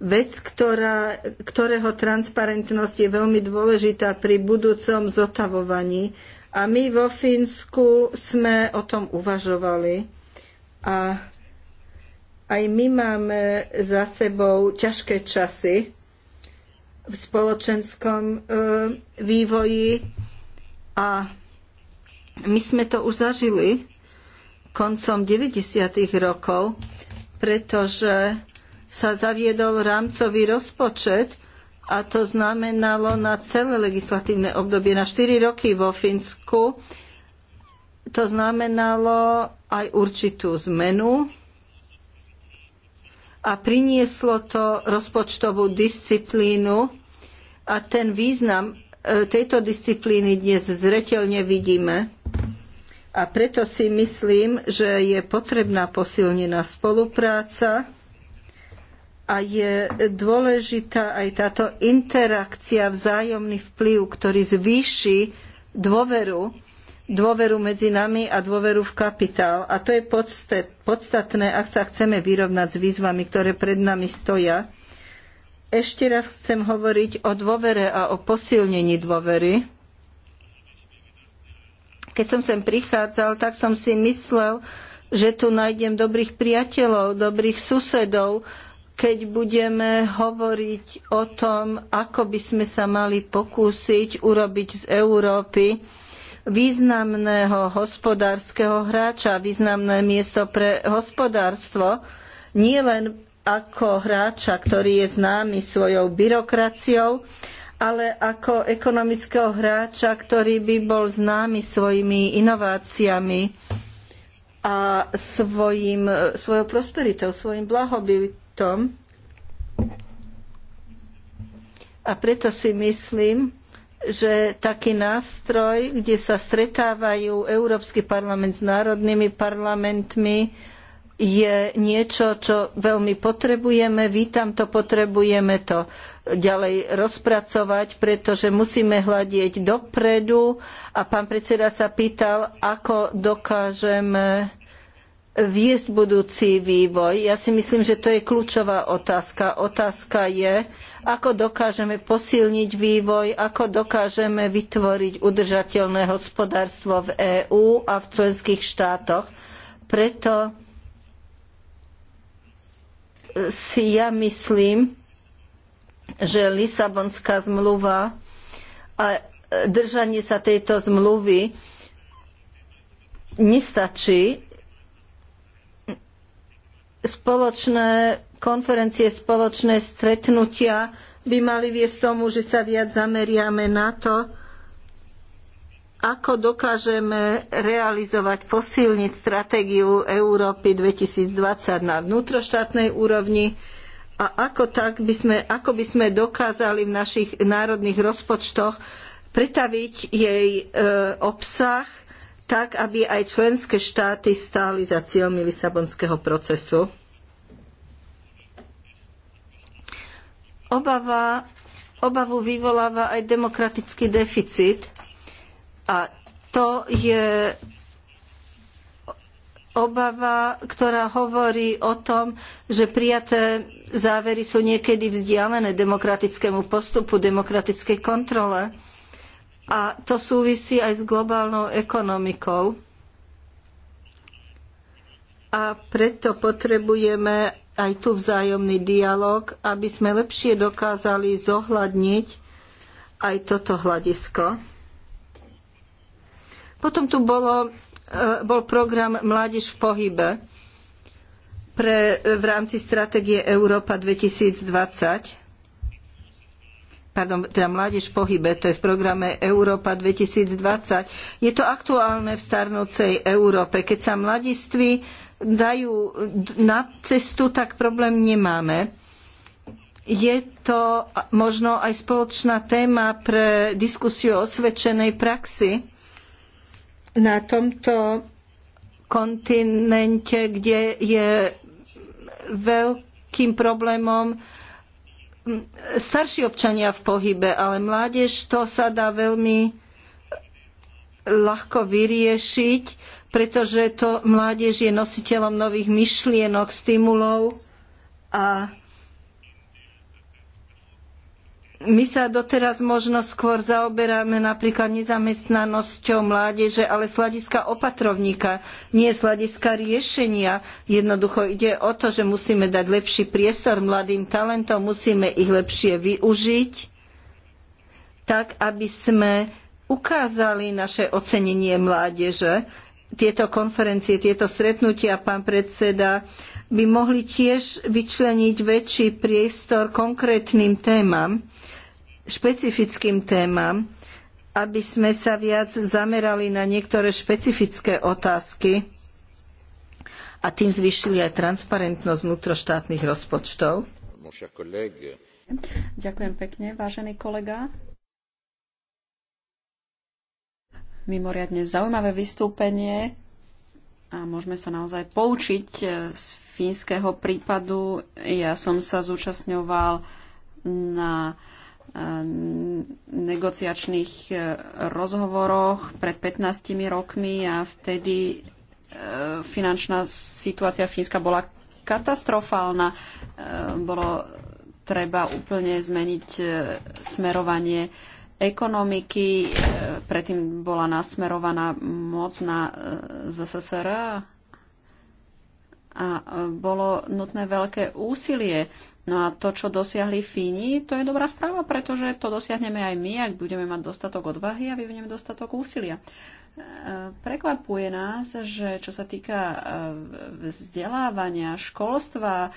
vec, ktorá, ktorého transparentnosť je veľmi dôležitá pri budúcom zotavovaní a my vo Fínsku sme o tom uvažovali a aj my máme za sebou ťažké časy v spoločenskom e, vývoji a my sme to už zažili koncom 90. rokov, pretože sa zaviedol rámcový rozpočet a to znamenalo na celé legislatívne obdobie, na 4 roky vo Fínsku. To znamenalo aj určitú zmenu a prinieslo to rozpočtovú disciplínu a ten význam e, tejto disciplíny dnes zreteľne vidíme. A preto si myslím, že je potrebná posilnená spolupráca a je dôležitá aj táto interakcia, vzájomný vplyv, ktorý zvýši dôveru, dôveru medzi nami a dôveru v kapitál. A to je podstatné, ak sa chceme vyrovnať s výzvami, ktoré pred nami stoja. Ešte raz chcem hovoriť o dôvere a o posilnení dôvery. Keď som sem prichádzal, tak som si myslel, že tu nájdem dobrých priateľov, dobrých susedov, keď budeme hovoriť o tom, ako by sme sa mali pokúsiť urobiť z Európy významného hospodárskeho hráča, významné miesto pre hospodárstvo, nielen ako hráča, ktorý je známy svojou byrokraciou, ale ako ekonomického hráča, ktorý by bol známy svojimi inováciami a svojim, svojou prosperitou, svojim blahobytom projektom. A preto si myslím, že taký nástroj, kde sa stretávajú Európsky parlament s národnými parlamentmi, je niečo, čo veľmi potrebujeme. Vítam to, potrebujeme to ďalej rozpracovať, pretože musíme hľadieť dopredu. A pán predseda sa pýtal, ako dokážeme viesť budúci vývoj? Ja si myslím, že to je kľúčová otázka. Otázka je, ako dokážeme posilniť vývoj, ako dokážeme vytvoriť udržateľné hospodárstvo v EÚ a v členských štátoch. Preto si ja myslím, že Lisabonská zmluva a držanie sa tejto zmluvy nestačí spoločné konferencie, spoločné stretnutia by mali viesť tomu, že sa viac zameriame na to, ako dokážeme realizovať, posilniť stratégiu Európy 2020 na vnútroštátnej úrovni a ako, tak by sme, ako by sme dokázali v našich národných rozpočtoch pretaviť jej e, obsah tak aby aj členské štáty stáli za cieľmi Lisabonského procesu. Obava, obavu vyvoláva aj demokratický deficit a to je obava, ktorá hovorí o tom, že prijaté závery sú niekedy vzdialené demokratickému postupu, demokratickej kontrole. A to súvisí aj s globálnou ekonomikou. A preto potrebujeme aj tu vzájomný dialog, aby sme lepšie dokázali zohľadniť aj toto hľadisko. Potom tu bolo, e, bol program Mládež v pohybe pre, e, v rámci stratégie Európa 2020 pardon, teda Mládež v pohybe, to je v programe Európa 2020. Je to aktuálne v starnúcej Európe. Keď sa mladiství dajú na cestu, tak problém nemáme. Je to možno aj spoločná téma pre diskusiu o osvedčenej praxi na tomto kontinente, kde je veľkým problémom starší občania v pohybe, ale mládež to sa dá veľmi ľahko vyriešiť, pretože to mládež je nositeľom nových myšlienok, stimulov a my sa doteraz možno skôr zaoberáme napríklad nezamestnanosťou mládeže, ale z hľadiska opatrovníka, nie z hľadiska riešenia. Jednoducho ide o to, že musíme dať lepší priestor mladým talentom, musíme ich lepšie využiť, tak aby sme ukázali naše ocenenie mládeže. Tieto konferencie, tieto stretnutia, pán predseda, by mohli tiež vyčleniť väčší priestor konkrétnym témam špecifickým témam, aby sme sa viac zamerali na niektoré špecifické otázky a tým zvýšili aj transparentnosť vnútroštátnych rozpočtov. Ďakujem pekne, vážený kolega. Mimoriadne zaujímavé vystúpenie a môžeme sa naozaj poučiť eh, z fínskeho prípadu. Ja som sa zúčastňoval na Eh, negociačných eh, rozhovoroch pred 15 rokmi a vtedy eh, finančná situácia Fínska bola katastrofálna. Bolo treba úplne zmeniť smerovanie ekonomiky. Predtým bola nasmerovaná moc na ZSSR a bolo nutné veľké úsilie No a to, čo dosiahli Fíni, to je dobrá správa, pretože to dosiahneme aj my, ak budeme mať dostatok odvahy a vyvinieme dostatok úsilia. E, prekvapuje nás, že čo sa týka e, vzdelávania, školstva,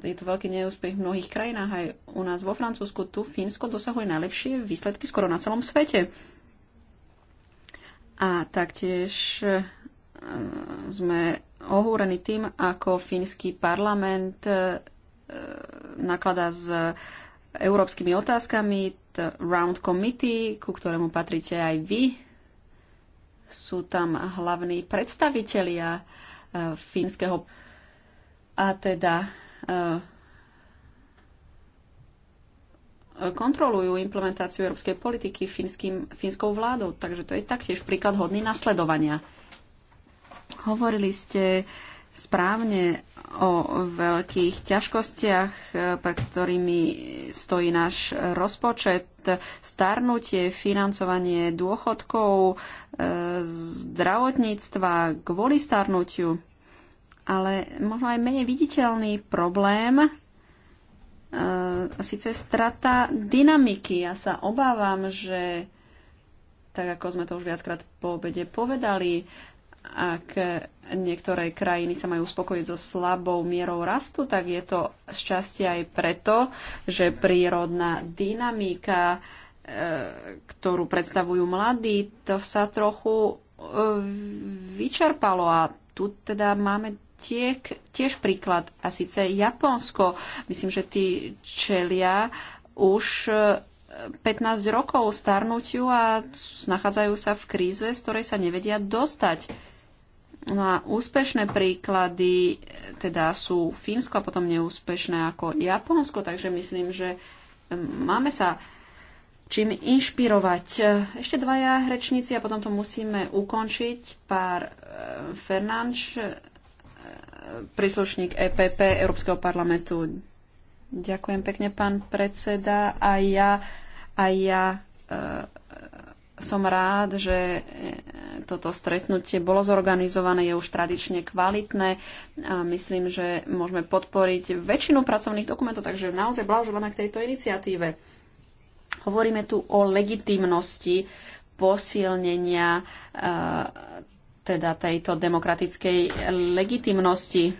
e, je to veľký neúspech v mnohých krajinách, aj u nás vo Francúzsku, tu Fínsko dosahuje najlepšie výsledky skoro na celom svete. A taktiež sme ohúrení tým, ako fínsky parlament nakladá s európskymi otázkami, Round Committee, ku ktorému patríte aj vy. Sú tam hlavní predstavitelia e, fínskeho a teda e, kontrolujú implementáciu európskej politiky fínskym, fínskou vládou. Takže to je taktiež príklad hodný nasledovania. Hovorili ste uh, správne o veľkých ťažkostiach, e, pre ktorými stojí náš rozpočet, starnutie, financovanie dôchodkov, e, zdravotníctva kvôli starnutiu. Ale možno aj menej viditeľný problém, e, síce strata dynamiky. Ja sa obávam, že tak ako sme to už viackrát po obede povedali, ak niektoré krajiny sa majú uspokojiť so slabou mierou rastu, tak je to šťastie aj preto, že prírodná dynamika, e, ktorú predstavujú mladí, to sa trochu e, vyčerpalo a tu teda máme tiež príklad a síce Japonsko. Myslím, že tí čelia už 15 e, rokov starnutiu a nachádzajú sa v kríze, z ktorej sa nevedia dostať No a úspešné príklady teda sú Fínsko a potom neúspešné ako Japonsko, takže myslím, že máme sa čím inšpirovať. Ešte dvaja hrečníci a potom to musíme ukončiť. Pár eh, Fernánč, eh, príslušník EPP Európskeho parlamentu. Ďakujem pekne, pán predseda. A ja, a ja eh, som rád, že e, toto stretnutie bolo zorganizované, je už tradične kvalitné a myslím, že môžeme podporiť väčšinu pracovných dokumentov, takže naozaj blahoželáme k tejto iniciatíve. Hovoríme tu o legitimnosti posilnenia e, teda tejto demokratickej legitimnosti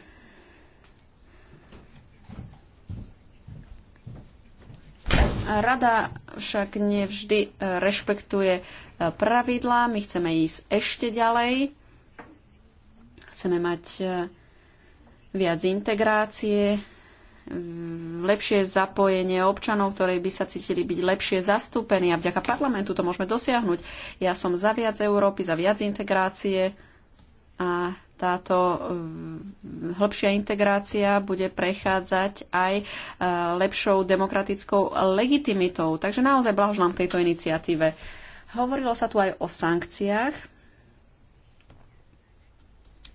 Rada však nevždy e, rešpektuje e, pravidlá. My chceme ísť ešte ďalej. Chceme mať e, viac integrácie, lepšie zapojenie občanov, ktorí by sa cítili byť lepšie zastúpení a vďaka parlamentu to môžeme dosiahnuť. Ja som za viac Európy, za viac integrácie a táto mm, hĺbšia integrácia bude prechádzať aj e, lepšou demokratickou legitimitou. Takže naozaj blahoželám k tejto iniciatíve. Hovorilo sa tu aj o sankciách,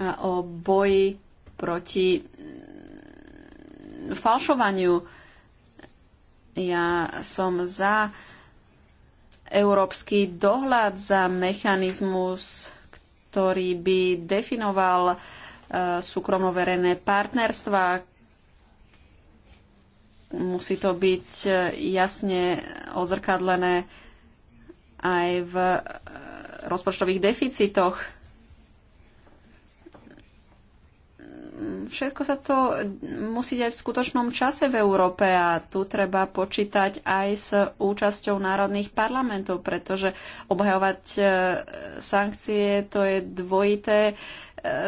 a o boji proti mm, falšovaniu. Ja som za európsky dohľad za mechanizmus ktorý by definoval e, súkromno-verejné partnerstva. Musí to byť e, jasne ozrkadlené aj v e, rozpočtových deficitoch všetko sa to musí dať v skutočnom čase v Európe a tu treba počítať aj s účasťou národných parlamentov, pretože obhajovať e, sankcie to je dvojité e,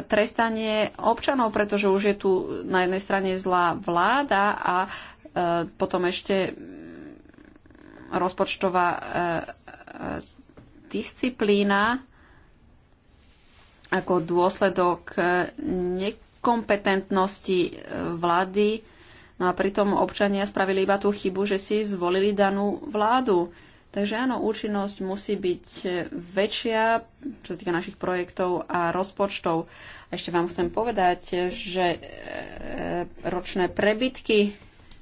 trestanie občanov, pretože už je tu na jednej strane zlá vláda a e, potom ešte rozpočtová disciplína ako dôsledok ne- kompetentnosti e, vlády. No a pritom občania spravili iba tú chybu, že si zvolili danú vládu. Takže áno, účinnosť musí byť väčšia, čo sa týka našich projektov a rozpočtov. A ešte vám chcem povedať, že e, e, ročné prebytky,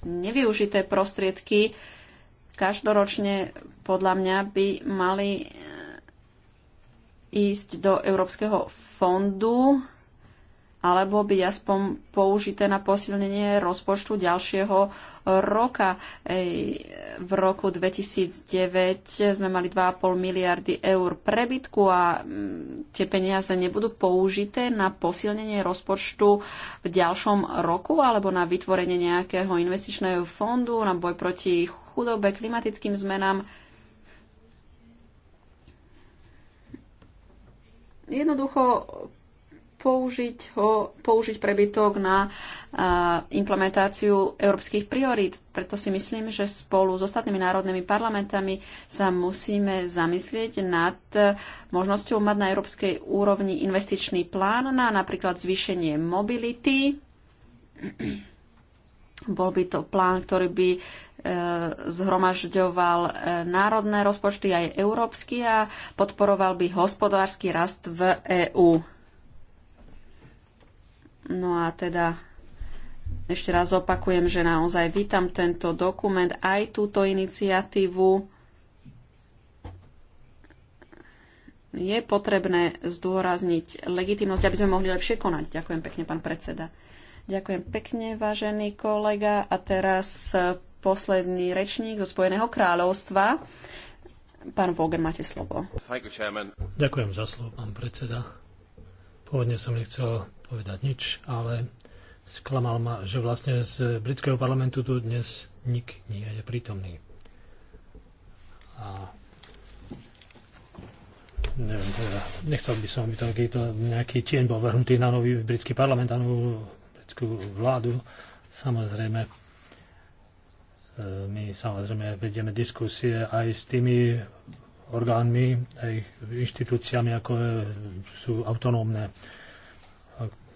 nevyužité prostriedky, každoročne podľa mňa by mali ísť do Európskeho fondu alebo byť aspoň použité na posilnenie rozpočtu ďalšieho e, roka. V roku 2009 sme mali 2,5 miliardy eur prebytku a mm, tie peniaze nebudú použité na posilnenie rozpočtu v ďalšom roku alebo na vytvorenie nejakého investičného fondu, na boj proti chudobe, klimatickým zmenám. Jednoducho použiť, ho, použiť prebytok na implementáciu európskych priorít. Preto si myslím, že spolu s ostatnými národnými parlamentami sa musíme zamyslieť nad e, možnosťou mať na európskej úrovni investičný plán na napríklad zvýšenie mobility. Bol by to plán, ktorý by e, zhromažďoval e, národné rozpočty aj európsky a podporoval by hospodársky rast v EÚ. No a teda ešte raz opakujem, že naozaj vítam tento dokument, aj túto iniciatívu. Je potrebné zdôrazniť legitimnosť, aby sme mohli lepšie konať. Ďakujem pekne, pán predseda. Ďakujem pekne, vážený kolega. A teraz posledný rečník zo Spojeného kráľovstva. Pán Voger, máte slovo. Ďakujem za slovo, pán predseda. Pôvodne som nechcel povedať nič, ale sklamal ma, že vlastne z britského parlamentu tu dnes nik nie je prítomný. A neviem, teda, nechcel by som, aby tam to nejaký tieň bol vrhnutý na nový britský parlament, na novú britskú vládu. Samozrejme, e, my samozrejme vedieme diskusie aj s tými orgánmi, aj inštitúciami, ako sú autonómne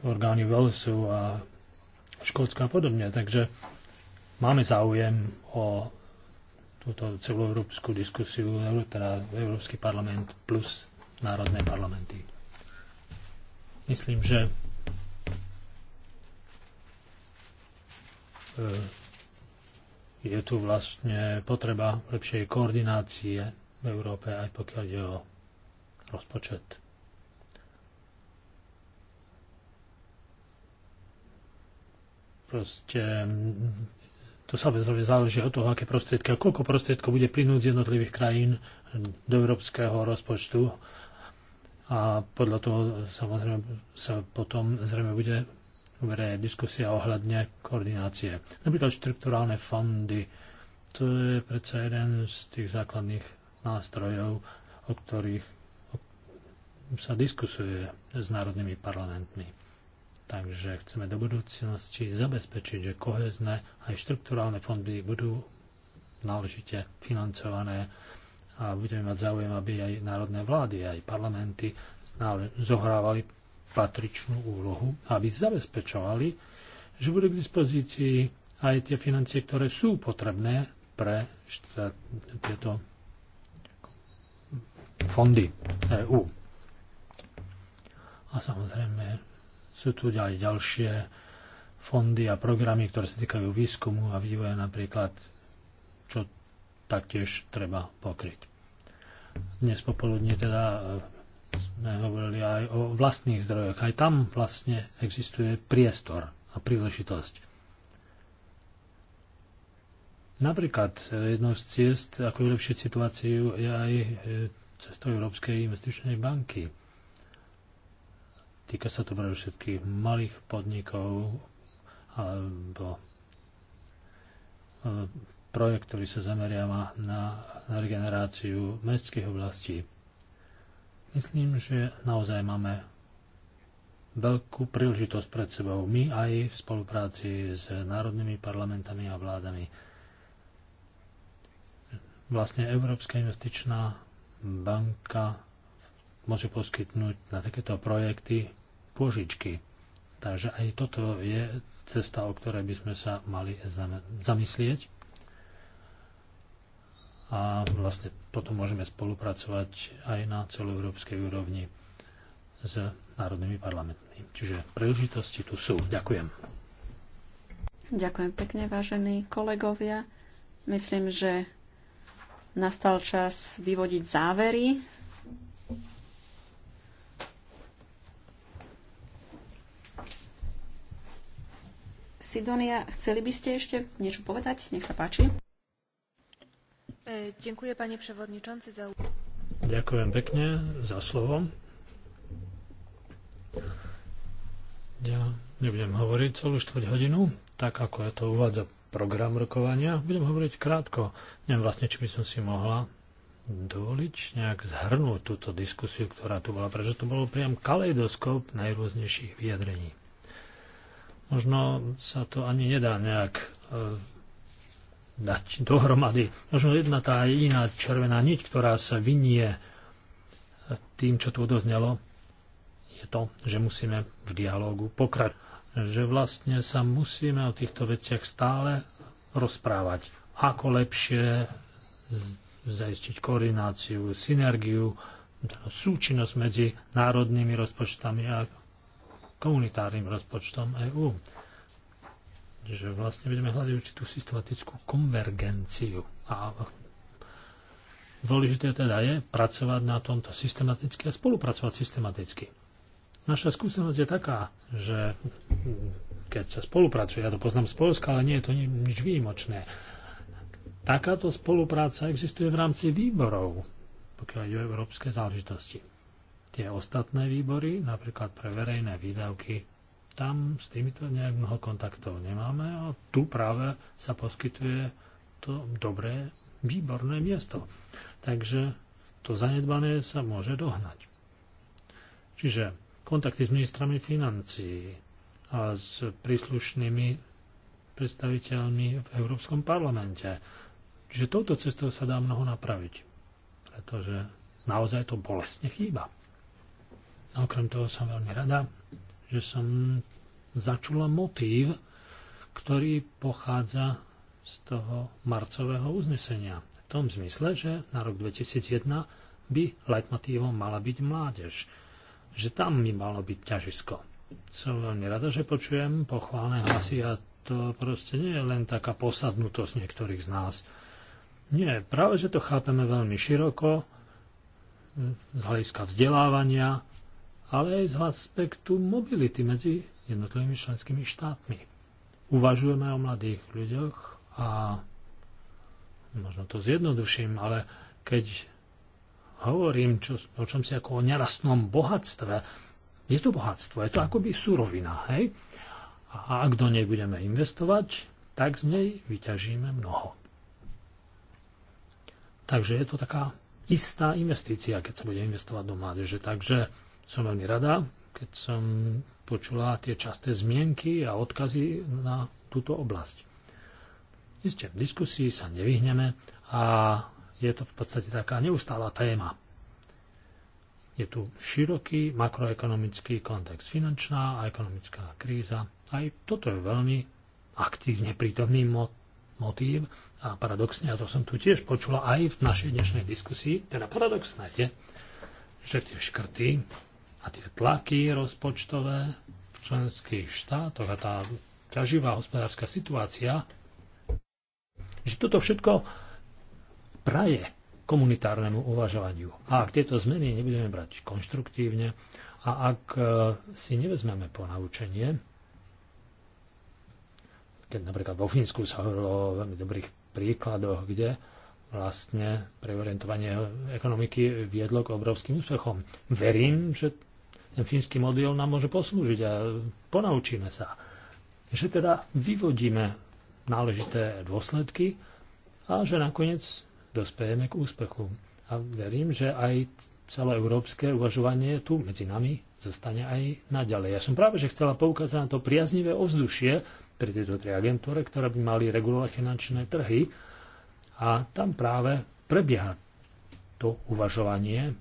orgány Walesu a Škótska a podobne. Takže máme záujem o túto celoeurópsku diskusiu, teda Európsky parlament plus národné parlamenty. Myslím, že e, je tu vlastne potreba lepšej koordinácie v Európe, aj pokiaľ je o rozpočet. Proste mm, to samozrejme záleží od toho, aké prostriedky a koľko prostriedkov bude plynúť z jednotlivých krajín do európskeho rozpočtu a podľa toho samozrejme sa potom zrejme bude uverej diskusia ohľadne koordinácie. Napríklad štrukturálne fondy, to je predsa jeden z tých základných nástrojov, o ktorých sa diskusuje s národnými parlamentmi. Takže chceme do budúcnosti zabezpečiť, že kohezné aj štrukturálne fondy budú náležite financované a budeme mať záujem, aby aj národné vlády, aj parlamenty zohrávali patričnú úlohu, aby zabezpečovali, že budú k dispozícii aj tie financie, ktoré sú potrebné pre tieto fondy EÚ. A samozrejme sú tu aj ďalšie fondy a programy, ktoré sa týkajú výskumu a vývoja napríklad, čo taktiež treba pokryť. Dnes popoludne teda e, sme hovorili aj o vlastných zdrojoch. Aj tam vlastne existuje priestor a príležitosť. Napríklad e, jednou z ciest, ako vylepšiť situáciu, je aj e, cestou Európskej investičnej banky. Týka sa to pre všetkých malých podnikov alebo e, projekt, ktorý sa zameriava na regeneráciu mestských oblastí. Myslím, že naozaj máme veľkú príležitosť pred sebou my aj v spolupráci s národnými parlamentami a vládami. Vlastne Európska investičná banka môže poskytnúť na takéto projekty pôžičky. Takže aj toto je cesta, o ktorej by sme sa mali zamyslieť. A vlastne potom môžeme spolupracovať aj na celoeurópskej úrovni s národnými parlamentmi. Čiže príležitosti tu sú. Ďakujem. Ďakujem pekne, vážení kolegovia. Myslím, že Nastal čas vyvodiť závery. Sidonia, chceli by ste ešte niečo povedať? Nech sa páči. E, ďakujem, pani przewodniczący, za... Ďakujem pekne za slovo. Ja nebudem hovoriť celú štvrť hodinu, tak ako ja to uvádza program rokovania. Budem hovoriť krátko. Neviem vlastne, či by som si mohla dovoliť nejak zhrnúť túto diskusiu, ktorá tu bola, pretože to bolo priam kaleidoskop najrôznejších vyjadrení. Možno sa to ani nedá nejak e, dať dohromady. Možno jedna tá jediná červená niť, ktorá sa vynie tým, čo tu odoznelo, je to, že musíme v dialógu pokračovať že vlastne sa musíme o týchto veciach stále rozprávať. Ako lepšie zajistiť koordináciu, synergiu, súčinnosť medzi národnými rozpočtami a komunitárnym rozpočtom EÚ. Čiže vlastne budeme hľadať určitú systematickú konvergenciu. A dôležité teda je pracovať na tomto systematicky a spolupracovať systematicky. Naša skúsenosť je taká, že keď sa spolupracuje, ja to poznám z Polska, ale nie je to nič výjimočné. Takáto spolupráca existuje v rámci výborov, pokiaľ ide o európske záležitosti. Tie ostatné výbory, napríklad pre verejné výdavky, tam s týmito nejak mnoho kontaktov nemáme a tu práve sa poskytuje to dobré, výborné miesto. Takže to zanedbané sa môže dohnať. Čiže kontakty s ministrami financií a s príslušnými predstaviteľmi v Európskom parlamente. Čiže touto cestou sa dá mnoho napraviť, pretože naozaj to bolestne chýba. A okrem toho som veľmi rada, že som začula motív, ktorý pochádza z toho marcového uznesenia. V tom zmysle, že na rok 2001 by leitmotívom mala byť mládež že tam by malo byť ťažisko. Som veľmi rada, že počujem pochválne hlasy a to proste nie je len taká posadnutosť niektorých z nás. Nie, práve že to chápeme veľmi široko, z hľadiska vzdelávania, ale aj z aspektu mobility medzi jednotlivými členskými štátmi. Uvažujeme o mladých ľuďoch a možno to zjednoduším, ale keď hovorím čo, o čom si ako o nerastnom bohatstve. Je to bohatstvo, je to akoby surovina, hej? A ak do nej budeme investovať, tak z nej vyťažíme mnoho. Takže je to taká istá investícia, keď sa bude investovať do mládeže. Takže som veľmi rada, keď som počula tie časté zmienky a odkazy na túto oblasť. Isté, v diskusii sa nevyhneme a je to v podstate taká neustála téma. Je tu široký makroekonomický kontext, finančná a ekonomická kríza. Aj toto je veľmi aktívne prítomný motív a paradoxne, a to som tu tiež počula aj v našej dnešnej diskusii, teda paradoxné je, že tie škrty a tie tlaky rozpočtové v členských štátoch a tá ťaživá hospodárska situácia, že toto všetko praje komunitárnemu uvažovaniu. A ak tieto zmeny nebudeme brať konštruktívne a ak e, si nevezmeme po naučenie, keď napríklad vo Fínsku sa hovorilo o veľmi dobrých príkladoch, kde vlastne preorientovanie ekonomiky viedlo k obrovským úspechom. Verím, že ten fínsky model nám môže poslúžiť a ponaučíme sa, že teda vyvodíme náležité dôsledky a že nakoniec dospejeme k úspechu. A verím, že aj celé európske uvažovanie tu medzi nami zostane aj naďalej. Ja som práve, že chcela poukázať na to priaznivé ovzdušie pri tejto tri agentúre, ktoré by mali regulovať finančné trhy. A tam práve prebieha to uvažovanie,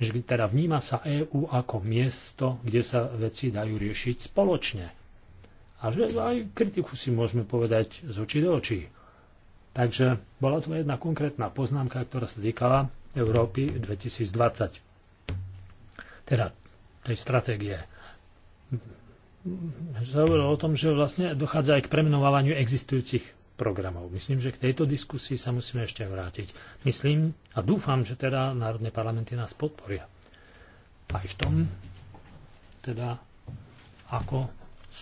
že teda vníma sa EÚ ako miesto, kde sa veci dajú riešiť spoločne. A že aj kritiku si môžeme povedať z očí do očí. Takže bola tu jedna konkrétna poznámka, ktorá sa týkala Európy 2020. Teda tej stratégie. Hovorilo o tom, že vlastne dochádza aj k premenovávaniu existujúcich programov. Myslím, že k tejto diskusii sa musíme ešte vrátiť. Myslím a dúfam, že teda národné parlamenty nás podporia. Aj v tom, teda ako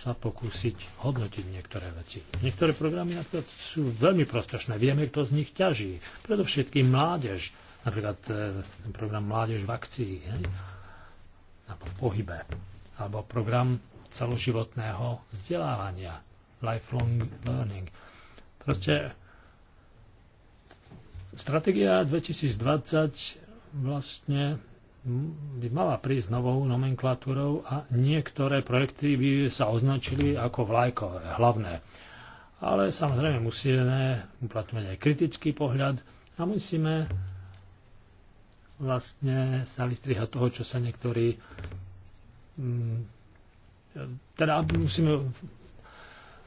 sa pokúsiť hodnotiť niektoré veci. Niektoré programy napríklad sú veľmi prospešné. Vieme, kto z nich ťaží. Predovšetkým mládež. Napríklad e, ten program Mládež v akcii. Hej? Alebo v pohybe. Alebo program celoživotného vzdelávania. Lifelong learning. Proste stratégia 2020 vlastne by mala prísť novou nomenklatúrou a niektoré projekty by sa označili ako vlajkové, hlavné. Ale samozrejme musíme uplatňovať aj kritický pohľad a musíme vlastne sa vystrihať toho, čo sa niektorí... Mm, teda musíme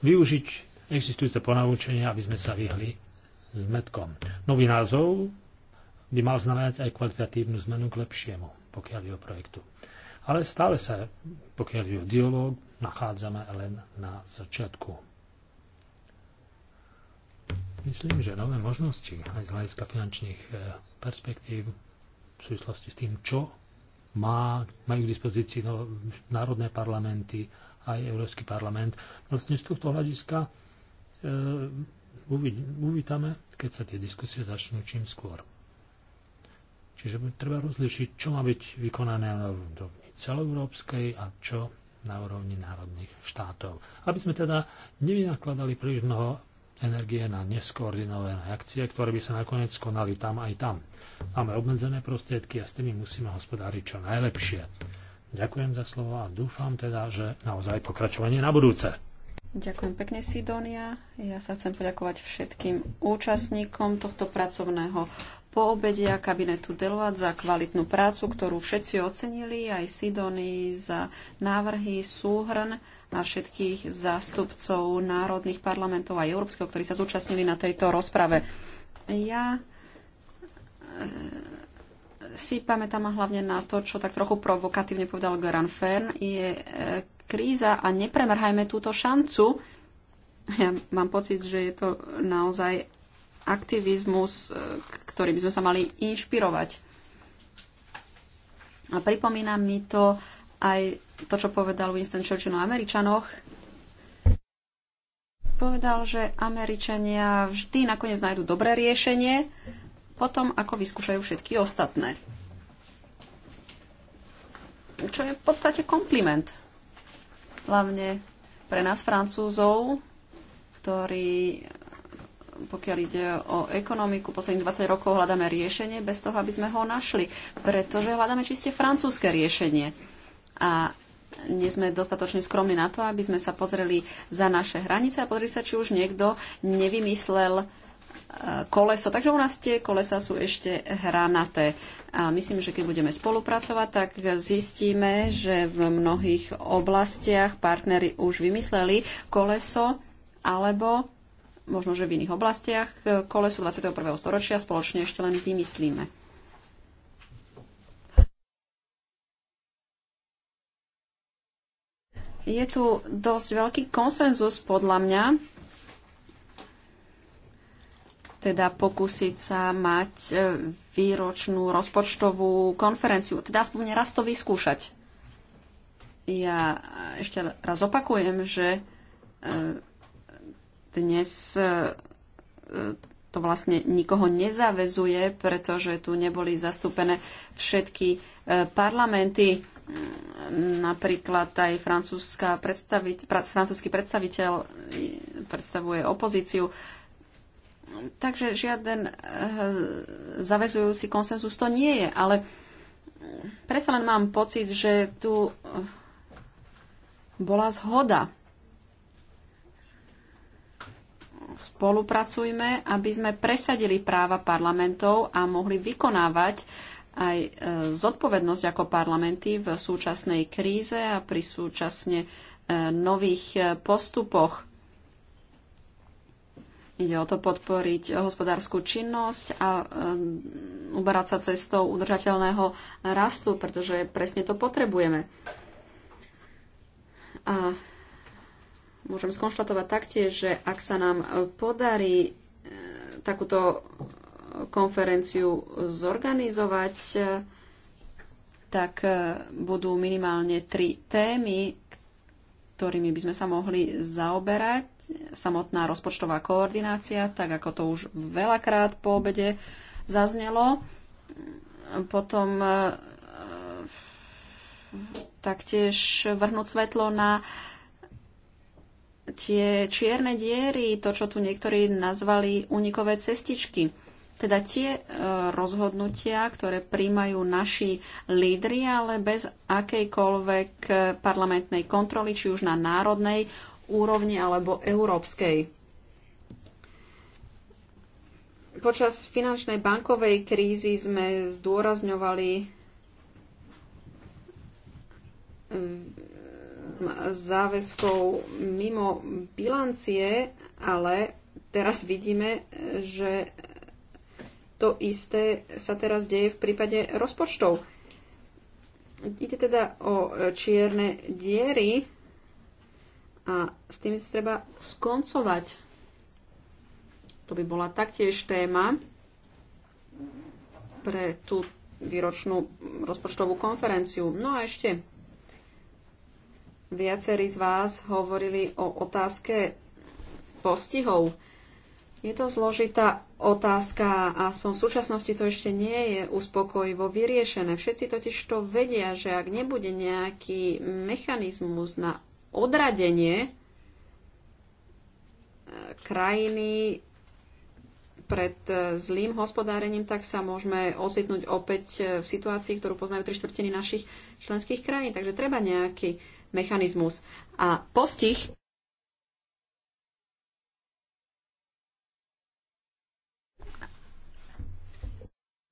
využiť existujúce ponaučenia, aby sme sa vyhli s metkom. Nový názov by mal znamenať aj kvalitatívnu zmenu k lepšiemu, pokiaľ je o projektu. Ale stále sa, pokiaľ je o dialog, nachádzame len na začiatku myslím, že nové možnosti aj z hľadiska finančných e, perspektív v súvislosti s tým, čo má, majú k dispozícii no, národné parlamenty aj Európsky parlament. Vlastne z tohto hľadiska e, uvítame, keď sa tie diskusie začnú čím skôr. Čiže treba rozlišiť, čo má byť vykonané na úrovni celoeurópskej a čo na úrovni národných štátov. Aby sme teda nevynakladali príliš mnoho energie na neskoordinované akcie, ktoré by sa nakoniec konali tam aj tam. Máme obmedzené prostriedky a s tými musíme hospodáriť čo najlepšie. Ďakujem za slovo a dúfam teda, že naozaj pokračovanie na budúce. Ďakujem pekne, Sidonia. Ja sa chcem poďakovať všetkým účastníkom tohto pracovného poobedia kabinetu Deloitte za kvalitnú prácu, ktorú všetci ocenili, aj Sidony za návrhy, súhrn a všetkých zástupcov národných parlamentov a európskeho, ktorí sa zúčastnili na tejto rozprave. Ja e, si pamätám hlavne na to, čo tak trochu provokatívne povedal Göran Fern, je e, kríza a nepremrhajme túto šancu. Ja mám pocit, že je to naozaj aktivizmus, e, ktorým sme sa mali inšpirovať. A pripomína mi to aj to, čo povedal Winston Churchill o Američanoch. Povedal, že Američania vždy nakoniec nájdu dobré riešenie, potom ako vyskúšajú všetky ostatné. Čo je v podstate kompliment hlavne pre nás Francúzov, ktorí pokiaľ ide o ekonomiku, posledných 20 rokov hľadáme riešenie bez toho, aby sme ho našli, pretože hľadáme čiste francúzske riešenie. A nie sme dostatočne skromní na to, aby sme sa pozreli za naše hranice a pozreli sa, či už niekto nevymyslel koleso. Takže u nás tie kolesa sú ešte hranaté. A myslím, že keď budeme spolupracovať, tak zistíme, že v mnohých oblastiach partnery už vymysleli koleso alebo možno, že v iných oblastiach koleso 21. storočia spoločne ešte len vymyslíme. Je tu dosť veľký konsenzus podľa mňa teda pokúsiť sa mať e, výročnú rozpočtovú konferenciu, teda aspoň raz to vyskúšať. Ja ešte raz opakujem, že e, dnes e, to vlastne nikoho nezavezuje, pretože tu neboli zastúpené všetky parlamenty. Mm, napríklad aj francúzsky predstaviteľ predstavuje opozíciu. Takže žiaden eh, zavezujúci konsenzus to nie je, ale predsa len mám pocit, že tu eh, bola zhoda. Spolupracujme, aby sme presadili práva parlamentov a mohli vykonávať aj eh, zodpovednosť ako parlamenty v súčasnej kríze a pri súčasne nových postupoch Ide o to podporiť hospodárskú činnosť a um, uberať sa cestou udržateľného rastu, pretože presne to potrebujeme. A môžem skonštatovať taktiež, že ak sa nám podarí e, takúto konferenciu zorganizovať, e, tak e, budú minimálne tri témy, ktorými by sme sa mohli zaoberať. Samotná rozpočtová koordinácia, tak ako to už veľakrát po obede zaznelo. Potom e, taktiež vrhnúť svetlo na tie čierne diery, to, čo tu niektorí nazvali unikové cestičky. Teda tie e, rozhodnutia, ktoré príjmajú naši lídry, ale bez akejkoľvek parlamentnej kontroly, či už na národnej úrovni alebo európskej. Počas finančnej bankovej krízy sme zdôrazňovali záväzkou mimo bilancie, ale teraz vidíme, že to isté sa teraz deje v prípade rozpočtov. Ide teda o čierne diery a s tým sa treba skoncovať. To by bola taktiež téma pre tú výročnú rozpočtovú konferenciu. No a ešte viacerí z vás hovorili o otázke postihov je to zložitá otázka, aspoň v súčasnosti to ešte nie je uspokojivo vyriešené. Všetci totiž to vedia, že ak nebude nejaký mechanizmus na odradenie e, krajiny pred e, zlým hospodárením, tak sa môžeme ocitnúť opäť e, v situácii, ktorú poznajú tri štvrtiny našich členských krajín. Takže treba nejaký mechanizmus. A postih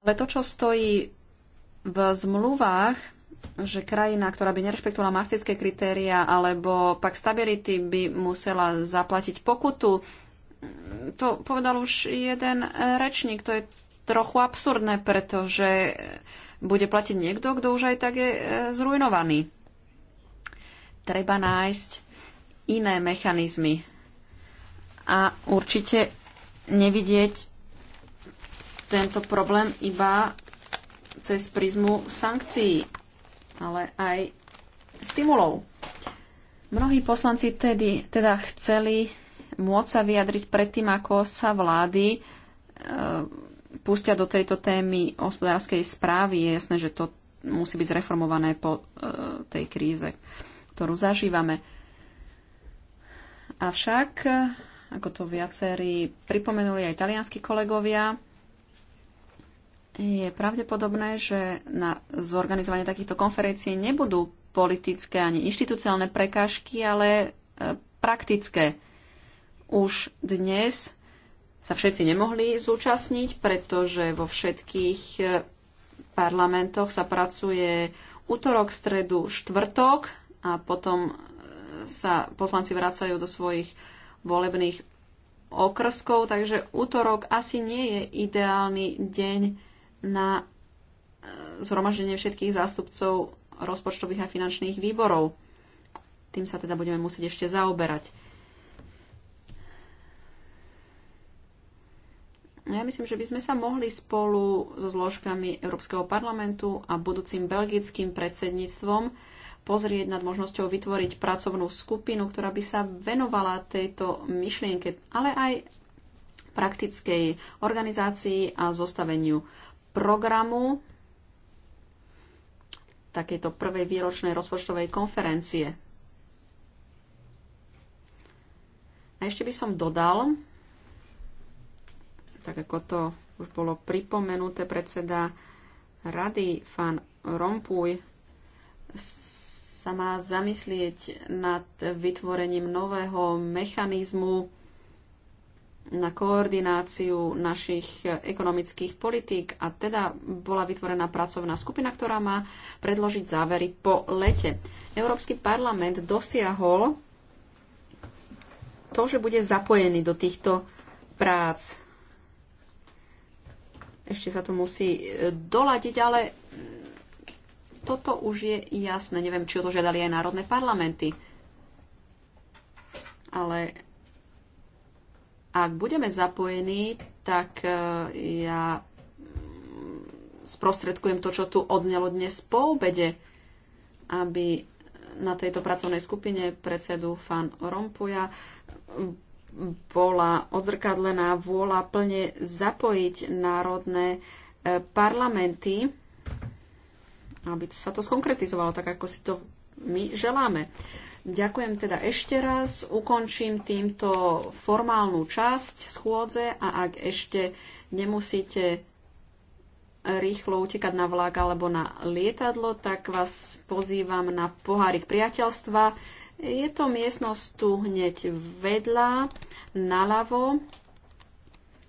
Ale to, čo stojí v zmluvách, že krajina, ktorá by nerešpektovala mastické kritéria alebo pak stability by musela zaplatiť pokutu, to povedal už jeden rečník. To je trochu absurdné, pretože bude platiť niekto, kto už aj tak je e, zrujnovaný. Treba nájsť iné mechanizmy a určite nevidieť tento problém iba cez prizmu sankcií, ale aj stimulov. Mnohí poslanci tedy, teda chceli môcť sa vyjadriť predtým, ako sa vlády e, pustia do tejto témy hospodárskej správy. Je jasné, že to musí byť zreformované po e, tej kríze, ktorú zažívame. Avšak, ako to viacerí pripomenuli aj italianskí kolegovia, je pravdepodobné, že na zorganizovanie takýchto konferencií nebudú politické ani inštitúciálne prekážky, ale e, praktické. Už dnes sa všetci nemohli zúčastniť, pretože vo všetkých e, parlamentoch sa pracuje útorok, stredu, štvrtok a potom e, sa poslanci vracajú do svojich volebných okrskov, takže útorok asi nie je ideálny deň na e, zhromaždenie všetkých zástupcov rozpočtových a finančných výborov. Tým sa teda budeme musieť ešte zaoberať. Ja myslím, že by sme sa mohli spolu so zložkami Európskeho parlamentu a budúcim belgickým predsedníctvom pozrieť nad možnosťou vytvoriť pracovnú skupinu, ktorá by sa venovala tejto myšlienke, ale aj praktickej organizácii a zostaveniu programu takejto prvej výročnej rozpočtovej konferencie. A ešte by som dodal, tak ako to už bolo pripomenuté, predseda rady Fan Rompuj sa má zamyslieť nad vytvorením nového mechanizmu na koordináciu našich ekonomických politík a teda bola vytvorená pracovná skupina, ktorá má predložiť závery po lete. Európsky parlament dosiahol to, že bude zapojený do týchto prác. Ešte sa to musí e, doladiť, ale toto už je jasné. Neviem, či o to žiadali aj národné parlamenty. Ale ak budeme zapojení, tak e, ja sprostredkujem to, čo tu odznelo dnes po obede, aby na tejto pracovnej skupine predsedu Fan Rompuja bola odzrkadlená vôľa plne zapojiť národné e, parlamenty, aby sa to skonkretizovalo tak, ako si to my želáme. Ďakujem teda ešte raz, ukončím týmto formálnu časť schôdze a ak ešte nemusíte rýchlo utekať na vlak alebo na lietadlo, tak vás pozývam na pohárik priateľstva. Je to miestnosť tu hneď vedľa, naľavo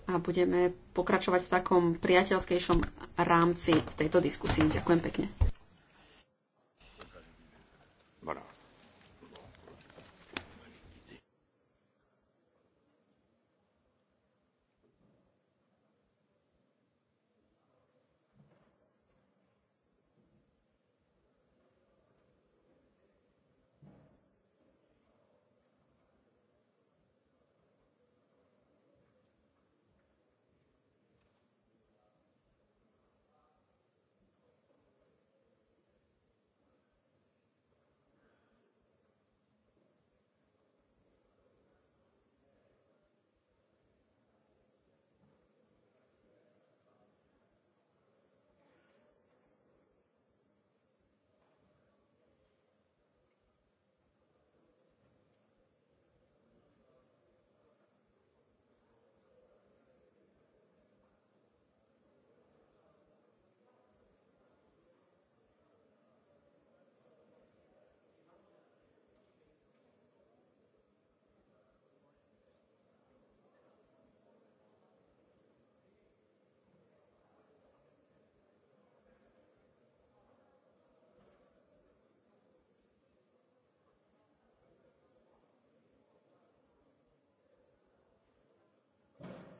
a budeme pokračovať v takom priateľskejšom rámci tejto diskusie. Ďakujem pekne.